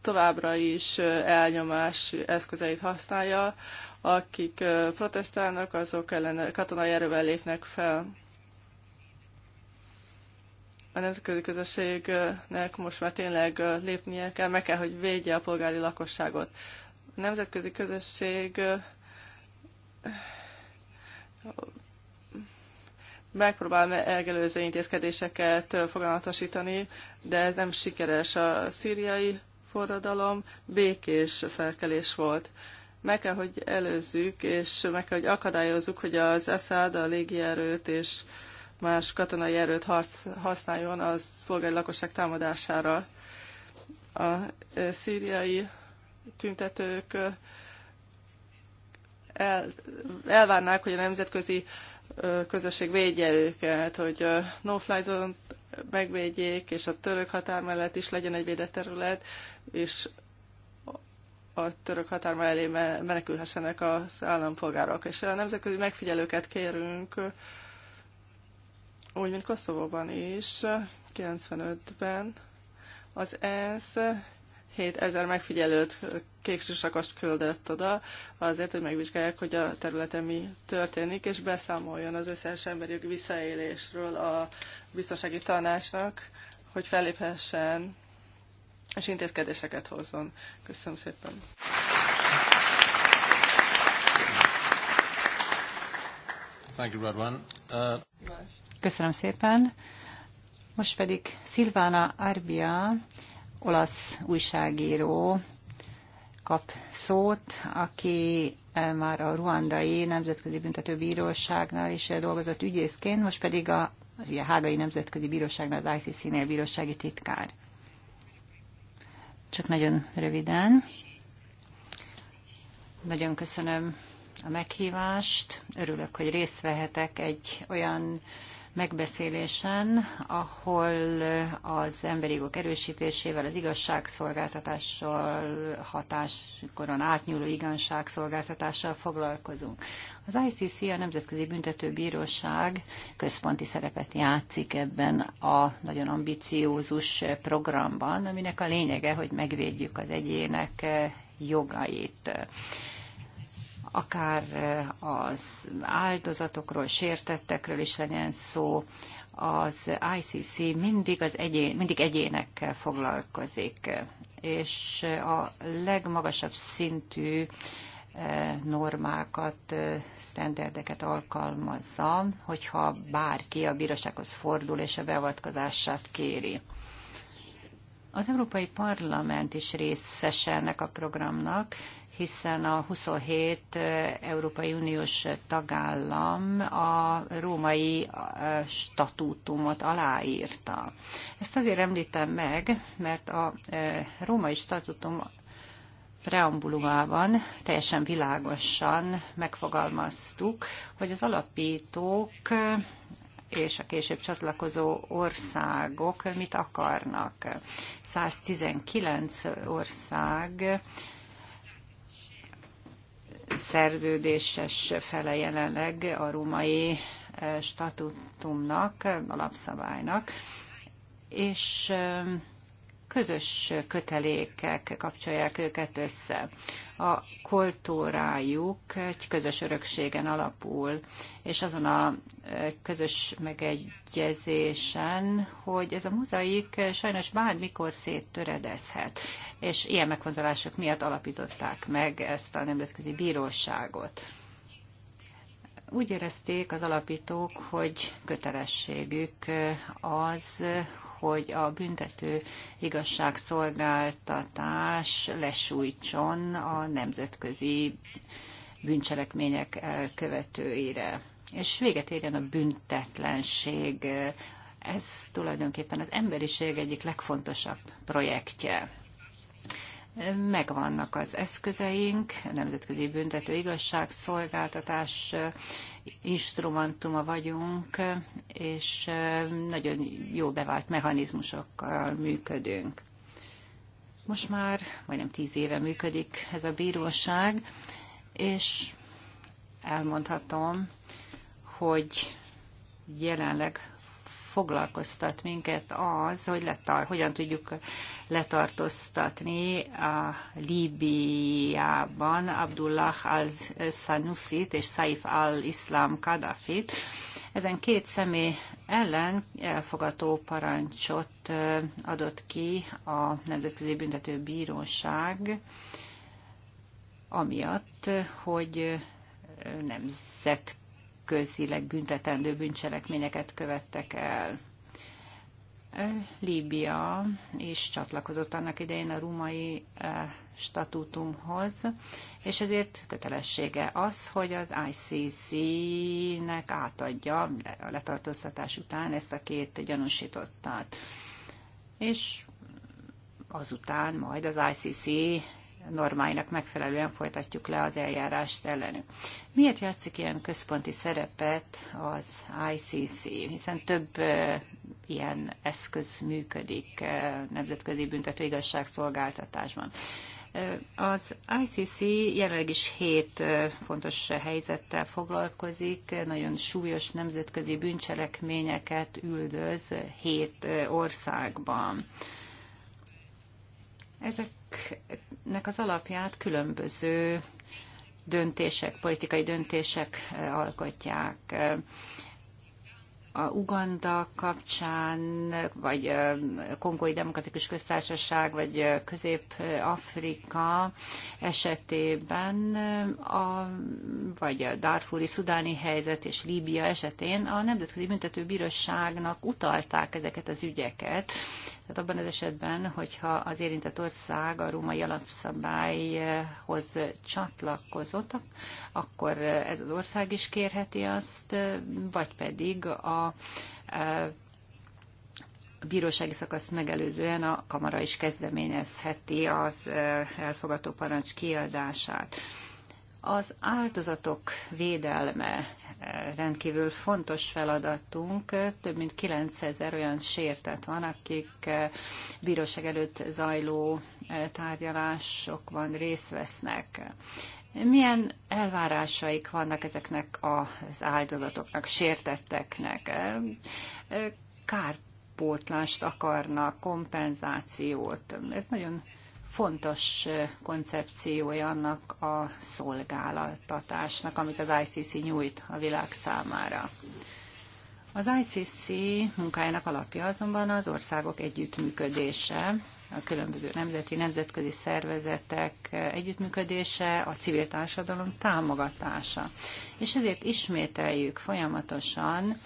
továbbra is elnyomás eszközeit használja, akik protestálnak, azok ellen katonai erővel lépnek fel. A nemzetközi közösségnek most már tényleg lépnie kell, meg kell, hogy védje a polgári lakosságot nemzetközi közösség megpróbál elgelőző intézkedéseket foganatosítani, de ez nem sikeres. A szíriai forradalom békés felkelés volt. Meg kell, hogy előzzük, és meg kell, hogy akadályozzuk, hogy az Assad a légierőt és más katonai erőt harc, használjon az polgári lakosság támadására. A szíriai tüntetők el, elvárnák, hogy a nemzetközi közösség védje őket, hogy no-fly zone megvédjék, és a török határ mellett is legyen egy védett terület, és a török határ mellé menekülhessenek az állampolgárok. És a nemzetközi megfigyelőket kérünk, úgy, mint Koszovóban is, 95-ben. Az ENSZ 7000 megfigyelőt kéksisakast küldött oda, azért, hogy megvizsgálják, hogy a területen mi történik, és beszámoljon az összes emberi visszaélésről a biztonsági tanácsnak, hogy feléphessen és intézkedéseket hozzon. Köszönöm szépen! Thank you, Radwan. Uh... Köszönöm szépen! Most pedig Szilvána Arbia, olasz újságíró kap szót, aki eh, már a ruandai Nemzetközi Büntetőbíróságnál is eh, dolgozott ügyészként, most pedig a ugye, Hágai Nemzetközi Bíróságnál, az ICC-nél bírósági titkár. Csak nagyon röviden. Nagyon köszönöm a meghívást. Örülök, hogy részt vehetek egy olyan megbeszélésen, ahol az emberi jogok erősítésével, az igazságszolgáltatással hatáskoron átnyúló igazságszolgáltatással foglalkozunk. Az ICC, a Nemzetközi Büntetőbíróság központi szerepet játszik ebben a nagyon ambiciózus programban, aminek a lényege, hogy megvédjük az egyének jogait akár eh, az áldozatokról, sértettekről is legyen szó, az ICC mindig, az egyén, mindig egyénekkel foglalkozik, és a legmagasabb szintű eh, normákat, eh, sztenderdeket alkalmazza, hogyha bárki a bírósághoz fordul és a beavatkozását kéri. Az Európai Parlament is részese ennek a programnak, hiszen a 27 Európai Uniós tagállam a római statútumot aláírta. Ezt azért említem meg, mert a római statútum preambulumában teljesen világosan megfogalmaztuk, hogy az alapítók és a később csatlakozó országok mit akarnak. 119 ország szerződéses fele jelenleg a római eh, statutumnak, alapszabálynak, és eh, közös kötelékek kapcsolják őket össze. A kultúrájuk egy közös örökségen alapul, és azon a közös megegyezésen, hogy ez a mozaik sajnos bármikor széttöredezhet, és ilyen megfontolások miatt alapították meg ezt a nemzetközi bíróságot úgy érezték az alapítók, hogy kötelességük az, hogy a büntető igazságszolgáltatás lesújtson a nemzetközi bűncselekmények elkövetőire. És véget érjen a büntetlenség. Ez tulajdonképpen az emberiség egyik legfontosabb projektje megvannak az eszközeink, a Nemzetközi Büntető Igazságszolgáltatás instrumentuma vagyunk, és nagyon jó bevált mechanizmusokkal működünk. Most már majdnem tíz éve működik ez a bíróság, és elmondhatom, hogy jelenleg foglalkoztat minket az, hogy letar, hogyan tudjuk letartóztatni a Líbiában Abdullah al-Sanusit és Saif al-Islam Kadhafit. Ezen két személy ellen elfogató parancsot adott ki a Nemzetközi Büntető Bíróság, amiatt, hogy nemzet nemzetközileg büntetendő bűncselekményeket követtek el. Líbia is csatlakozott annak idején a rumai statútumhoz, és ezért kötelessége az, hogy az ICC-nek átadja a letartóztatás után ezt a két gyanúsítottat. És azután majd az ICC normáinak megfelelően folytatjuk le az eljárást ellenük. Miért játszik ilyen központi szerepet az ICC, hiszen több ilyen eszköz működik nemzetközi büntető igazságszolgáltatásban. Az ICC jelenleg is hét fontos helyzettel foglalkozik, nagyon súlyos nemzetközi bűncselekményeket üldöz hét országban. Ezek ezeknek az alapját különböző döntések, politikai döntések eh, alkotják. Eh, a Uganda kapcsán, vagy Kongói Demokratikus Köztársaság, vagy Közép-Afrika esetében, a, vagy a Darfuri szudáni helyzet és Líbia esetén a Nemzetközi Büntetőbíróságnak utalták ezeket az ügyeket. Tehát abban az esetben, hogyha az érintett ország a római alapszabályhoz csatlakozott, akkor ez az ország is kérheti azt, vagy pedig a bírósági szakaszt megelőzően a kamara is kezdeményezheti az e, elfogató parancs kiadását. Az áldozatok védelme e, rendkívül fontos feladatunk. Több mint 9000 olyan sértett van, akik e, bíróság előtt zajló tárgyalásokban részt vesznek. Milyen elvárásaik vannak ezeknek az áldozatoknak, sértetteknek? Kárpótlást akarnak, kompenzációt. Ez nagyon fontos koncepciója annak a szolgáltatásnak, amit az ICC nyújt a világ számára. Az ICC munkájának alapja azonban az országok együttműködése, a különböző nemzeti, nemzetközi szervezetek együttműködése, a civil társadalom támogatása. És ezért ismételjük folyamatosan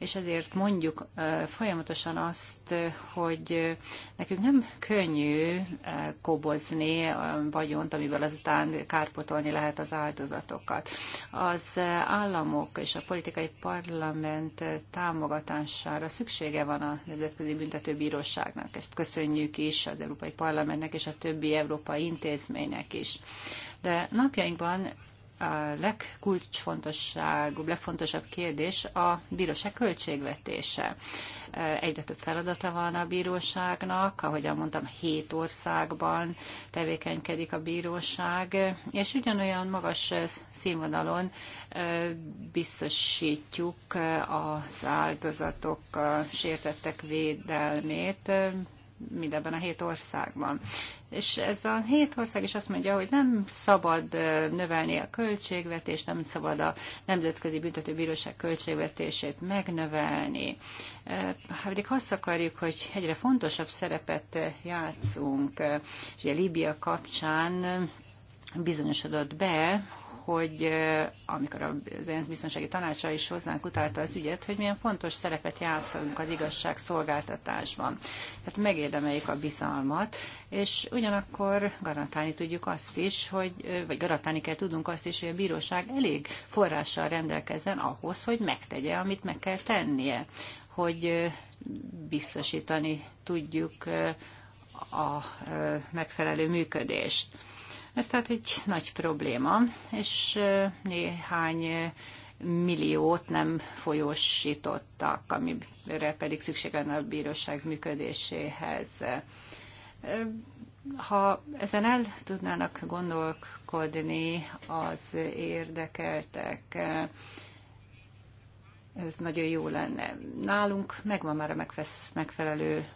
és ezért mondjuk folyamatosan azt, hogy nekünk nem könnyű kobozni a vagyont, amiből azután kárpotolni lehet az áldozatokat. Az államok és a politikai parlament támogatására szüksége van a Nemzetközi Büntetőbíróságnak. Ezt köszönjük is az Európai Parlamentnek és a többi európai intézménynek is. De napjainkban a legkulcsfontosságúbb, legfontosabb kérdés a bíróság költségvetése. Egyre több feladata van a bíróságnak, ahogyan mondtam, hét országban tevékenykedik a bíróság, és ugyanolyan magas színvonalon biztosítjuk az áldozatok, a sértettek védelmét, mindebben a hét országban. És ez a hét ország is azt mondja, hogy nem szabad növelni a költségvetést, nem szabad a Nemzetközi Büntetőbíróság költségvetését megnövelni. Ha pedig azt akarjuk, hogy egyre fontosabb szerepet játszunk, és ugye Líbia kapcsán bizonyosodott be, hogy amikor az ENSZ biztonsági tanácsa is hozzánk utálta az ügyet, hogy milyen fontos szerepet játszunk az igazság szolgáltatásban. Tehát megérdemeljük a bizalmat, és ugyanakkor garantálni tudjuk azt is, hogy, vagy garantálni kell tudnunk azt is, hogy a bíróság elég forrással rendelkezzen ahhoz, hogy megtegye, amit meg kell tennie, hogy biztosítani tudjuk a megfelelő működést. Ez tehát egy nagy probléma, és néhány milliót nem folyósítottak, amire pedig szükség lenne a bíróság működéséhez. Ha ezen el tudnának gondolkodni az érdekeltek, ez nagyon jó lenne. Nálunk megvan már a megfelelő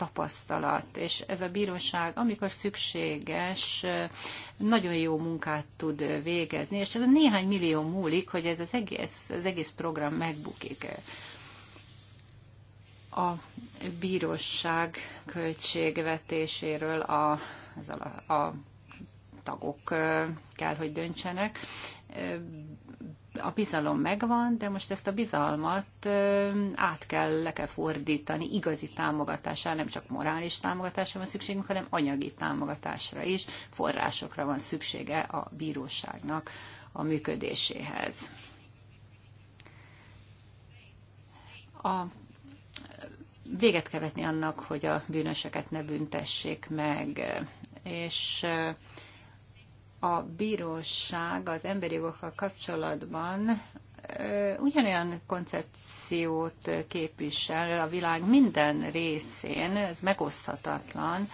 tapasztalat, és ez a bíróság, amikor szükséges, nagyon jó munkát tud végezni, és ez a néhány millió múlik, hogy ez az egész, az egész program megbukik a bíróság költségvetéséről a, a, a tagok kell, hogy döntsenek a bizalom megvan, de most ezt a bizalmat át kell, le kell fordítani igazi támogatásra, nem csak morális támogatásra van szükségünk, hanem anyagi támogatásra is, forrásokra van szüksége a bíróságnak a működéséhez. A véget kell vetni annak, hogy a bűnöseket ne büntessék meg, és a bíróság az emberi jogokkal kapcsolatban ugyanolyan koncepciót képvisel a világ minden részén, ez megoszthatatlan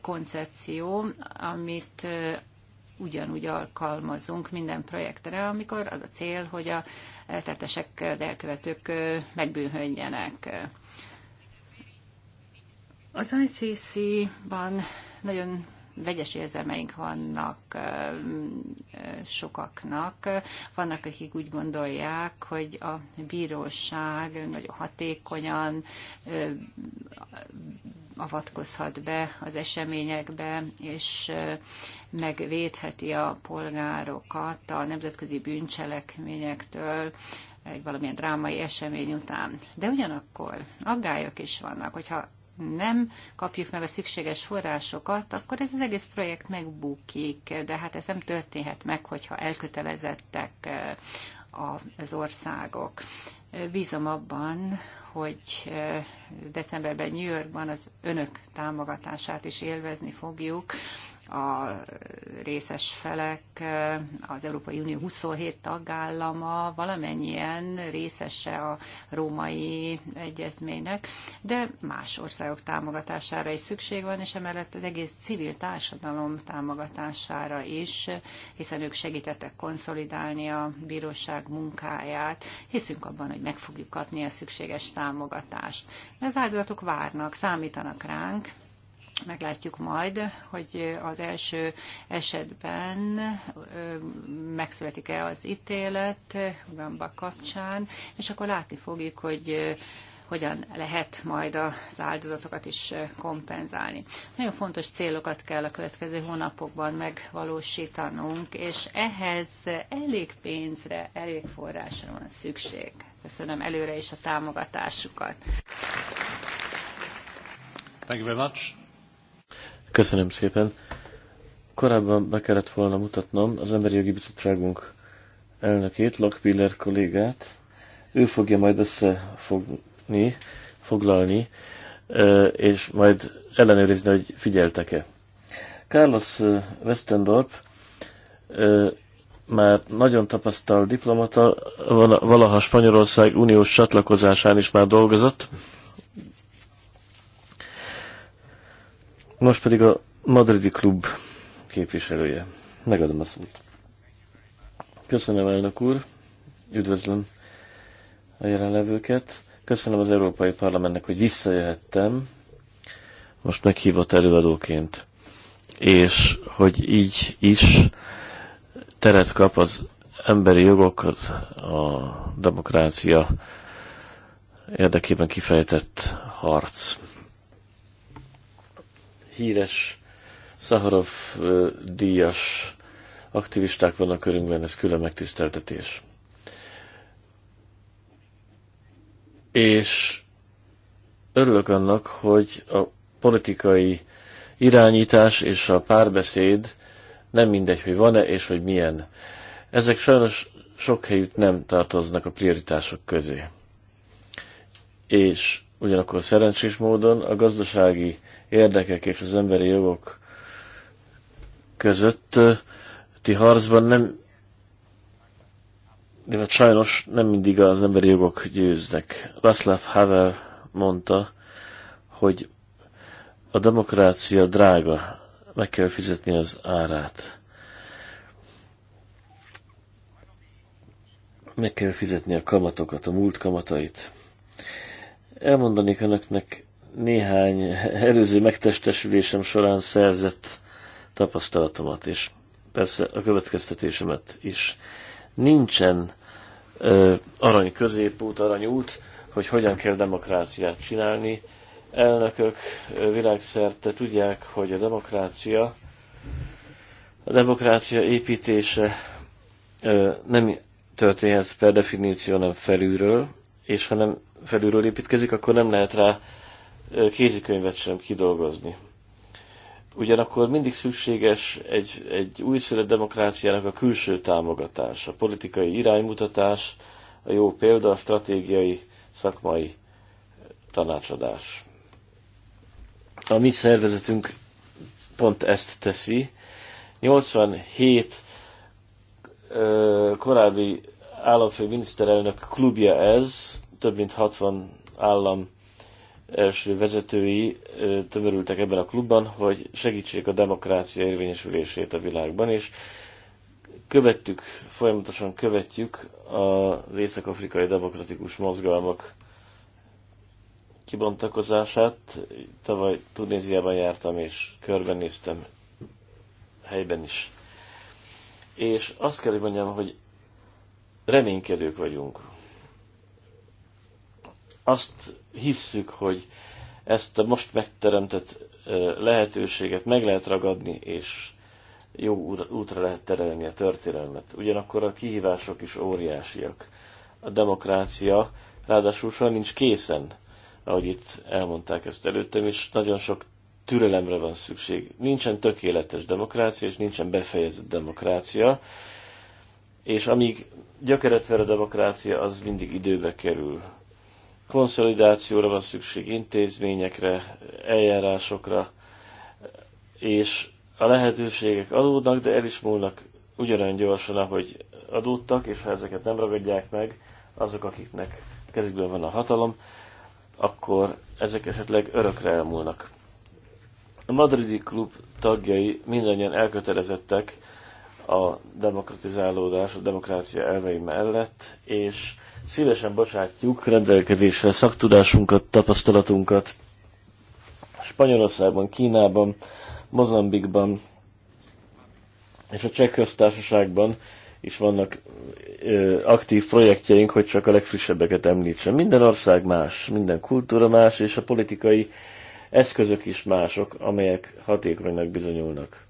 koncepció, amit ugyanúgy alkalmazunk minden projektre, amikor az a cél, hogy a eltertesek, az elkövetők megbűnhődjenek. Az ICC-ban nagyon vegyes érzelmeink vannak sokaknak. Vannak, akik úgy gondolják, hogy a bíróság nagyon hatékonyan avatkozhat be az eseményekbe, és megvédheti a polgárokat a nemzetközi bűncselekményektől, egy valamilyen drámai esemény után. De ugyanakkor aggályok is vannak, hogyha nem kapjuk meg a szükséges forrásokat, akkor ez az egész projekt megbukik, de hát ez nem történhet meg, hogyha elkötelezettek eh, az országok. Bízom abban, hogy eh, decemberben New Yorkban az önök támogatását is élvezni fogjuk a részes felek, az Európai Unió 27 tagállama valamennyien részese a római egyezménynek, de más országok támogatására is szükség van, és emellett az egész civil társadalom támogatására is, hiszen ők segítettek konszolidálni a bíróság munkáját. Hiszünk abban, hogy meg fogjuk kapni a szükséges támogatást. De az áldozatok várnak, számítanak ránk, Meglátjuk majd, hogy az első esetben megszületik-e az ítélet Gamba kapcsán, és akkor látni fogjuk, hogy hogyan lehet majd az áldozatokat is kompenzálni. Nagyon fontos célokat kell a következő hónapokban megvalósítanunk, és ehhez elég pénzre, elég forrásra van szükség. Köszönöm előre is a támogatásukat. Thank you very much. Köszönöm szépen. Korábban be kellett volna mutatnom az Emberi Jogi Bizottságunk elnökét, Lockpiller kollégát. Ő fogja majd összefogni, foglalni, és majd ellenőrizni, hogy figyeltek-e. Carlos Westendorp már nagyon tapasztalt diplomata, valaha Spanyolország uniós csatlakozásán is már dolgozott, Most pedig a Madridi Klub képviselője. Megadom a szót. Köszönöm, elnök úr. Üdvözlöm a jelenlevőket. Köszönöm az Európai Parlamentnek, hogy visszajöhettem. Most meghívott előadóként. És hogy így is teret kap az emberi jogok, az a demokrácia érdekében kifejtett harc híres Szaharov díjas aktivisták vannak körünkben, ez külön megtiszteltetés. És örülök annak, hogy a politikai irányítás és a párbeszéd nem mindegy, hogy van-e és hogy milyen. Ezek sajnos sok helyütt nem tartoznak a prioritások közé. És ugyanakkor szerencsés módon a gazdasági érdekek és az emberi jogok között ti harcban nem de mert sajnos nem mindig az emberi jogok győznek. Václav Havel mondta, hogy a demokrácia drága, meg kell fizetni az árát. Meg kell fizetni a kamatokat, a múlt kamatait. Elmondanék önöknek néhány előző megtestesülésem során szerzett tapasztalatomat, és persze a következtetésemet is. Nincsen ö, arany középút, arany út, hogy hogyan kell demokráciát csinálni. Elnökök világszerte tudják, hogy a demokrácia, a demokrácia építése ö, nem történhet per definíció, nem felülről, és ha nem felülről építkezik, akkor nem lehet rá kézikönyvet sem kidolgozni. Ugyanakkor mindig szükséges egy, egy újszülött demokráciának a külső támogatás, a politikai iránymutatás, a jó példa, a stratégiai, szakmai tanácsadás. A mi szervezetünk pont ezt teszi. 87 ö, korábbi államfő miniszterelnök klubja ez, több mint 60 állam első vezetői tömörültek ebben a klubban, hogy segítsék a demokrácia érvényesülését a világban, és követtük, folyamatosan követjük a észak-afrikai demokratikus mozgalmak kibontakozását. Tavaly Tunéziában jártam, és körbenéztem helyben is. És azt kell, hogy mondjam, hogy reménykedők vagyunk. Azt hisszük, hogy ezt a most megteremtett lehetőséget meg lehet ragadni, és jó útra lehet terelni a történelmet. Ugyanakkor a kihívások is óriásiak. A demokrácia ráadásul soha nincs készen, ahogy itt elmondták ezt előttem, és nagyon sok türelemre van szükség. Nincsen tökéletes demokrácia, és nincsen befejezett demokrácia, és amíg gyökeret ver a demokrácia, az mindig időbe kerül konszolidációra van szükség, intézményekre, eljárásokra, és a lehetőségek adódnak, de el is múlnak ugyanolyan gyorsan, ahogy adódtak, és ha ezeket nem ragadják meg, azok, akiknek kezükben van a hatalom, akkor ezek esetleg örökre elmúlnak. A madridi klub tagjai mindannyian elkötelezettek a demokratizálódás, a demokrácia elveim mellett, és szívesen bocsátjuk rendelkezésre szaktudásunkat, tapasztalatunkat Spanyolországban, Kínában, Mozambikban és a Cseh köztársaságban is vannak ö, aktív projektjeink, hogy csak a legfrissebbeket említsem. Minden ország más, minden kultúra más, és a politikai eszközök is mások, amelyek hatékonynak bizonyulnak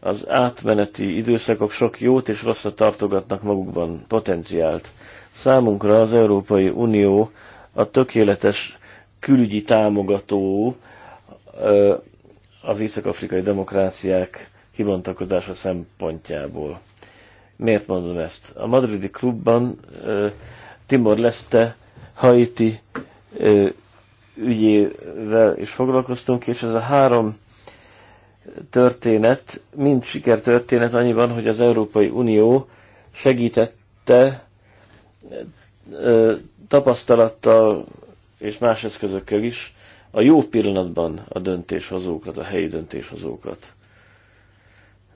az átmeneti időszakok sok jót és rosszat tartogatnak magukban, potenciált. Számunkra az Európai Unió a tökéletes külügyi támogató az észak-afrikai demokráciák kibontakodása szempontjából. Miért mondom ezt? A madridi klubban Timor Leste Haiti ügyével is foglalkoztunk, és ez a három történet, mind sikertörténet annyiban, hogy az Európai Unió segítette tapasztalattal és más eszközökkel is a jó pillanatban a döntéshozókat, a helyi döntéshozókat.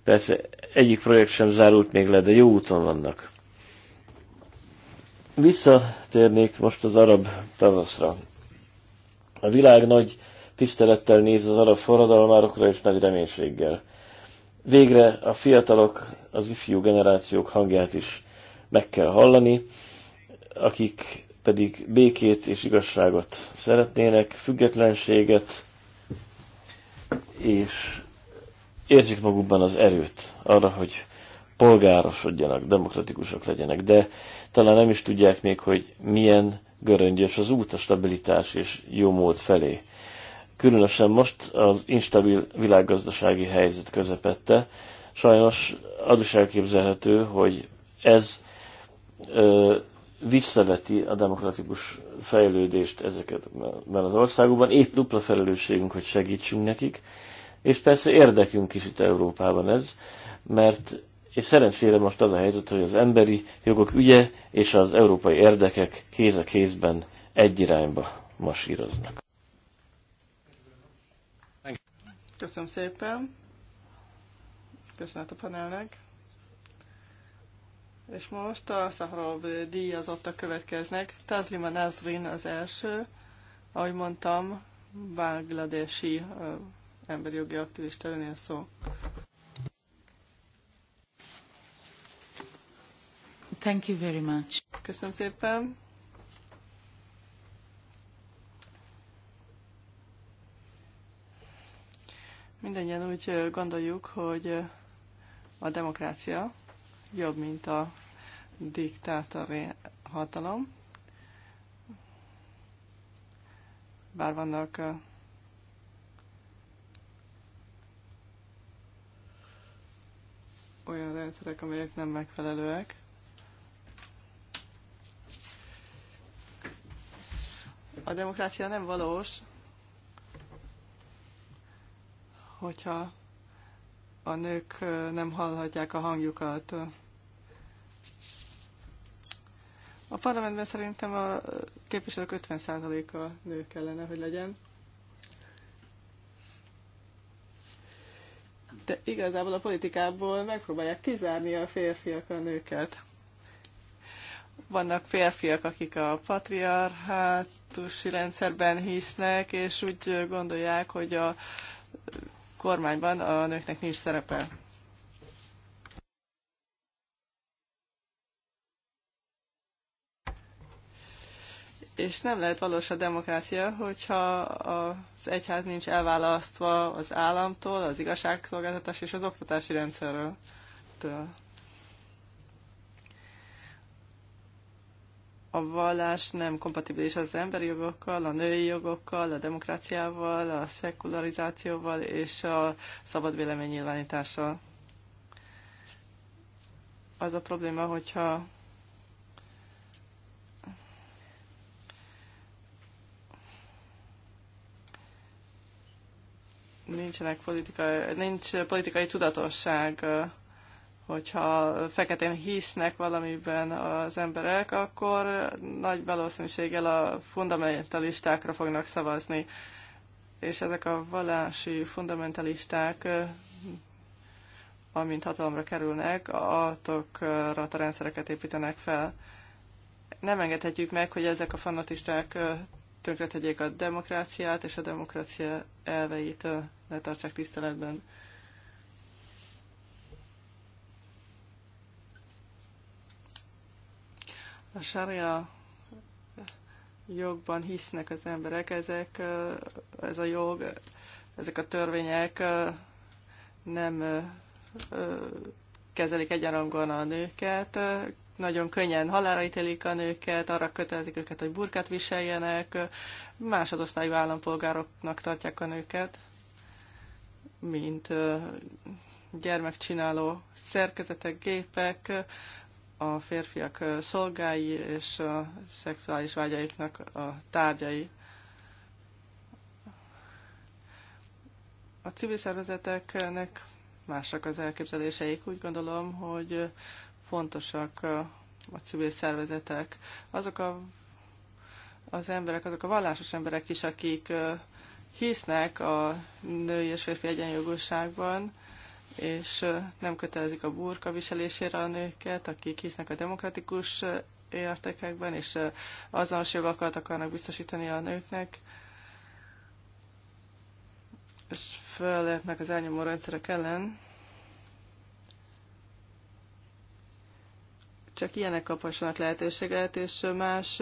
Persze egyik projekt sem zárult még le, de jó úton vannak. Visszatérnék most az arab tavaszra. A világ nagy tisztelettel néz az arab forradalmárokra és nagy reménységgel. Végre a fiatalok, az ifjú generációk hangját is meg kell hallani, akik pedig békét és igazságot szeretnének, függetlenséget, és érzik magukban az erőt arra, hogy polgárosodjanak, demokratikusok legyenek, de talán nem is tudják még, hogy milyen göröngyös az út a stabilitás és jó mód felé különösen most az instabil világgazdasági helyzet közepette. Sajnos az is elképzelhető, hogy ez ö, visszaveti a demokratikus fejlődést ezekben az országokban. Épp dupla felelősségünk, hogy segítsünk nekik, és persze érdekünk is itt Európában ez, mert és szerencsére most az a helyzet, hogy az emberi jogok ügye és az európai érdekek kéz a kézben egy irányba masíroznak. Köszönöm szépen. Köszönet a panelnek. És most a Szaharov díjazottak következnek. Tazlima Nazrin az első, ahogy mondtam, bangladesi emberi jogi aktivista önél szó. Thank you very much. Köszönöm szépen. Mindennyien úgy gondoljuk, hogy a demokrácia jobb, mint a diktátori hatalom. Bár vannak olyan rendszerek, amelyek nem megfelelőek. A demokrácia nem valós, hogyha a nők nem hallhatják a hangjukat. A parlamentben szerintem a képviselők 50%-a nő kellene, hogy legyen. De igazából a politikából megpróbálják kizárni a férfiak a nőket. Vannak férfiak, akik a patriarchátusi rendszerben hisznek, és úgy gondolják, hogy a kormányban a nőknek nincs szerepe. és nem lehet valós a demokrácia, hogyha az egyház nincs elválasztva az államtól, az igazságszolgáltatás és az oktatási rendszerről. Től. a vallás nem kompatibilis az emberi jogokkal, a női jogokkal, a demokráciával, a szekularizációval és a szabad véleménynyilvánítással. Az a probléma, hogyha nincsenek politikai, nincs politikai tudatosság hogyha feketén hisznek valamiben az emberek, akkor nagy valószínűséggel a fundamentalistákra fognak szavazni. És ezek a vallási fundamentalisták, amint hatalomra kerülnek, attokra a rendszereket építenek fel. Nem engedhetjük meg, hogy ezek a fanatisták tönkretegyék a demokráciát, és a demokrácia elveit ne tartsák tiszteletben. a sária jogban hisznek az emberek, ezek, ez a jog, ezek a törvények nem kezelik egyenrangon a nőket, nagyon könnyen halára ítélik a nőket, arra kötelezik őket, hogy burkát viseljenek, másodosztályú állampolgároknak tartják a nőket, mint gyermekcsináló szerkezetek, gépek, a férfiak szolgái és a szexuális vágyaiknak a tárgyai. A civil szervezeteknek másak az elképzeléseik. Úgy gondolom, hogy fontosak a civil szervezetek. Azok a, az emberek, azok a vallásos emberek is, akik hisznek a női és férfi egyenjogosságban és nem kötelezik a burka viselésére a nőket, akik hisznek a demokratikus értékekben, és azonos jogokat akarnak biztosítani a nőknek, és fölépnek az elnyomó rendszerek ellen. Csak ilyenek kaphassanak lehetőséget, és más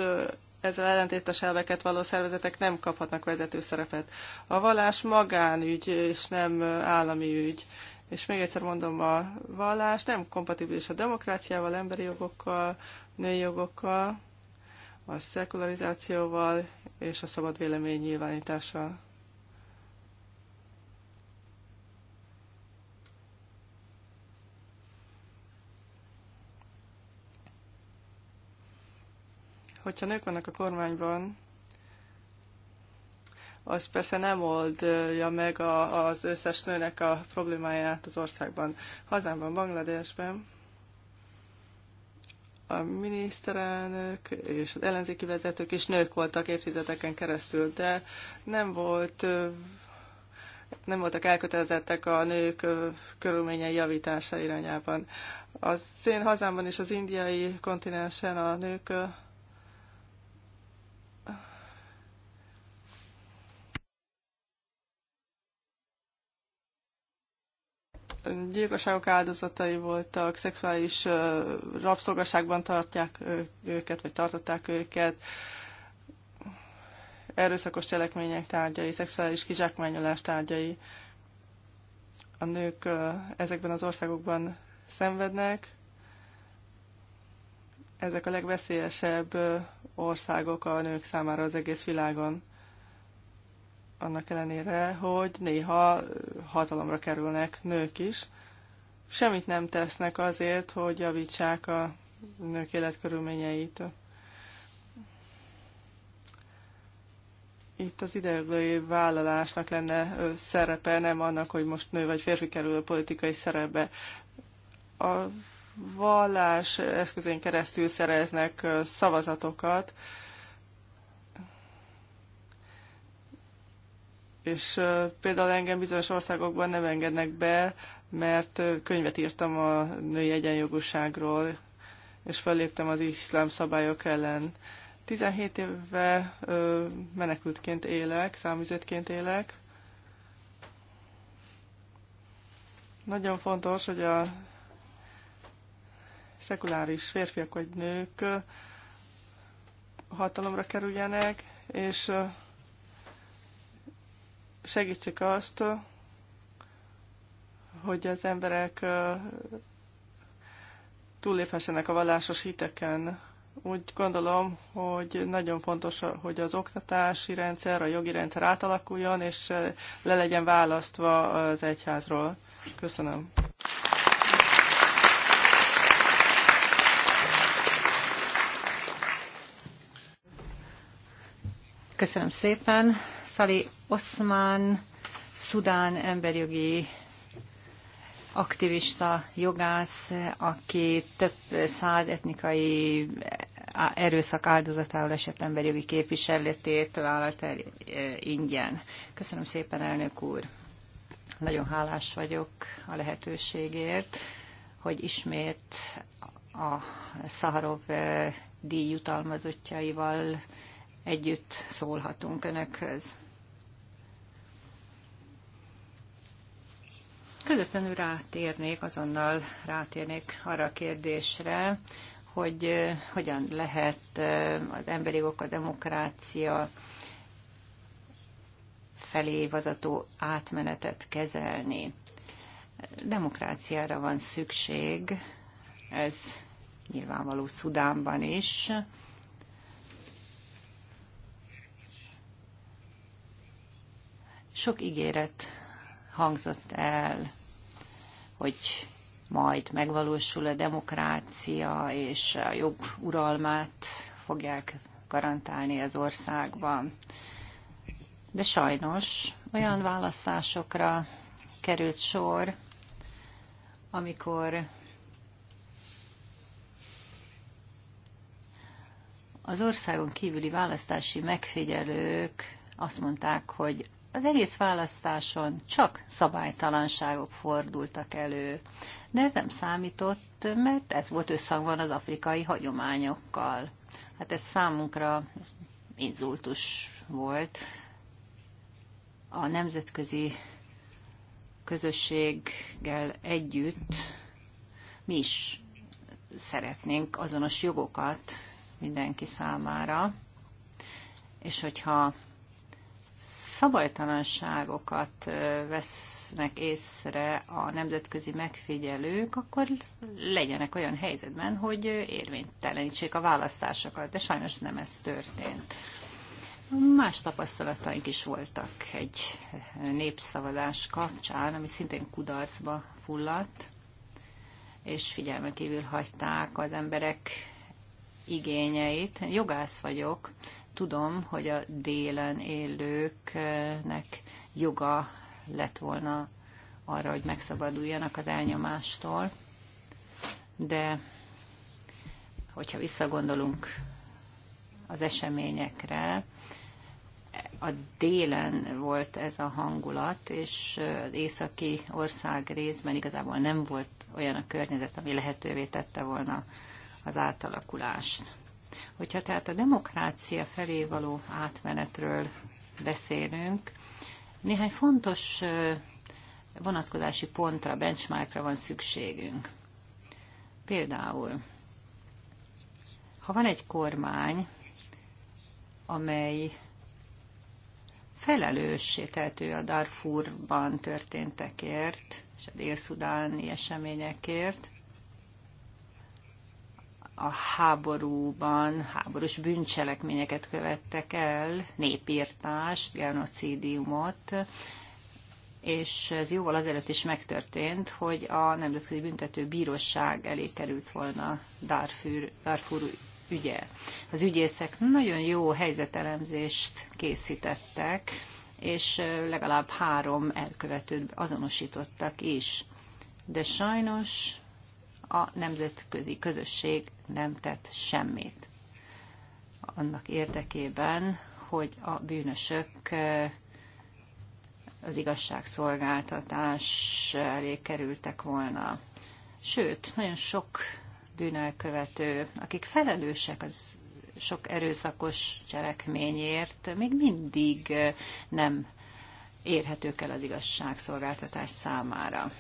ezzel ellentétes elveket való szervezetek nem kaphatnak vezető szerepet. A vallás magánügy, és nem állami ügy és még egyszer mondom, a vallás nem kompatibilis a demokráciával, emberi jogokkal, női jogokkal, a szekularizációval és a szabad vélemény nyilvánítással. Hogyha nők vannak a kormányban, az persze nem oldja meg a, az összes nőnek a problémáját az országban. Hazámban, Bangladesben a miniszterelnök és az ellenzéki vezetők is nők voltak évtizedeken keresztül, de nem volt nem voltak elkötelezettek a nők körülményei javítása irányában. Az én hazámban és az indiai kontinensen a nők gyilkosságok áldozatai voltak, szexuális rabszolgaságban tartják őket, vagy tartották őket, erőszakos cselekmények tárgyai, szexuális kizsákmányolás tárgyai. A nők ezekben az országokban szenvednek. Ezek a legveszélyesebb országok a nők számára az egész világon annak ellenére, hogy néha hatalomra kerülnek nők is. Semmit nem tesznek azért, hogy javítsák a nők életkörülményeit. Itt az ideglői vállalásnak lenne szerepe, nem annak, hogy most nő vagy férfi kerül a politikai szerepbe. A vallás eszközén keresztül szereznek szavazatokat, és például engem bizonyos országokban nem engednek be, mert könyvet írtam a női egyenjogúságról, és felléptem az iszlám szabályok ellen. 17 éve menekültként élek, számüzetként élek. Nagyon fontos, hogy a szekuláris férfiak vagy nők hatalomra kerüljenek, és segítsük azt, hogy az emberek túlléphessenek a vallásos hiteken. Úgy gondolom, hogy nagyon fontos, hogy az oktatási rendszer, a jogi rendszer átalakuljon, és le legyen választva az egyházról. Köszönöm. Köszönöm szépen. Szali Oszmán, szudán emberjogi aktivista jogász, aki több száz etnikai erőszak áldozatául esett emberjogi képviseletét vállalt el e, ingyen. Köszönöm szépen, elnök úr! Nagyon hálás vagyok a lehetőségért, hogy ismét a Szaharov e, díj jutalmazottjaival együtt szólhatunk önökhöz. Közvetlenül rátérnék, azonnal rátérnék arra a kérdésre, hogy hogyan lehet az emberi jogok, a demokrácia felé vazató átmenetet kezelni. Demokráciára van szükség, ez nyilvánvaló Szudánban is. Sok ígéret hangzott el, hogy majd megvalósul a demokrácia, és a jobb uralmát fogják garantálni az országban. De sajnos olyan választásokra került sor, amikor az országon kívüli választási megfigyelők azt mondták, hogy az egész választáson csak szabálytalanságok fordultak elő, de ez nem számított, mert ez volt összhangban az afrikai hagyományokkal. Hát ez számunkra inzultus volt. A nemzetközi közösséggel együtt mi is szeretnénk azonos jogokat mindenki számára, és hogyha szabálytalanságokat vesznek észre a nemzetközi megfigyelők, akkor legyenek olyan helyzetben, hogy érvénytelenítsék a választásokat, de sajnos nem ez történt. Más tapasztalataink is voltak egy népszavazás kapcsán, ami szintén kudarcba fulladt, és figyelmen kívül hagyták az emberek igényeit. Jogász vagyok, tudom, hogy a délen élőknek joga lett volna arra, hogy megszabaduljanak az elnyomástól, de hogyha visszagondolunk az eseményekre, a délen volt ez a hangulat, és az északi ország részben igazából nem volt olyan a környezet, ami lehetővé tette volna az átalakulást. Hogyha tehát a demokrácia felé való átmenetről beszélünk, néhány fontos vonatkozási pontra, benchmarkra van szükségünk. Például, ha van egy kormány, amely felelőssé tehető a Darfurban történtekért, és a dél-szudáni eseményekért, a háborúban háborús bűncselekményeket követtek el, népírtást, genocidiumot, és ez jóval azelőtt is megtörtént, hogy a Nemzetközi Büntető Bíróság elé került volna Darfur, Darfur ügye. Az ügyészek nagyon jó helyzetelemzést készítettek, és legalább három elkövetőt azonosítottak is. De sajnos a nemzetközi közösség nem tett semmit annak érdekében, hogy a bűnösök eh, az igazságszolgáltatás elé kerültek volna. Sőt, nagyon sok bűnelkövető, akik felelősek az sok erőszakos cselekményért, még mindig eh, nem érhetők el az igazságszolgáltatás számára.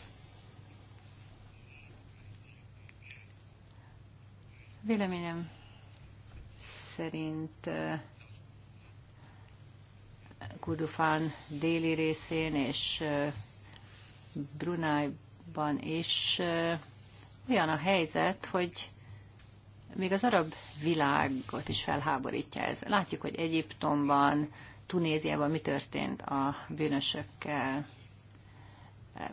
Véleményem szerint Kudufán déli részén és Brunájban is olyan a helyzet, hogy még az arab világot is felháborítja ez. Látjuk, hogy Egyiptomban, Tunéziában mi történt a bűnösökkel,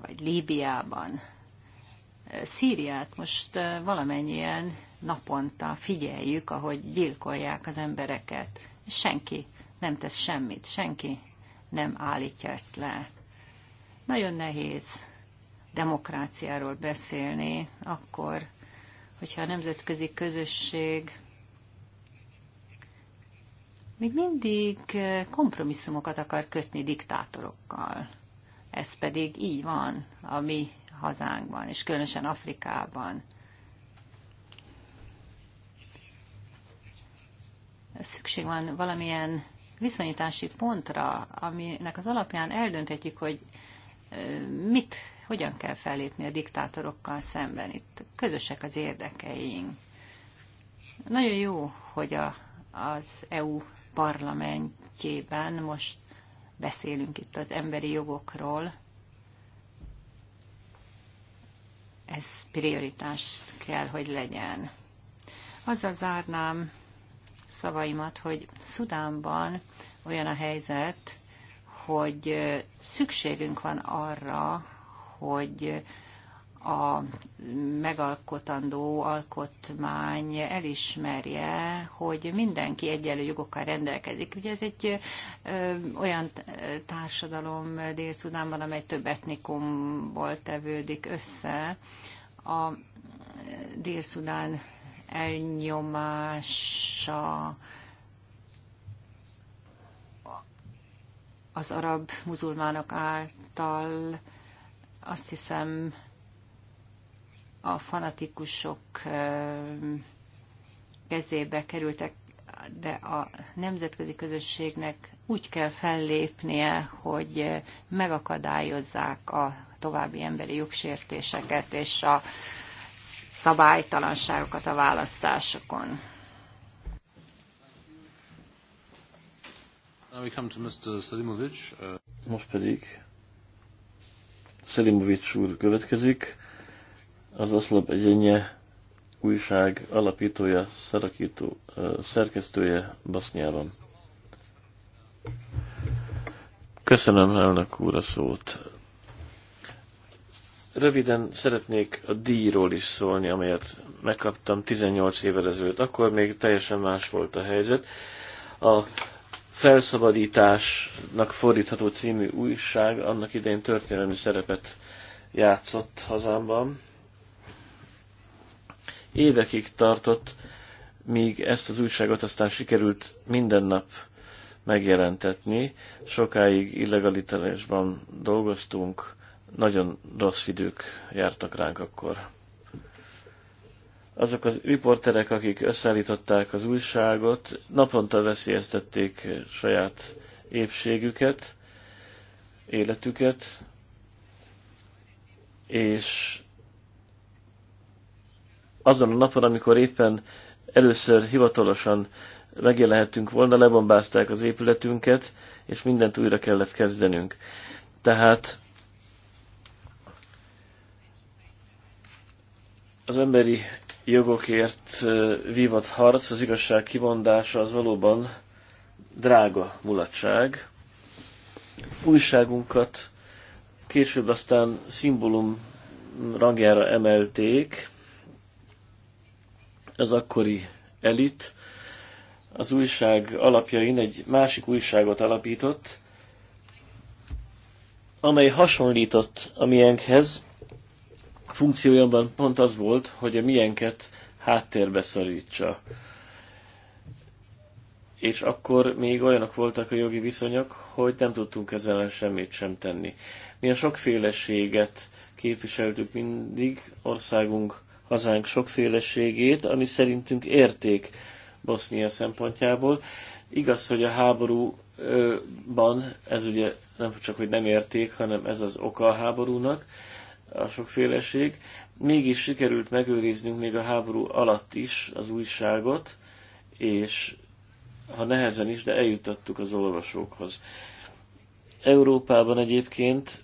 vagy Líbiában Szíriát most valamennyien naponta figyeljük, ahogy gyilkolják az embereket. Senki nem tesz semmit, senki nem állítja ezt le. Nagyon nehéz demokráciáról beszélni, akkor, hogyha a nemzetközi közösség még mindig kompromisszumokat akar kötni diktátorokkal. Ez pedig így van a mi hazánkban, és különösen Afrikában. Szükség van valamilyen viszonyítási pontra, aminek az alapján eldönthetjük, hogy mit, hogyan kell fellépni a diktátorokkal szemben. Itt közösek az érdekeink. Nagyon jó, hogy a, az EU parlamentjében most beszélünk itt az emberi jogokról, ez prioritás kell, hogy legyen. Azzal zárnám szavaimat, hogy Szudánban olyan a helyzet, hogy szükségünk van arra, hogy a megalkotandó alkotmány elismerje, hogy mindenki egyenlő jogokkal rendelkezik. Ugye ez egy ö, olyan társadalom Dél-Szudánban, amely több etnikumból tevődik össze. A Dél-Szudán elnyomása az arab muzulmánok által azt hiszem a fanatikusok kezébe kerültek, de a nemzetközi közösségnek úgy kell fellépnie, hogy megakadályozzák a további emberi jogsértéseket és a szabálytalanságokat a választásokon. Uh, Most pedig Szelimovics úr következik az Oszlop egyénye, újság alapítója, szerakító, szerkesztője Baszniában. Köszönöm elnök úr a szót. Röviden szeretnék a díjról is szólni, amelyet megkaptam 18 évvel ezelőtt. Akkor még teljesen más volt a helyzet. A Felszabadításnak fordítható című újság annak idején történelmi szerepet játszott hazámban évekig tartott, míg ezt az újságot aztán sikerült minden nap megjelentetni. Sokáig illegalitásban dolgoztunk, nagyon rossz idők jártak ránk akkor. Azok a riporterek, akik összeállították az újságot, naponta veszélyeztették saját épségüket, életüket, és azon a napon, amikor éppen először hivatalosan megjelenhettünk volna, lebombázták az épületünket, és mindent újra kellett kezdenünk. Tehát az emberi jogokért vívott harc, az igazság kivondása az valóban drága mulatság. Újságunkat később aztán szimbólum rangjára emelték, az akkori elit az újság alapjain egy másik újságot alapított, amely hasonlított a miénkhez. Funkciójában pont az volt, hogy a miénket háttérbe szorítsa. És akkor még olyanok voltak a jogi viszonyok, hogy nem tudtunk ezzel semmit sem tenni. Mi a sokféleséget képviseltük mindig országunk hazánk sokféleségét, ami szerintünk érték Bosznia szempontjából. Igaz, hogy a háborúban ez ugye nem csak, hogy nem érték, hanem ez az oka a háborúnak, a sokféleség. Mégis sikerült megőriznünk még a háború alatt is az újságot, és ha nehezen is, de eljutottuk az olvasókhoz. Európában egyébként,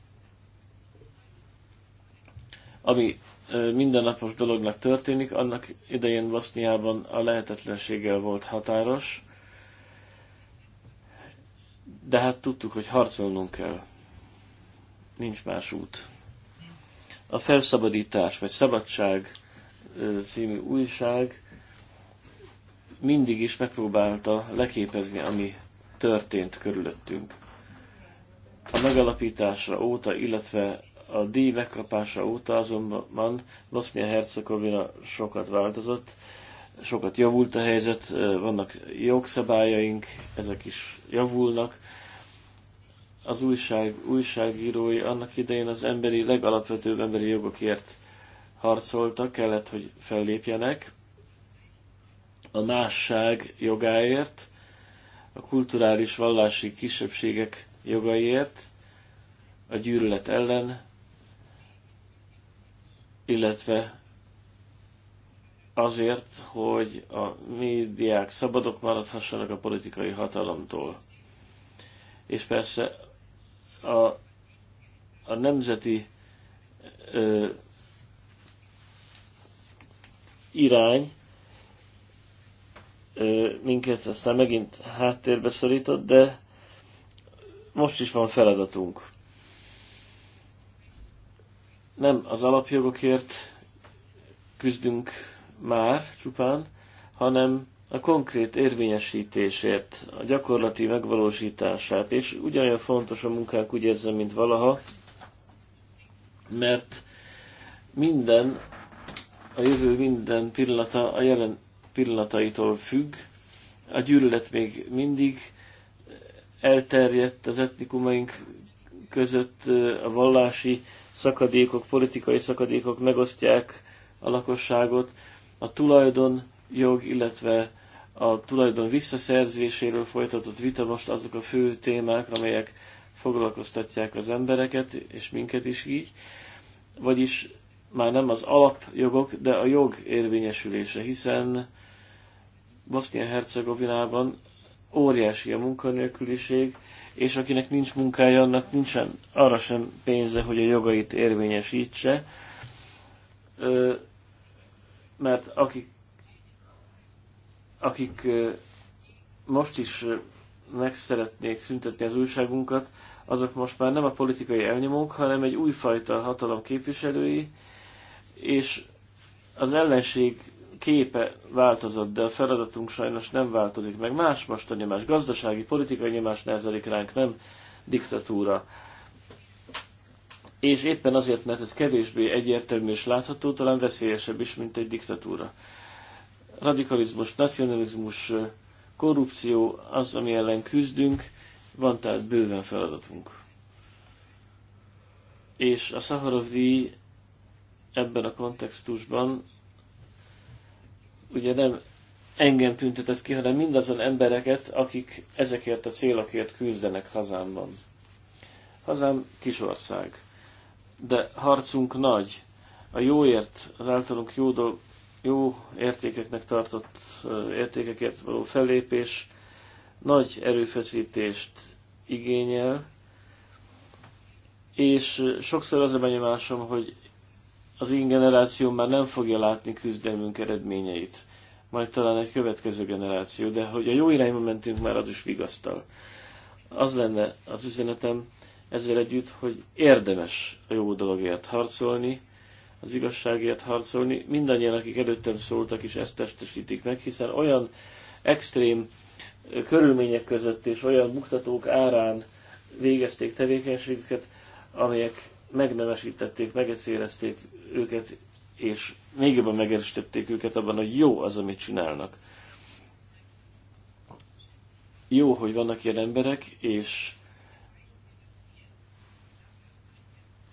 ami mindennapos dolognak történik, annak idején Boszniában a lehetetlenséggel volt határos, de hát tudtuk, hogy harcolnunk kell. Nincs más út. A felszabadítás vagy szabadság című újság mindig is megpróbálta leképezni, ami történt körülöttünk. A megalapításra óta, illetve a díj megkapása óta azonban Bosznia-Hercegovina sokat változott, sokat javult a helyzet, vannak jogszabályaink, ezek is javulnak. Az újság, újságírói annak idején az emberi, legalapvetőbb emberi jogokért harcoltak, kellett, hogy fellépjenek a másság jogáért, a kulturális vallási kisebbségek jogaiért, a gyűlölet ellen, illetve azért, hogy a médiák szabadok maradhassanak a politikai hatalomtól. És persze a, a nemzeti ö, irány ö, minket aztán megint háttérbe szorított, de most is van feladatunk nem az alapjogokért küzdünk már csupán, hanem a konkrét érvényesítésért, a gyakorlati megvalósítását, és ugyanolyan fontos a munkánk, úgy érzem, mint valaha, mert minden, a jövő minden pillanata a jelen pillanataitól függ, a gyűlölet még mindig elterjedt az etnikumaink között, a vallási szakadékok, politikai szakadékok megosztják a lakosságot, a tulajdon jog, illetve a tulajdon visszaszerzéséről folytatott vita most azok a fő témák, amelyek foglalkoztatják az embereket, és minket is így. Vagyis már nem az alapjogok, de a jog érvényesülése, hiszen Bosznia-Hercegovinában óriási a munkanélküliség, és akinek nincs munkája, annak nincsen arra sem pénze, hogy a jogait érvényesítse, mert akik, akik most is meg szeretnék szüntetni az újságunkat, azok most már nem a politikai elnyomók, hanem egy újfajta hatalom képviselői, és az ellenség képe változott, de a feladatunk sajnos nem változik meg. Más most a nyomás, gazdasági, politikai nyomás nehezedik ránk, nem diktatúra. És éppen azért, mert ez kevésbé egyértelmű és látható, talán veszélyesebb is, mint egy diktatúra. Radikalizmus, nacionalizmus, korrupció az, ami ellen küzdünk, van tehát bőven feladatunk. És a Szaharov díj ebben a kontextusban ugye nem engem tüntetett ki, hanem mindazon embereket, akik ezekért a célokért küzdenek hazámban. Hazám kisország, de harcunk nagy. A jóért, az általunk jó, dolg, jó értékeknek tartott értékeket való fellépés nagy erőfeszítést igényel, és sokszor az a benyomásom, hogy az én generáció már nem fogja látni küzdelmünk eredményeit. Majd talán egy következő generáció, de hogy a jó irányba mentünk már, az is vigasztal. Az lenne az üzenetem ezzel együtt, hogy érdemes a jó dologért harcolni, az igazságért harcolni. Mindannyian, akik előttem szóltak is, ezt testesítik meg, hiszen olyan extrém körülmények között és olyan buktatók árán végezték tevékenységüket, amelyek megnemesítették, megecérezték őket, és még jobban megerősítették őket abban, hogy jó az, amit csinálnak. Jó, hogy vannak ilyen emberek, és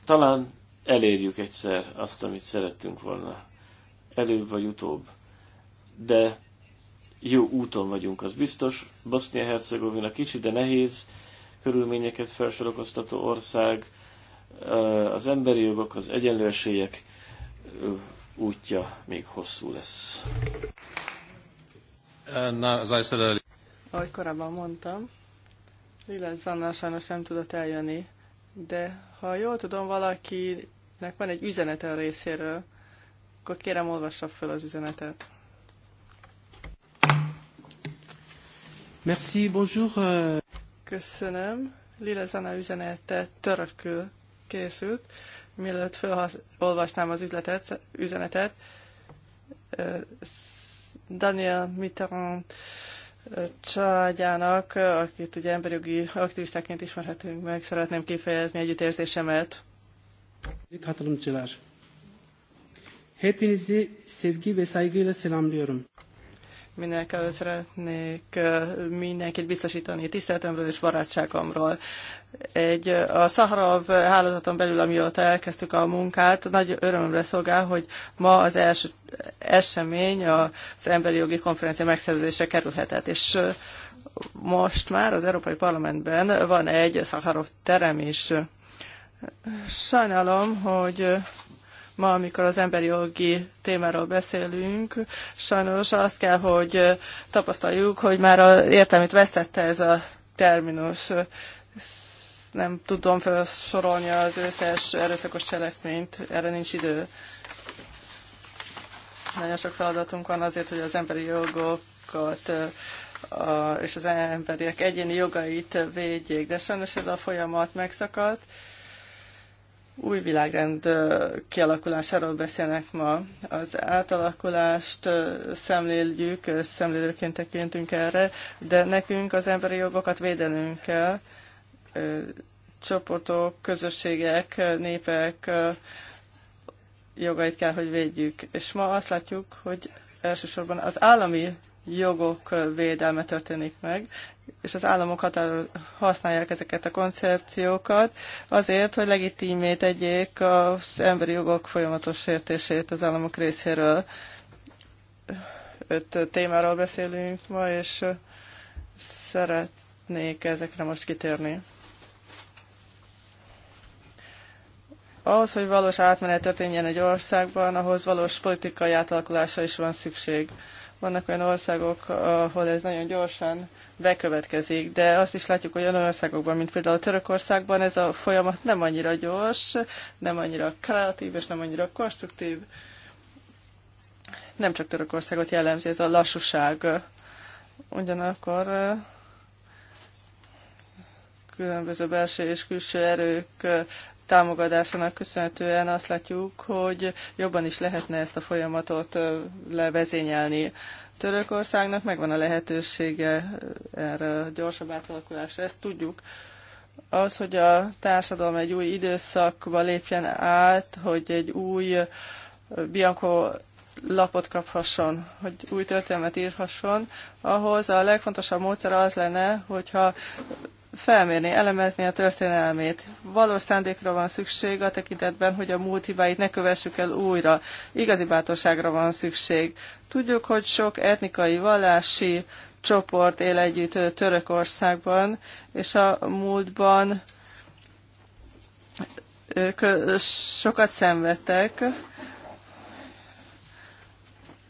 talán elérjük egyszer azt, amit szerettünk volna. Előbb vagy utóbb. De jó úton vagyunk, az biztos. Bosznia-Hercegovina kicsi, de nehéz körülményeket felsorokoztató ország, az emberi jogok, az egyenlőségek útja még hosszú lesz. Ahogy korábban mondtam, Lila Zanna sajnos nem tudott eljönni, de ha jól tudom, valakinek van egy üzenete a részéről, akkor kérem olvassa fel az üzenetet. Merci, bonjour. Euh. Köszönöm. Lila Zanna üzenete törökül készült. Mielőtt felolvasnám az üzletet, üzenetet, Daniel Mitterrand családjának, akit ugye emberjogi aktivistaként ismerhetünk meg, szeretném kifejezni együttérzésemet. Katılımcılar, hepinizi sevgi ve saygıyla selamlıyorum. Mindenek előtt szeretnék mindenkit biztosítani tiszteletemről és barátságomról. Egy, a Szaharov hálózaton belül, amióta elkezdtük a munkát, nagy örömömre szolgál, hogy ma az első esemény az emberi jogi konferencia megszervezése kerülhetett, és most már az Európai Parlamentben van egy Szaharov terem is. Sajnálom, hogy Ma, amikor az emberi jogi témáról beszélünk, sajnos azt kell, hogy tapasztaljuk, hogy már a értelmét vesztette ez a terminus. Nem tudom felsorolni az összes erőszakos cselekményt, erre nincs idő. Nagyon sok feladatunk van azért, hogy az emberi jogokat a, és az emberiek egyéni jogait védjék, de sajnos ez a folyamat megszakadt, új világrend kialakulásáról beszélnek ma. Az átalakulást szemléljük, szemlélőként tekintünk erre, de nekünk az emberi jogokat védenünk kell. Csoportok, közösségek, népek jogait kell, hogy védjük. És ma azt látjuk, hogy elsősorban az állami jogok védelme történik meg, és az államok használják ezeket a koncepciókat azért, hogy legitimé tegyék az emberi jogok folyamatos sértését az államok részéről. Öt témáról beszélünk ma, és szeretnék ezekre most kitérni. Ahhoz, hogy valós átmenet történjen egy országban, ahhoz valós politikai átalakulásra is van szükség. Vannak olyan országok, ahol ez nagyon gyorsan bekövetkezik, de azt is látjuk, hogy olyan országokban, mint például Törökországban ez a folyamat nem annyira gyors, nem annyira kreatív és nem annyira konstruktív. Nem csak Törökországot jellemzi ez a lassúság. Ugyanakkor különböző belső és külső erők támogatásának köszönhetően azt látjuk, hogy jobban is lehetne ezt a folyamatot levezényelni. Törökországnak megvan a lehetősége erre a gyorsabb átalakulásra, ezt tudjuk. Az, hogy a társadalom egy új időszakba lépjen át, hogy egy új Bianco lapot kaphasson, hogy új történelmet írhasson, ahhoz a legfontosabb módszer az lenne, hogyha felmérni, elemezni a történelmét. Valós szándékra van szükség a tekintetben, hogy a múlt hibáit ne kövessük el újra. Igazi bátorságra van szükség. Tudjuk, hogy sok etnikai, vallási csoport él együtt Törökországban, és a múltban ők sokat szenvedtek.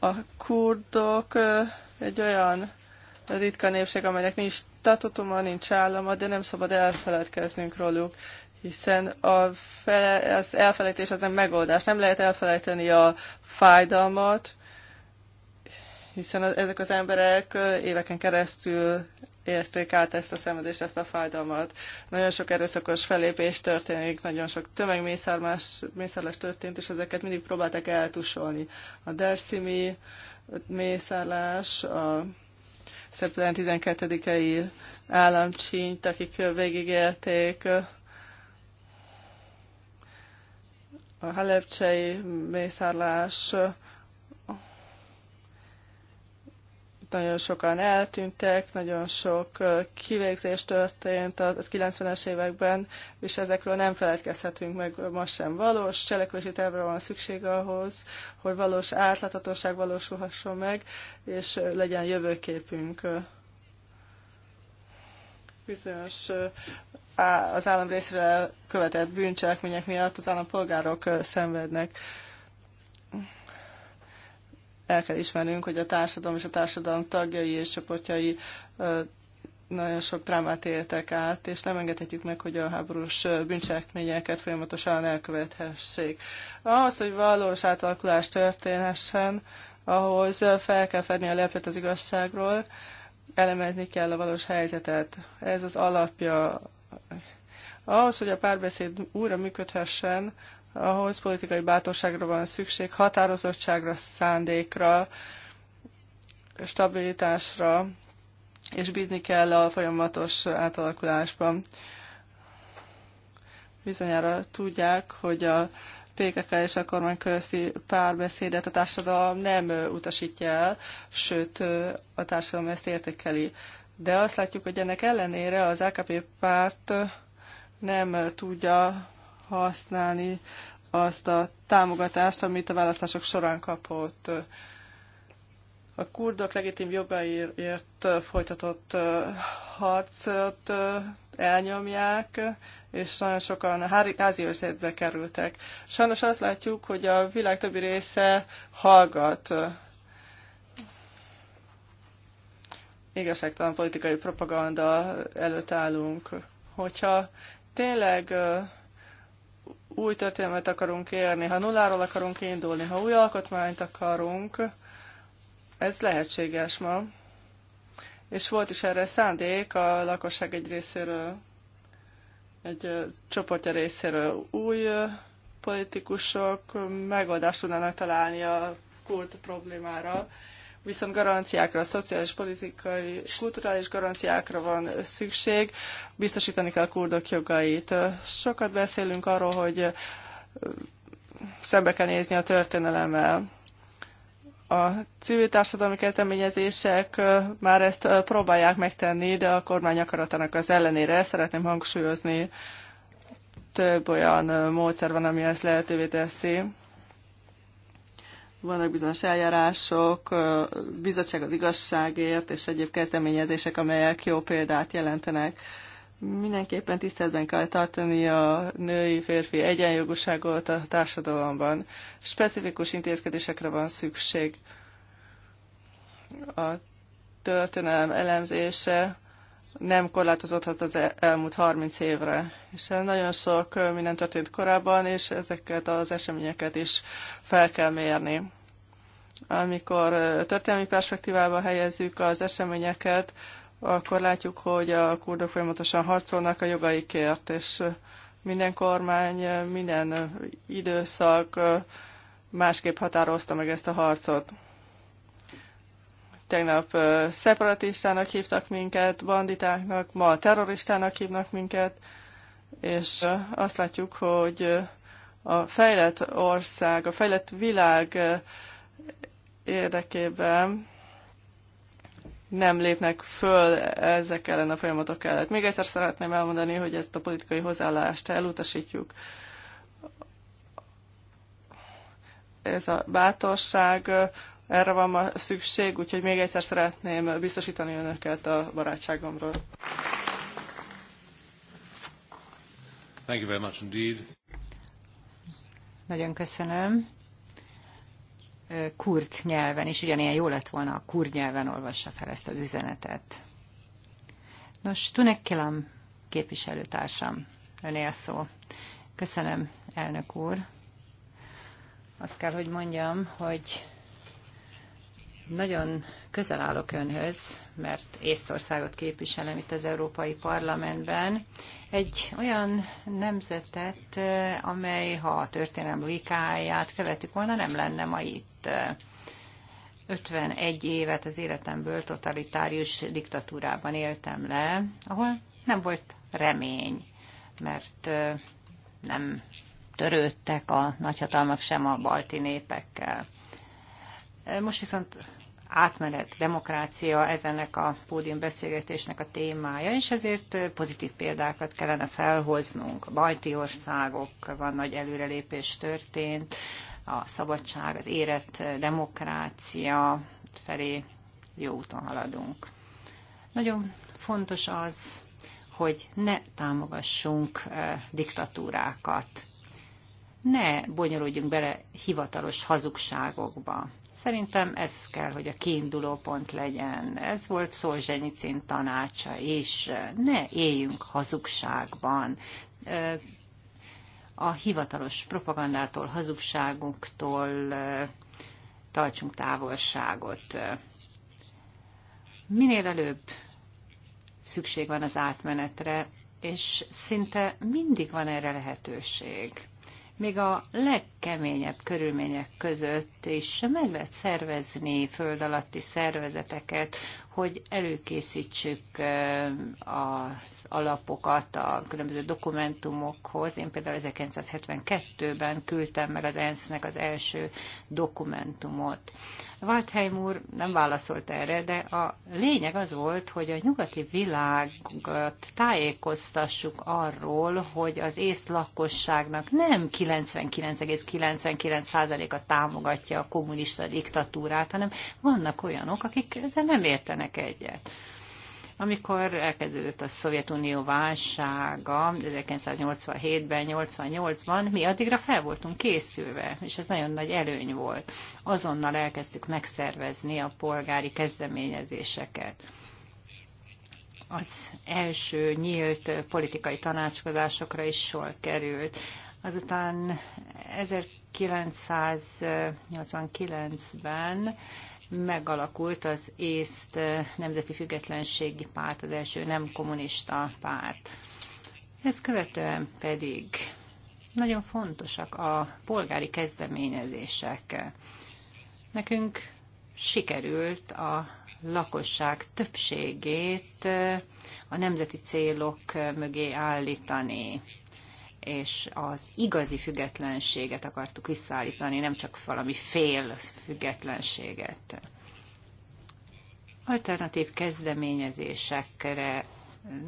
A kurdok egy olyan ritka népség, amelynek nincs statutuma, nincs állama, de nem szabad elfeledkeznünk róluk, hiszen a fele, az elfelejtés az nem megoldás. Nem lehet elfelejteni a fájdalmat, hiszen az, ezek az emberek éveken keresztül érték át ezt a szenvedést, ezt a fájdalmat. Nagyon sok erőszakos felépés történik, nagyon sok tömegmészárlás történt, és ezeket mindig próbálták eltusolni. A derszimi mészárlás, a szeptember 12-i államcsínyt, akik végigélték a halepcsei mészárlás nagyon sokan eltűntek, nagyon sok kivégzés történt a 90-es években, és ezekről nem feledkezhetünk meg ma sem. Valós cselekvési tervre van szükség ahhoz, hogy valós átláthatóság valósulhasson meg, és legyen jövőképünk. Bizonyos az állam részéről követett bűncselekmények miatt az állampolgárok szenvednek el kell ismernünk, hogy a társadalom és a társadalom tagjai és csoportjai nagyon sok trámát éltek át, és nem engedhetjük meg, hogy a háborús bűncselekményeket folyamatosan elkövethessék. Ahhoz, hogy valós átalakulás történhessen, ahhoz fel kell fedni a lepet az igazságról, elemezni kell a valós helyzetet. Ez az alapja. Ahhoz, hogy a párbeszéd újra működhessen, ahhoz politikai bátorságra van szükség, határozottságra, szándékra, stabilitásra, és bízni kell a folyamatos átalakulásban. Bizonyára tudják, hogy a PKK és a kormány közti párbeszédet a társadalom nem utasítja el, sőt a társadalom ezt értékeli. De azt látjuk, hogy ennek ellenére az AKP párt nem tudja használni azt a támogatást, amit a választások során kapott. A kurdok legitim jogaiért folytatott harcot elnyomják, és nagyon sokan házi őrzetbe kerültek. Sajnos azt látjuk, hogy a világ többi része hallgat igazságtalan politikai propaganda előtt állunk. Hogyha tényleg új történelmet akarunk érni, ha nulláról akarunk indulni, ha új alkotmányt akarunk, ez lehetséges ma. És volt is erre szándék a lakosság egy részéről, egy csoportja részéről. Új politikusok megoldást tudnának találni a kurd problémára, viszont garanciákra, szociális, politikai, kulturális garanciákra van szükség, biztosítani kell kurdok jogait. Sokat beszélünk arról, hogy szembe kell nézni a történelemmel. A civil társadalmi kezdeményezések már ezt próbálják megtenni, de a kormány akaratának az ellenére szeretném hangsúlyozni, több olyan módszer van, ami ezt lehetővé teszi vannak bizonyos eljárások, bizottság az igazságért és egyéb kezdeményezések, amelyek jó példát jelentenek. Mindenképpen tiszteletben kell tartani a női-férfi egyenjogúságot a társadalomban. Specifikus intézkedésekre van szükség. A történelem elemzése nem korlátozódhat az e- elmúlt 30 évre. És nagyon sok minden történt korábban, és ezeket az eseményeket is fel kell mérni. Amikor történelmi perspektívába helyezzük az eseményeket, akkor látjuk, hogy a kurdok folyamatosan harcolnak a jogaikért, és minden kormány, minden időszak másképp határozta meg ezt a harcot. Tegnap szeparatistának hívtak minket, banditáknak, ma terroristának hívnak minket, és azt látjuk, hogy a fejlett ország, a fejlett világ érdekében nem lépnek föl ezek ellen a folyamatok ellen. Még egyszer szeretném elmondani, hogy ezt a politikai hozzáállást elutasítjuk. Ez a bátorság erre van ma szükség, úgyhogy még egyszer szeretném biztosítani önöket a barátságomról. Thank you very much indeed. Nagyon köszönöm. Kurt nyelven is, ugyanilyen jó lett volna a kurd nyelven olvassa fel ezt az üzenetet. Nos, Kilam képviselőtársam, önél szó. Köszönöm, elnök úr. Azt kell, hogy mondjam, hogy nagyon közel állok önhöz, mert Észtországot képviselem itt az Európai Parlamentben. Egy olyan nemzetet, amely, ha a történelem logikáját követük volna, nem lenne ma itt. 51 évet az életemből totalitárius diktatúrában éltem le, ahol nem volt remény, mert nem törődtek a nagyhatalmak sem a balti népekkel. Most viszont átmenet, demokrácia, ez ennek a beszélgetésnek a témája, és ezért pozitív példákat kellene felhoznunk. A balti van nagy előrelépés történt, a szabadság, az érett demokrácia felé jó úton haladunk. Nagyon fontos az, hogy ne támogassunk diktatúrákat, ne bonyolódjunk bele hivatalos hazugságokba. Szerintem ez kell, hogy a kiinduló pont legyen. Ez volt Szolzsenyicin tanácsa is. Ne éljünk hazugságban. A hivatalos propagandától, hazugságunktól tartsunk távolságot. Minél előbb szükség van az átmenetre, és szinte mindig van erre lehetőség még a legkeményebb körülmények között is meg lehet szervezni föld alatti szervezeteket, hogy előkészítsük az alapokat a különböző dokumentumokhoz. Én például 1972-ben küldtem meg az ENSZ-nek az első dokumentumot. Waldheim úr nem válaszolt erre, de a lényeg az volt, hogy a nyugati világot tájékoztassuk arról, hogy az ész lakosságnak nem 99,99%-a támogatja a kommunista diktatúrát, hanem vannak olyanok, akik ezzel nem értenek értenek egyet. Amikor elkezdődött a Szovjetunió válsága 1987-ben, 88-ban, mi addigra fel voltunk készülve, és ez nagyon nagy előny volt. Azonnal elkezdtük megszervezni a polgári kezdeményezéseket az első nyílt politikai tanácskozásokra is sor került. Azután 1989-ben megalakult az észt nemzeti függetlenségi párt, az első nem kommunista párt. Ezt követően pedig nagyon fontosak a polgári kezdeményezések. Nekünk sikerült a lakosság többségét a nemzeti célok mögé állítani és az igazi függetlenséget akartuk visszaállítani, nem csak valami fél függetlenséget. Alternatív kezdeményezésekre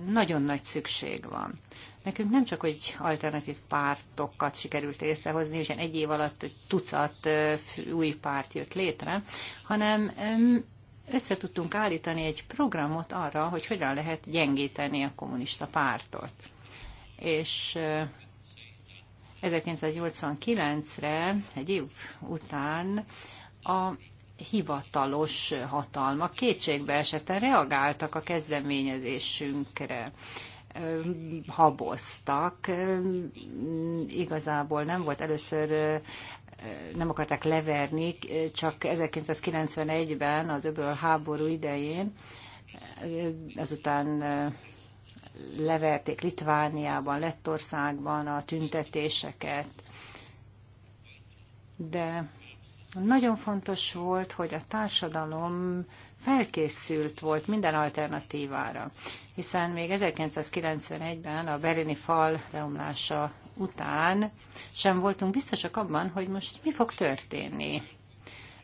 nagyon nagy szükség van. Nekünk nem csak, hogy alternatív pártokat sikerült észrehozni, és egy év alatt egy tucat új párt jött létre, hanem össze tudtunk állítani egy programot arra, hogy hogyan lehet gyengíteni a kommunista pártot. És 1989-re, egy év után a hivatalos hatalma kétségbe esetten reagáltak a kezdeményezésünkre haboztak. Igazából nem volt először nem akarták leverni, csak 1991-ben az öböl háború idején, azután leverték Litvániában, Lettországban a tüntetéseket. De nagyon fontos volt, hogy a társadalom felkészült volt minden alternatívára, hiszen még 1991-ben a berlini fal leomlása után sem voltunk biztosak abban, hogy most mi fog történni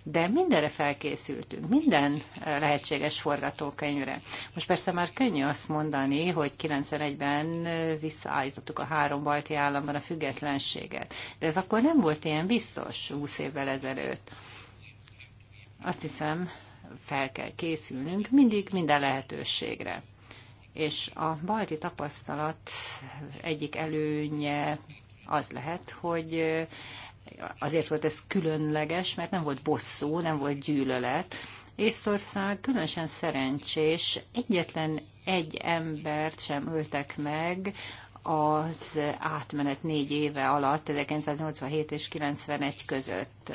de mindenre felkészültünk, minden eh, lehetséges forgatókönyvre. Most persze már könnyű azt mondani, hogy 91-ben eh, visszaállítottuk a három balti államban a függetlenséget, de ez akkor nem volt ilyen biztos 20 évvel ezelőtt. Azt hiszem, fel kell készülnünk mindig minden lehetőségre. És a balti tapasztalat egyik előnye az lehet, hogy eh, azért volt ez különleges, mert nem volt bosszú, nem volt gyűlölet. Észtország különösen szerencsés, egyetlen egy embert sem öltek meg, az átmenet négy éve alatt, 1987 és 91 között.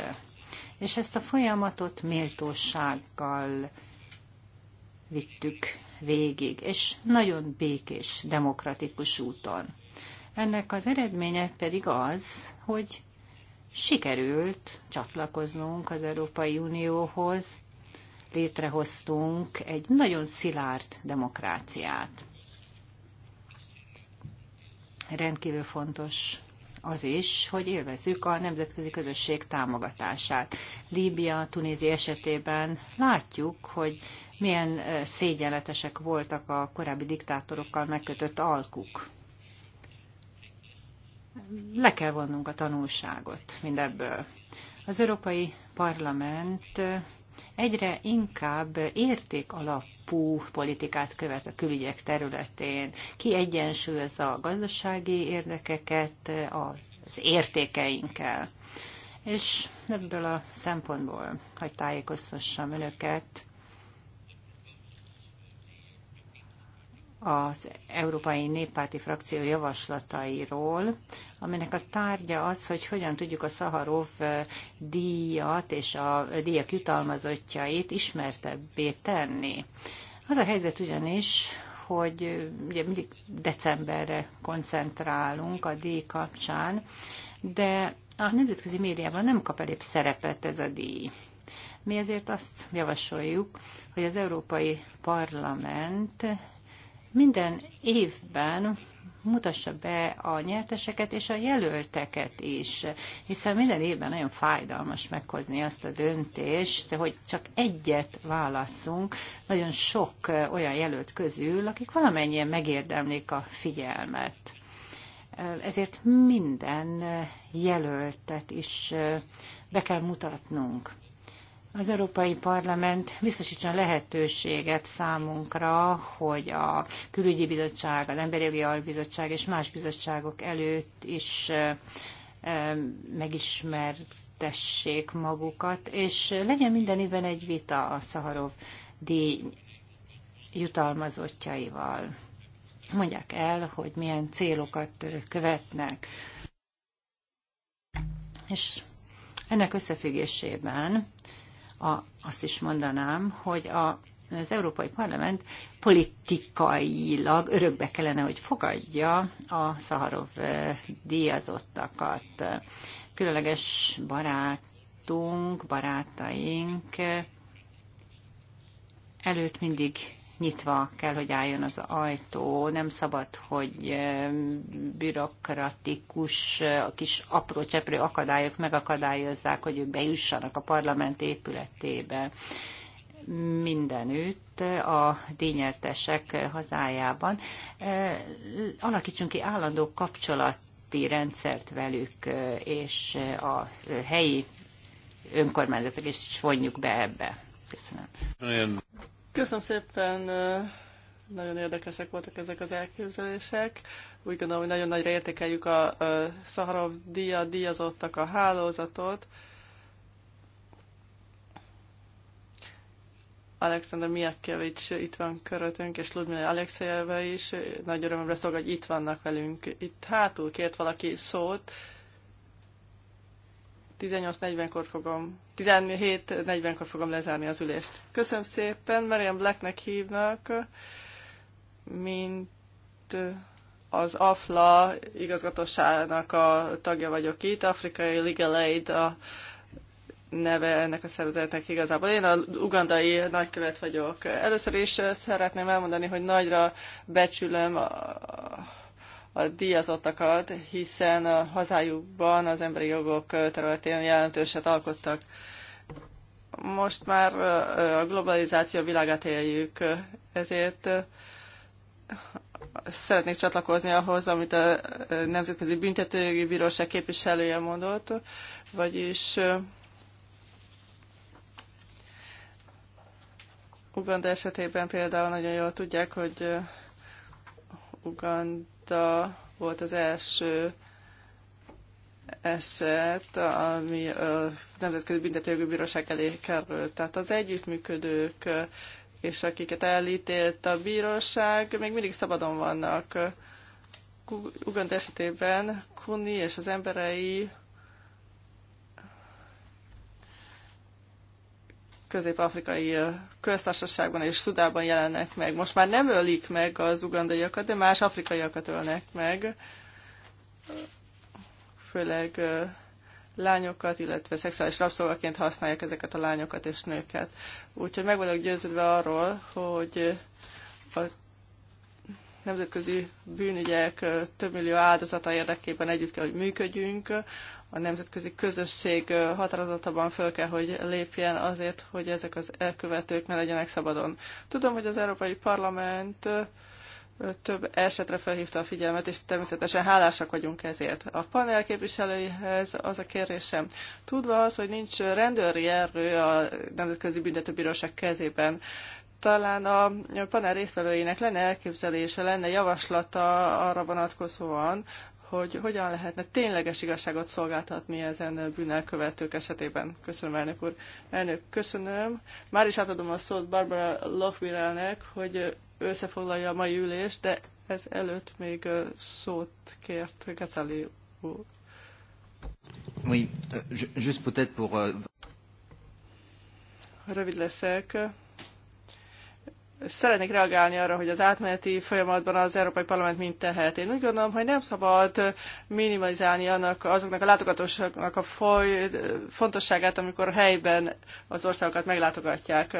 És ezt a folyamatot méltósággal vittük végig, és nagyon békés, demokratikus úton. Ennek az eredménye pedig az, hogy sikerült csatlakoznunk az Európai Unióhoz, létrehoztunk egy nagyon szilárd demokráciát. Rendkívül fontos az is, hogy élvezzük a nemzetközi közösség támogatását. Líbia, Tunézia esetében látjuk, hogy milyen szégyenletesek voltak a korábbi diktátorokkal megkötött alkuk le kell vonnunk a tanulságot mindebből. Az Európai Parlament egyre inkább érték alapú politikát követ a külügyek területén. Ki egyensúlyozza a gazdasági érdekeket az értékeinkkel. És ebből a szempontból, hogy tájékoztassam önöket, az Európai Néppárti Frakció javaslatairól, aminek a tárgya az, hogy hogyan tudjuk a Szaharov díjat és a díjak jutalmazottjait ismertebbé tenni. Az a helyzet ugyanis, hogy ugye mindig decemberre koncentrálunk a díj kapcsán, de a nemzetközi médiában nem kap elébb szerepet ez a díj. Mi ezért azt javasoljuk, hogy az Európai Parlament minden évben mutassa be a nyerteseket és a jelölteket is, hiszen minden évben nagyon fájdalmas meghozni azt a döntést, hogy csak egyet válasszunk nagyon sok olyan jelölt közül, akik valamennyien megérdemlik a figyelmet. Ezért minden jelöltet is be kell mutatnunk az Európai Parlament biztosítson lehetőséget számunkra, hogy a Külügyi Bizottság, az Emberi Jogi Albizottság és más bizottságok előtt is megismertessék magukat, és legyen minden évben egy vita a Szaharov díj jutalmazottjaival. Mondják el, hogy milyen célokat követnek. És ennek összefüggésében a, azt is mondanám, hogy a, az Európai Parlament politikailag örökbe kellene, hogy fogadja a Szaharov eh, díjazottakat. Különleges barátunk, barátaink eh, előtt mindig nyitva kell, hogy álljon az ajtó, nem szabad, hogy bürokratikus, kis apró cseprő akadályok megakadályozzák, hogy ők bejussanak a parlament épületébe mindenütt a díjnyertesek hazájában. Alakítsunk ki állandó kapcsolati rendszert velük, és a helyi önkormányzatok is vonjuk be ebbe. Köszönöm. Köszönöm szépen, nagyon érdekesek voltak ezek az elképzelések. Úgy gondolom, hogy nagyon nagyra értékeljük a, a Szaharov díja, díjazottak a hálózatot. Alexander Miakkevics itt van körötünk, és Ludmila Alexejeve is. Nagy örömömre szolgál, hogy itt vannak velünk. Itt hátul kért valaki szót, 18.40-kor fogom, 17.40-kor fogom lezárni az ülést. Köszönöm szépen, Marian Blacknek hívnak, mint az AFLA igazgatóságának a tagja vagyok itt, Afrikai Legal Aid a neve ennek a szervezetnek igazából. Én a ugandai nagykövet vagyok. Először is szeretném elmondani, hogy nagyra becsülöm a a díjazottakat, hiszen a hazájukban az emberi jogok területén jelentőset alkottak. Most már a globalizáció világát éljük, ezért szeretnék csatlakozni ahhoz, amit a Nemzetközi Büntetőjogi Bíróság képviselője mondott, vagyis Uganda esetében például nagyon jól tudják, hogy Uganda volt az első eset, ami a Nemzetközi Büntetőjogi Bíróság elé került. Tehát az együttműködők és akiket elítélt a bíróság, még mindig szabadon vannak. Uganda esetében Kuni és az emberei közép-afrikai köztársaságban és Szudában jelennek meg. Most már nem ölik meg az ugandaiakat, de más afrikaiakat ölnek meg, főleg lányokat, illetve szexuális rabszolgaként használják ezeket a lányokat és nőket. Úgyhogy meg vagyok győződve arról, hogy a nemzetközi bűnügyek több millió áldozata érdekében együtt kell, hogy működjünk a nemzetközi közösség határozottabban föl kell, hogy lépjen azért, hogy ezek az elkövetők ne legyenek szabadon. Tudom, hogy az Európai Parlament több esetre felhívta a figyelmet, és természetesen hálásak vagyunk ezért. A panel képviselőihez az a kérésem. Tudva az, hogy nincs rendőri erő a Nemzetközi Büntetőbíróság kezében, talán a panel résztvevőinek lenne elképzelése, lenne javaslata arra vonatkozóan, hogy hogyan lehetne tényleges igazságot szolgáltatni ezen bűnelkövetők esetében. Köszönöm, elnök úr. Elnök, köszönöm. Már is átadom a szót Barbara Lochvirelnek, hogy összefoglalja a mai ülést, de ez előtt még szót kért Gazali úr. Oui, euh, juste peut-être pour... Euh, Rövid leszek szeretnék reagálni arra, hogy az átmeneti folyamatban az Európai Parlament mind tehet. Én úgy gondolom, hogy nem szabad minimalizálni annak, azoknak a látogatósoknak a foly, fontosságát, amikor helyben az országokat meglátogatják.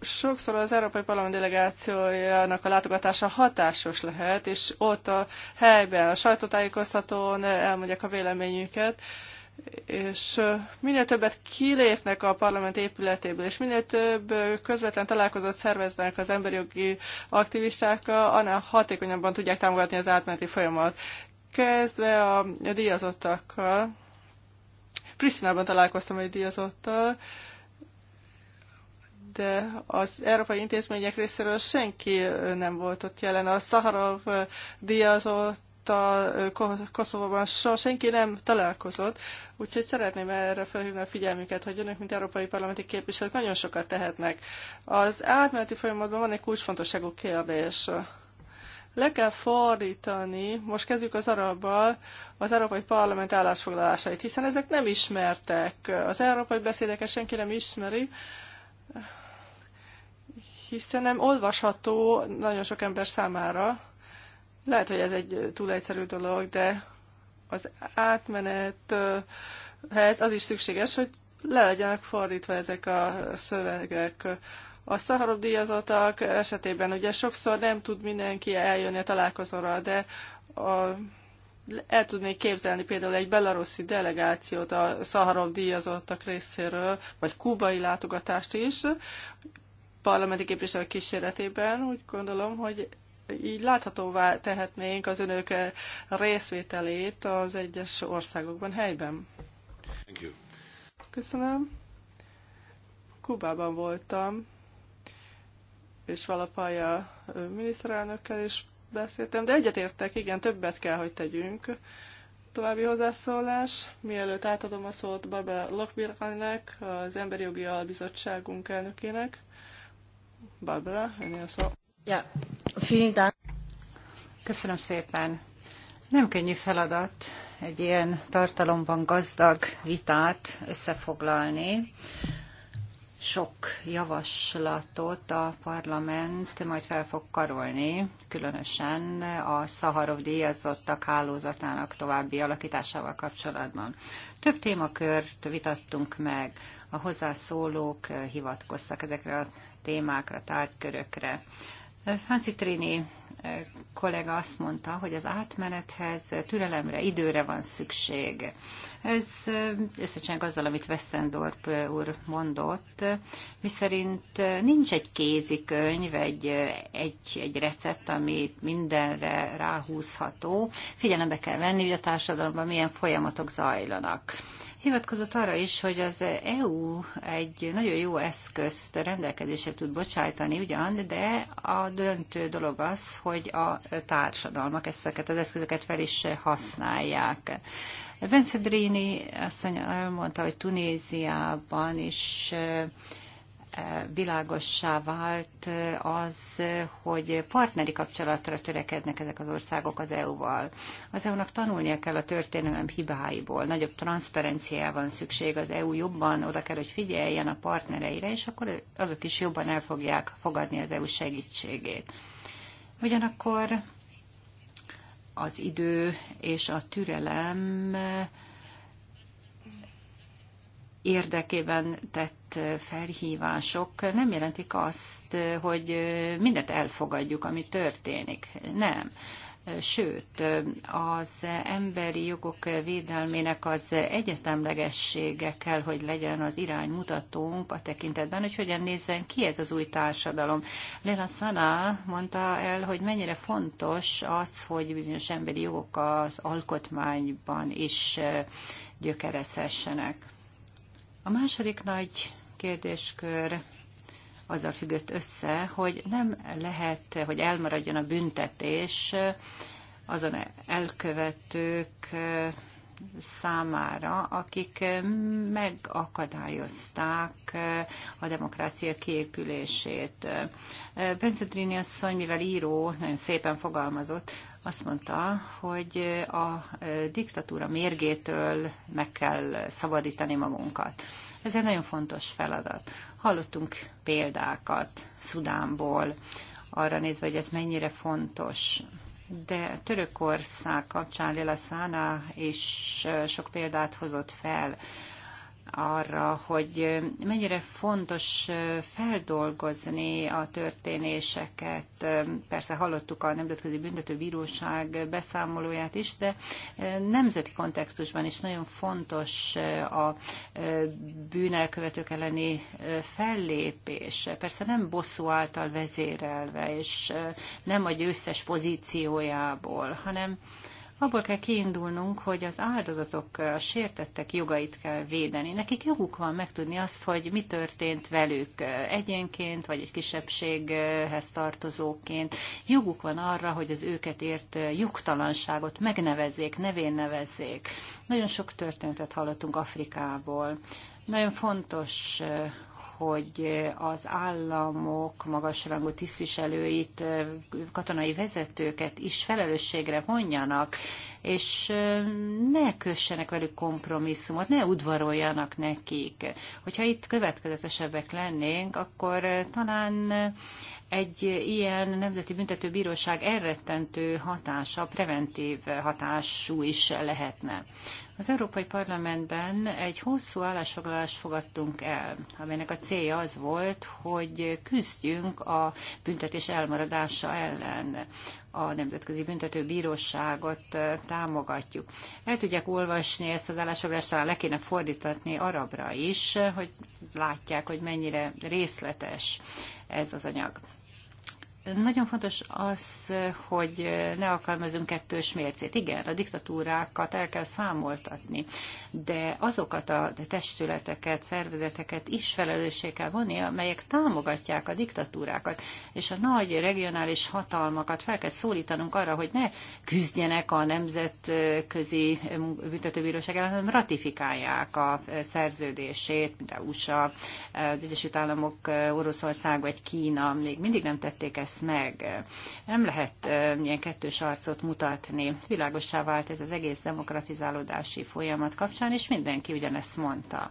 Sokszor az Európai Parlament delegációjának a látogatása hatásos lehet, és ott a helyben, a sajtótájékoztatón elmondják a véleményüket, és minél többet kilépnek a parlament épületéből, és minél több közvetlen találkozót szerveznek az emberi jogi aktivistákkal, annál hatékonyabban tudják támogatni az átmeneti folyamat. Kezdve a díjazottakkal, Prisztinában találkoztam egy díjazottal, de az európai intézmények részéről senki nem volt ott jelen. A Szaharov díjazott Ezóta Koszovóban soha senki nem találkozott, úgyhogy szeretném erre felhívni a figyelmüket, hogy önök, mint európai parlamenti képviselők nagyon sokat tehetnek. Az átmeneti folyamatban van egy kulcsfontosságú kérdés. Le kell fordítani, most kezdjük az arabbal, az Európai Parlament állásfoglalásait, hiszen ezek nem ismertek. Az európai beszédeket senki nem ismeri hiszen nem olvasható nagyon sok ember számára. Lehet, hogy ez egy túl egyszerű dolog, de az átmenethez az is szükséges, hogy le legyenek fordítva ezek a szövegek. A szaharok esetében ugye sokszor nem tud mindenki eljönni a találkozóra, de a, el tudnék képzelni például egy belaruszi delegációt a Szaharov díjazottak részéről, vagy kubai látogatást is, parlamenti képviselők kíséretében. Úgy gondolom, hogy így láthatóvá tehetnénk az önök eh, részvételét az egyes országokban, helyben. Thank you. Köszönöm. Kubában voltam, és valapaja eh, miniszterelnökkel is beszéltem, de egyetértek, igen, többet kell, hogy tegyünk. További hozzászólás, mielőtt átadom a szót Barbara Lockbirhannek, az Emberi Jogi Albizottságunk elnökének. Barbara, a szó. Ja, Köszönöm szépen. Nem könnyű feladat egy ilyen tartalomban gazdag vitát összefoglalni. Sok javaslatot a parlament majd fel fog karolni, különösen a Szaharov díjazottak hálózatának további alakításával kapcsolatban. Több témakört vitattunk meg, a hozzászólók hivatkoztak ezekre a témákra, tárgykörökre. Franci Trini eh, kollega azt mondta, hogy az átmenethez türelemre, időre van szükség. Ez eh, összecseng azzal, amit Westendorp eh, úr mondott, miszerint nincs egy kézikönyv, egy, egy, egy recept, ami mindenre ráhúzható. Figyelembe kell venni, hogy a társadalomban milyen folyamatok zajlanak hivatkozott arra is, hogy az EU egy nagyon jó eszközt rendelkezésre tud bocsájtani ugyan, de a döntő dolog az, hogy a társadalmak ezeket az eszközöket fel is használják. Vence Drini azt mondta, hogy Tunéziában is E, világossá vált az, hogy partneri kapcsolatra törekednek ezek az országok az EU-val. Az EU-nak tanulnia kell a történelem hibáiból, nagyobb transzparenciára van szükség, az EU jobban oda kell, hogy figyeljen a partnereire, és akkor azok is jobban el fogják fogadni az EU segítségét. Ugyanakkor az idő és a türelem érdekében tett tett felhívások nem jelentik azt, hogy mindent elfogadjuk, ami történik. Nem. Sőt, az emberi jogok védelmének az egyetemlegessége kell, hogy legyen az iránymutatónk a tekintetben, hogy hogyan nézzen ki ez az új társadalom. Léla Sana mondta el, hogy mennyire fontos az, hogy bizonyos emberi jogok az alkotmányban is gyökerezhessenek. A második nagy kérdéskör azzal függött össze, hogy nem lehet, hogy elmaradjon a büntetés azon elkövetők számára, akik megakadályozták a demokrácia kiépülését. Benzedrini asszony, mivel író, nagyon szépen fogalmazott, azt mondta, hogy a diktatúra mérgétől meg kell szabadítani magunkat. Ez egy nagyon fontos feladat. Hallottunk példákat Szudánból, arra nézve, hogy ez mennyire fontos. De Törökország kapcsán Lila Szána is sok példát hozott fel arra, hogy mennyire fontos feldolgozni a történéseket. Persze hallottuk a Nemzetközi Büntetőbíróság beszámolóját is, de nemzeti kontextusban is nagyon fontos a bűnelkövetők elleni fellépés. Persze nem bosszú által vezérelve, és nem a győztes pozíciójából, hanem Abból kell kiindulnunk, hogy az áldozatok, a sértettek jogait kell védeni. Nekik joguk van megtudni azt, hogy mi történt velük egyénként, vagy egy kisebbséghez tartozóként. Joguk van arra, hogy az őket ért jogtalanságot megnevezzék, nevén nevezzék. Nagyon sok történetet hallottunk Afrikából. Nagyon fontos hogy az államok magasrangú tisztviselőit, katonai vezetőket is felelősségre vonjanak, és ne kössenek velük kompromisszumot, ne udvaroljanak nekik. Hogyha itt következetesebbek lennénk, akkor talán egy ilyen nemzeti büntetőbíróság elrettentő hatása, preventív hatású is lehetne. Az Európai Parlamentben egy hosszú állásfoglalást fogadtunk el, amelynek a célja az volt, hogy küzdjünk a büntetés elmaradása ellen. A Nemzetközi Büntető Bíróságot támogatjuk. El tudják olvasni ezt az állásfoglalást, talán le kéne fordítatni arabra is, hogy látják, hogy mennyire részletes ez az anyag nagyon fontos az, hogy ne alkalmazunk kettős mércét. Igen, a diktatúrákat el kell számoltatni, de azokat a testületeket, szervezeteket is felelőssé kell vonni, amelyek támogatják a diktatúrákat, és a nagy regionális hatalmakat fel kell szólítanunk arra, hogy ne küzdjenek a nemzetközi büntetőbíróság ellen, hanem ratifikálják a szerződését, mint a USA, az Egyesült Államok, Oroszország vagy Kína még mindig nem tették ezt lesz meg. Nem lehet ilyen kettős arcot mutatni. Világossá vált ez az egész demokratizálódási folyamat kapcsán, és mindenki ugyanezt mondta.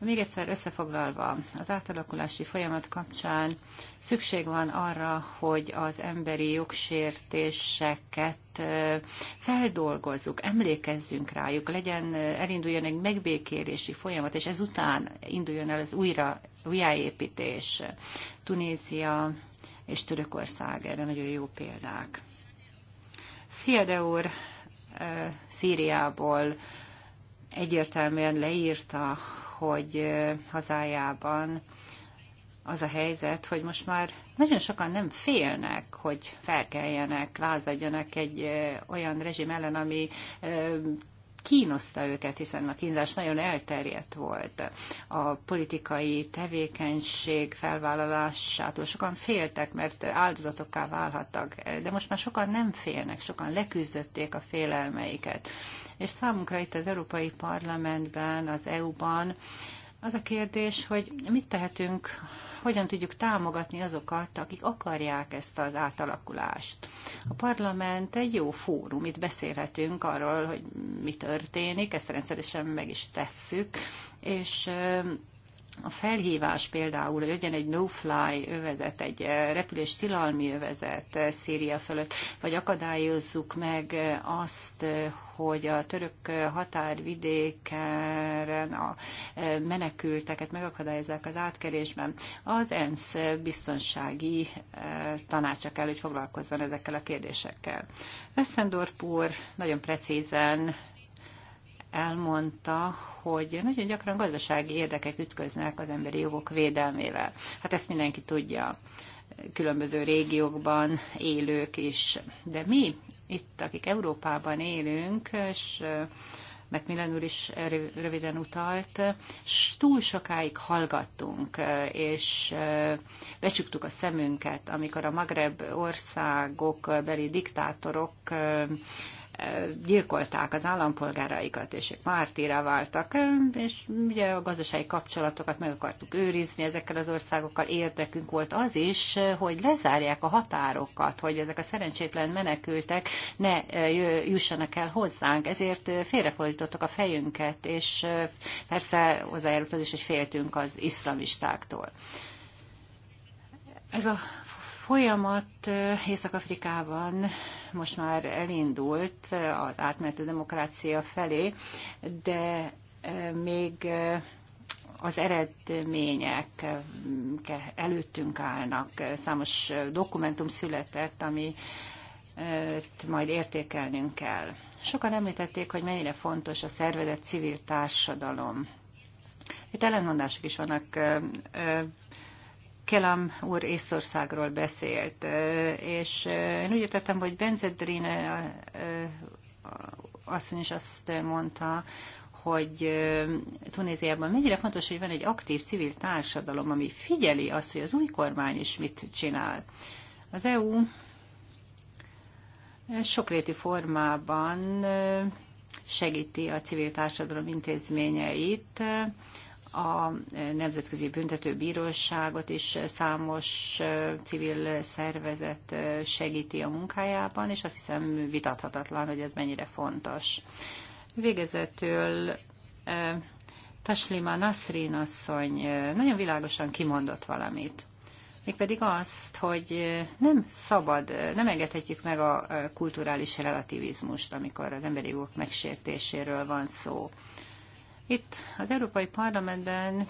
Még egyszer összefoglalva, az átalakulási folyamat kapcsán szükség van arra, hogy az emberi jogsértéseket feldolgozzuk, emlékezzünk rájuk, legyen, elinduljon egy megbékélési folyamat, és ezután induljon el az újra, újjáépítés. Tunézia, és Törökország erre nagyon jó példák. Sziede úr eh, Szíriából egyértelműen leírta, hogy eh, hazájában az a helyzet, hogy most már nagyon sokan nem félnek, hogy felkeljenek, lázadjanak egy eh, olyan rezsim ellen, ami kínoszta őket, hiszen a kínzás nagyon elterjedt volt. A politikai tevékenység felvállalásától sokan féltek, mert áldozatokká válhattak, de most már sokan nem félnek, sokan leküzdötték a félelmeiket. És számunkra itt az Európai Parlamentben, az EU-ban az a kérdés, hogy mit tehetünk, hogyan tudjuk támogatni azokat, akik akarják ezt az átalakulást. A parlament egy jó fórum, itt beszélhetünk arról, hogy mi történik, ezt rendszeresen meg is tesszük, és a felhívás például, hogy legyen egy no-fly övezet, egy eh, repülés tilalmi övezet eh, Szíria fölött, vagy akadályozzuk meg eh, azt, hogy a török határvidéken a menekülteket megakadályozzák az átkerésben. Az ENSZ biztonsági tanácsa kell, hogy foglalkozzon ezekkel a kérdésekkel. Összendorp úr nagyon precízen elmondta, hogy nagyon gyakran gazdasági érdekek ütköznek az emberi jogok védelmével. Hát ezt mindenki tudja különböző régiókban élők is. De mi itt, akik Európában élünk, és Macmillan úr is röviden utalt, túl sokáig hallgattunk, és becsuktuk a szemünket, amikor a Magreb országok beli diktátorok gyilkolták az állampolgáraikat, és ők mártíra váltak, és ugye a gazdasági kapcsolatokat meg akartuk őrizni ezekkel az országokkal, érdekünk volt az is, hogy lezárják a határokat, hogy ezek a szerencsétlen menekültek ne jussanak el hozzánk, ezért félrefordítottak a fejünket, és persze hozzájárult az is, hogy féltünk az iszlamistáktól. Ez a folyamat Észak-Afrikában most már elindult az átmeneti demokrácia felé, de még az eredmények előttünk állnak. Számos dokumentum született, ami majd értékelnünk kell. Sokan említették, hogy mennyire fontos a szervezett civil társadalom. Itt ellenmondások is vannak Kelam úr Észországról beszélt, és én úgy értettem, hogy Benzedrin asszony is azt mondta, hogy Tunéziában mennyire fontos, hogy van egy aktív civil társadalom, ami figyeli azt, hogy az új kormány is mit csinál. Az EU sokrétű formában segíti a civil társadalom intézményeit, a Nemzetközi Büntetőbíróságot is számos civil szervezet segíti a munkájában, és azt hiszem vitathatatlan, hogy ez mennyire fontos. Végezetül Taslima Nasrin asszony nagyon világosan kimondott valamit. Mégpedig azt, hogy nem szabad, nem engedhetjük meg a kulturális relativizmust, amikor az emberi jogok megsértéséről van szó. Itt az Európai Parlamentben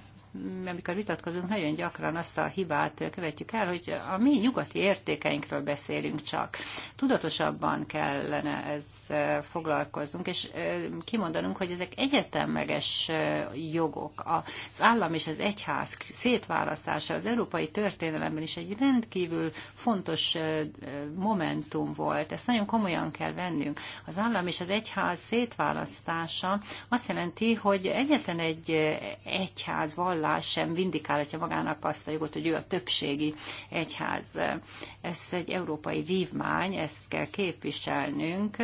amikor vitatkozunk, nagyon gyakran azt a hibát követjük el, hogy a mi nyugati értékeinkről beszélünk csak. Tudatosabban kellene ezzel foglalkoznunk, és kimondanunk, hogy ezek egyetemleges jogok. Az állam és az egyház szétválasztása az európai történelemben is egy rendkívül fontos momentum volt. Ezt nagyon komolyan kell vennünk. Az állam és az egyház szétválasztása azt jelenti, hogy egyetlen egy egyház vallás, vallás sem vindikálhatja magának azt a jogot, hogy ő a többségi egyház. Ez egy európai vívmány, ezt kell képviselnünk.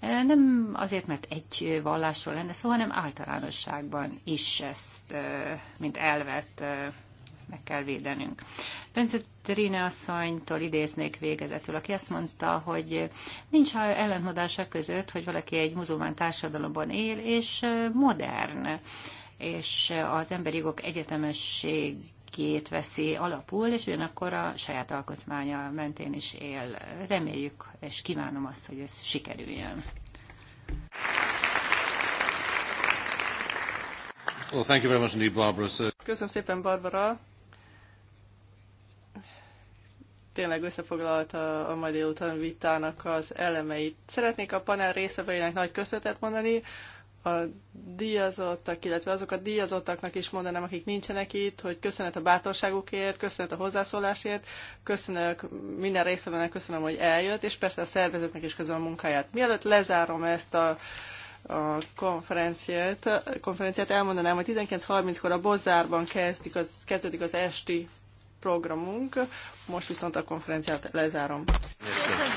Nem azért, mert egy vallásról lenne szó, hanem általánosságban is ezt, mint elvet meg kell védenünk. Bence Trine asszonytól idéznék végezetül, aki azt mondta, hogy nincs ellentmondása között, hogy valaki egy muzulmán társadalomban él, és modern és az emberi jogok egyetemességét veszi alapul, és ugyanakkor a saját alkotmánya mentén is él. Reméljük és kívánom azt, hogy ez sikerüljön. Well, thank you very much indeed, Barbara. Köszönöm szépen, Barbara. Tényleg összefoglalta a mai délután vitának az elemeit. Szeretnék a panel részvevőinek nagy köszönetet mondani a díjazottak, illetve azok a díjazottaknak is mondanám, akik nincsenek itt, hogy köszönet a bátorságukért, köszönet a hozzászólásért, köszönök minden részvevőnek, köszönöm, hogy eljött, és persze a szervezőknek is közül a munkáját. Mielőtt lezárom ezt a a konferenciát, konferenciát elmondanám, hogy 19.30-kor a Bozzárban kezdik az, kezdődik az esti programunk, most viszont a konferenciát lezárom. Köszönöm.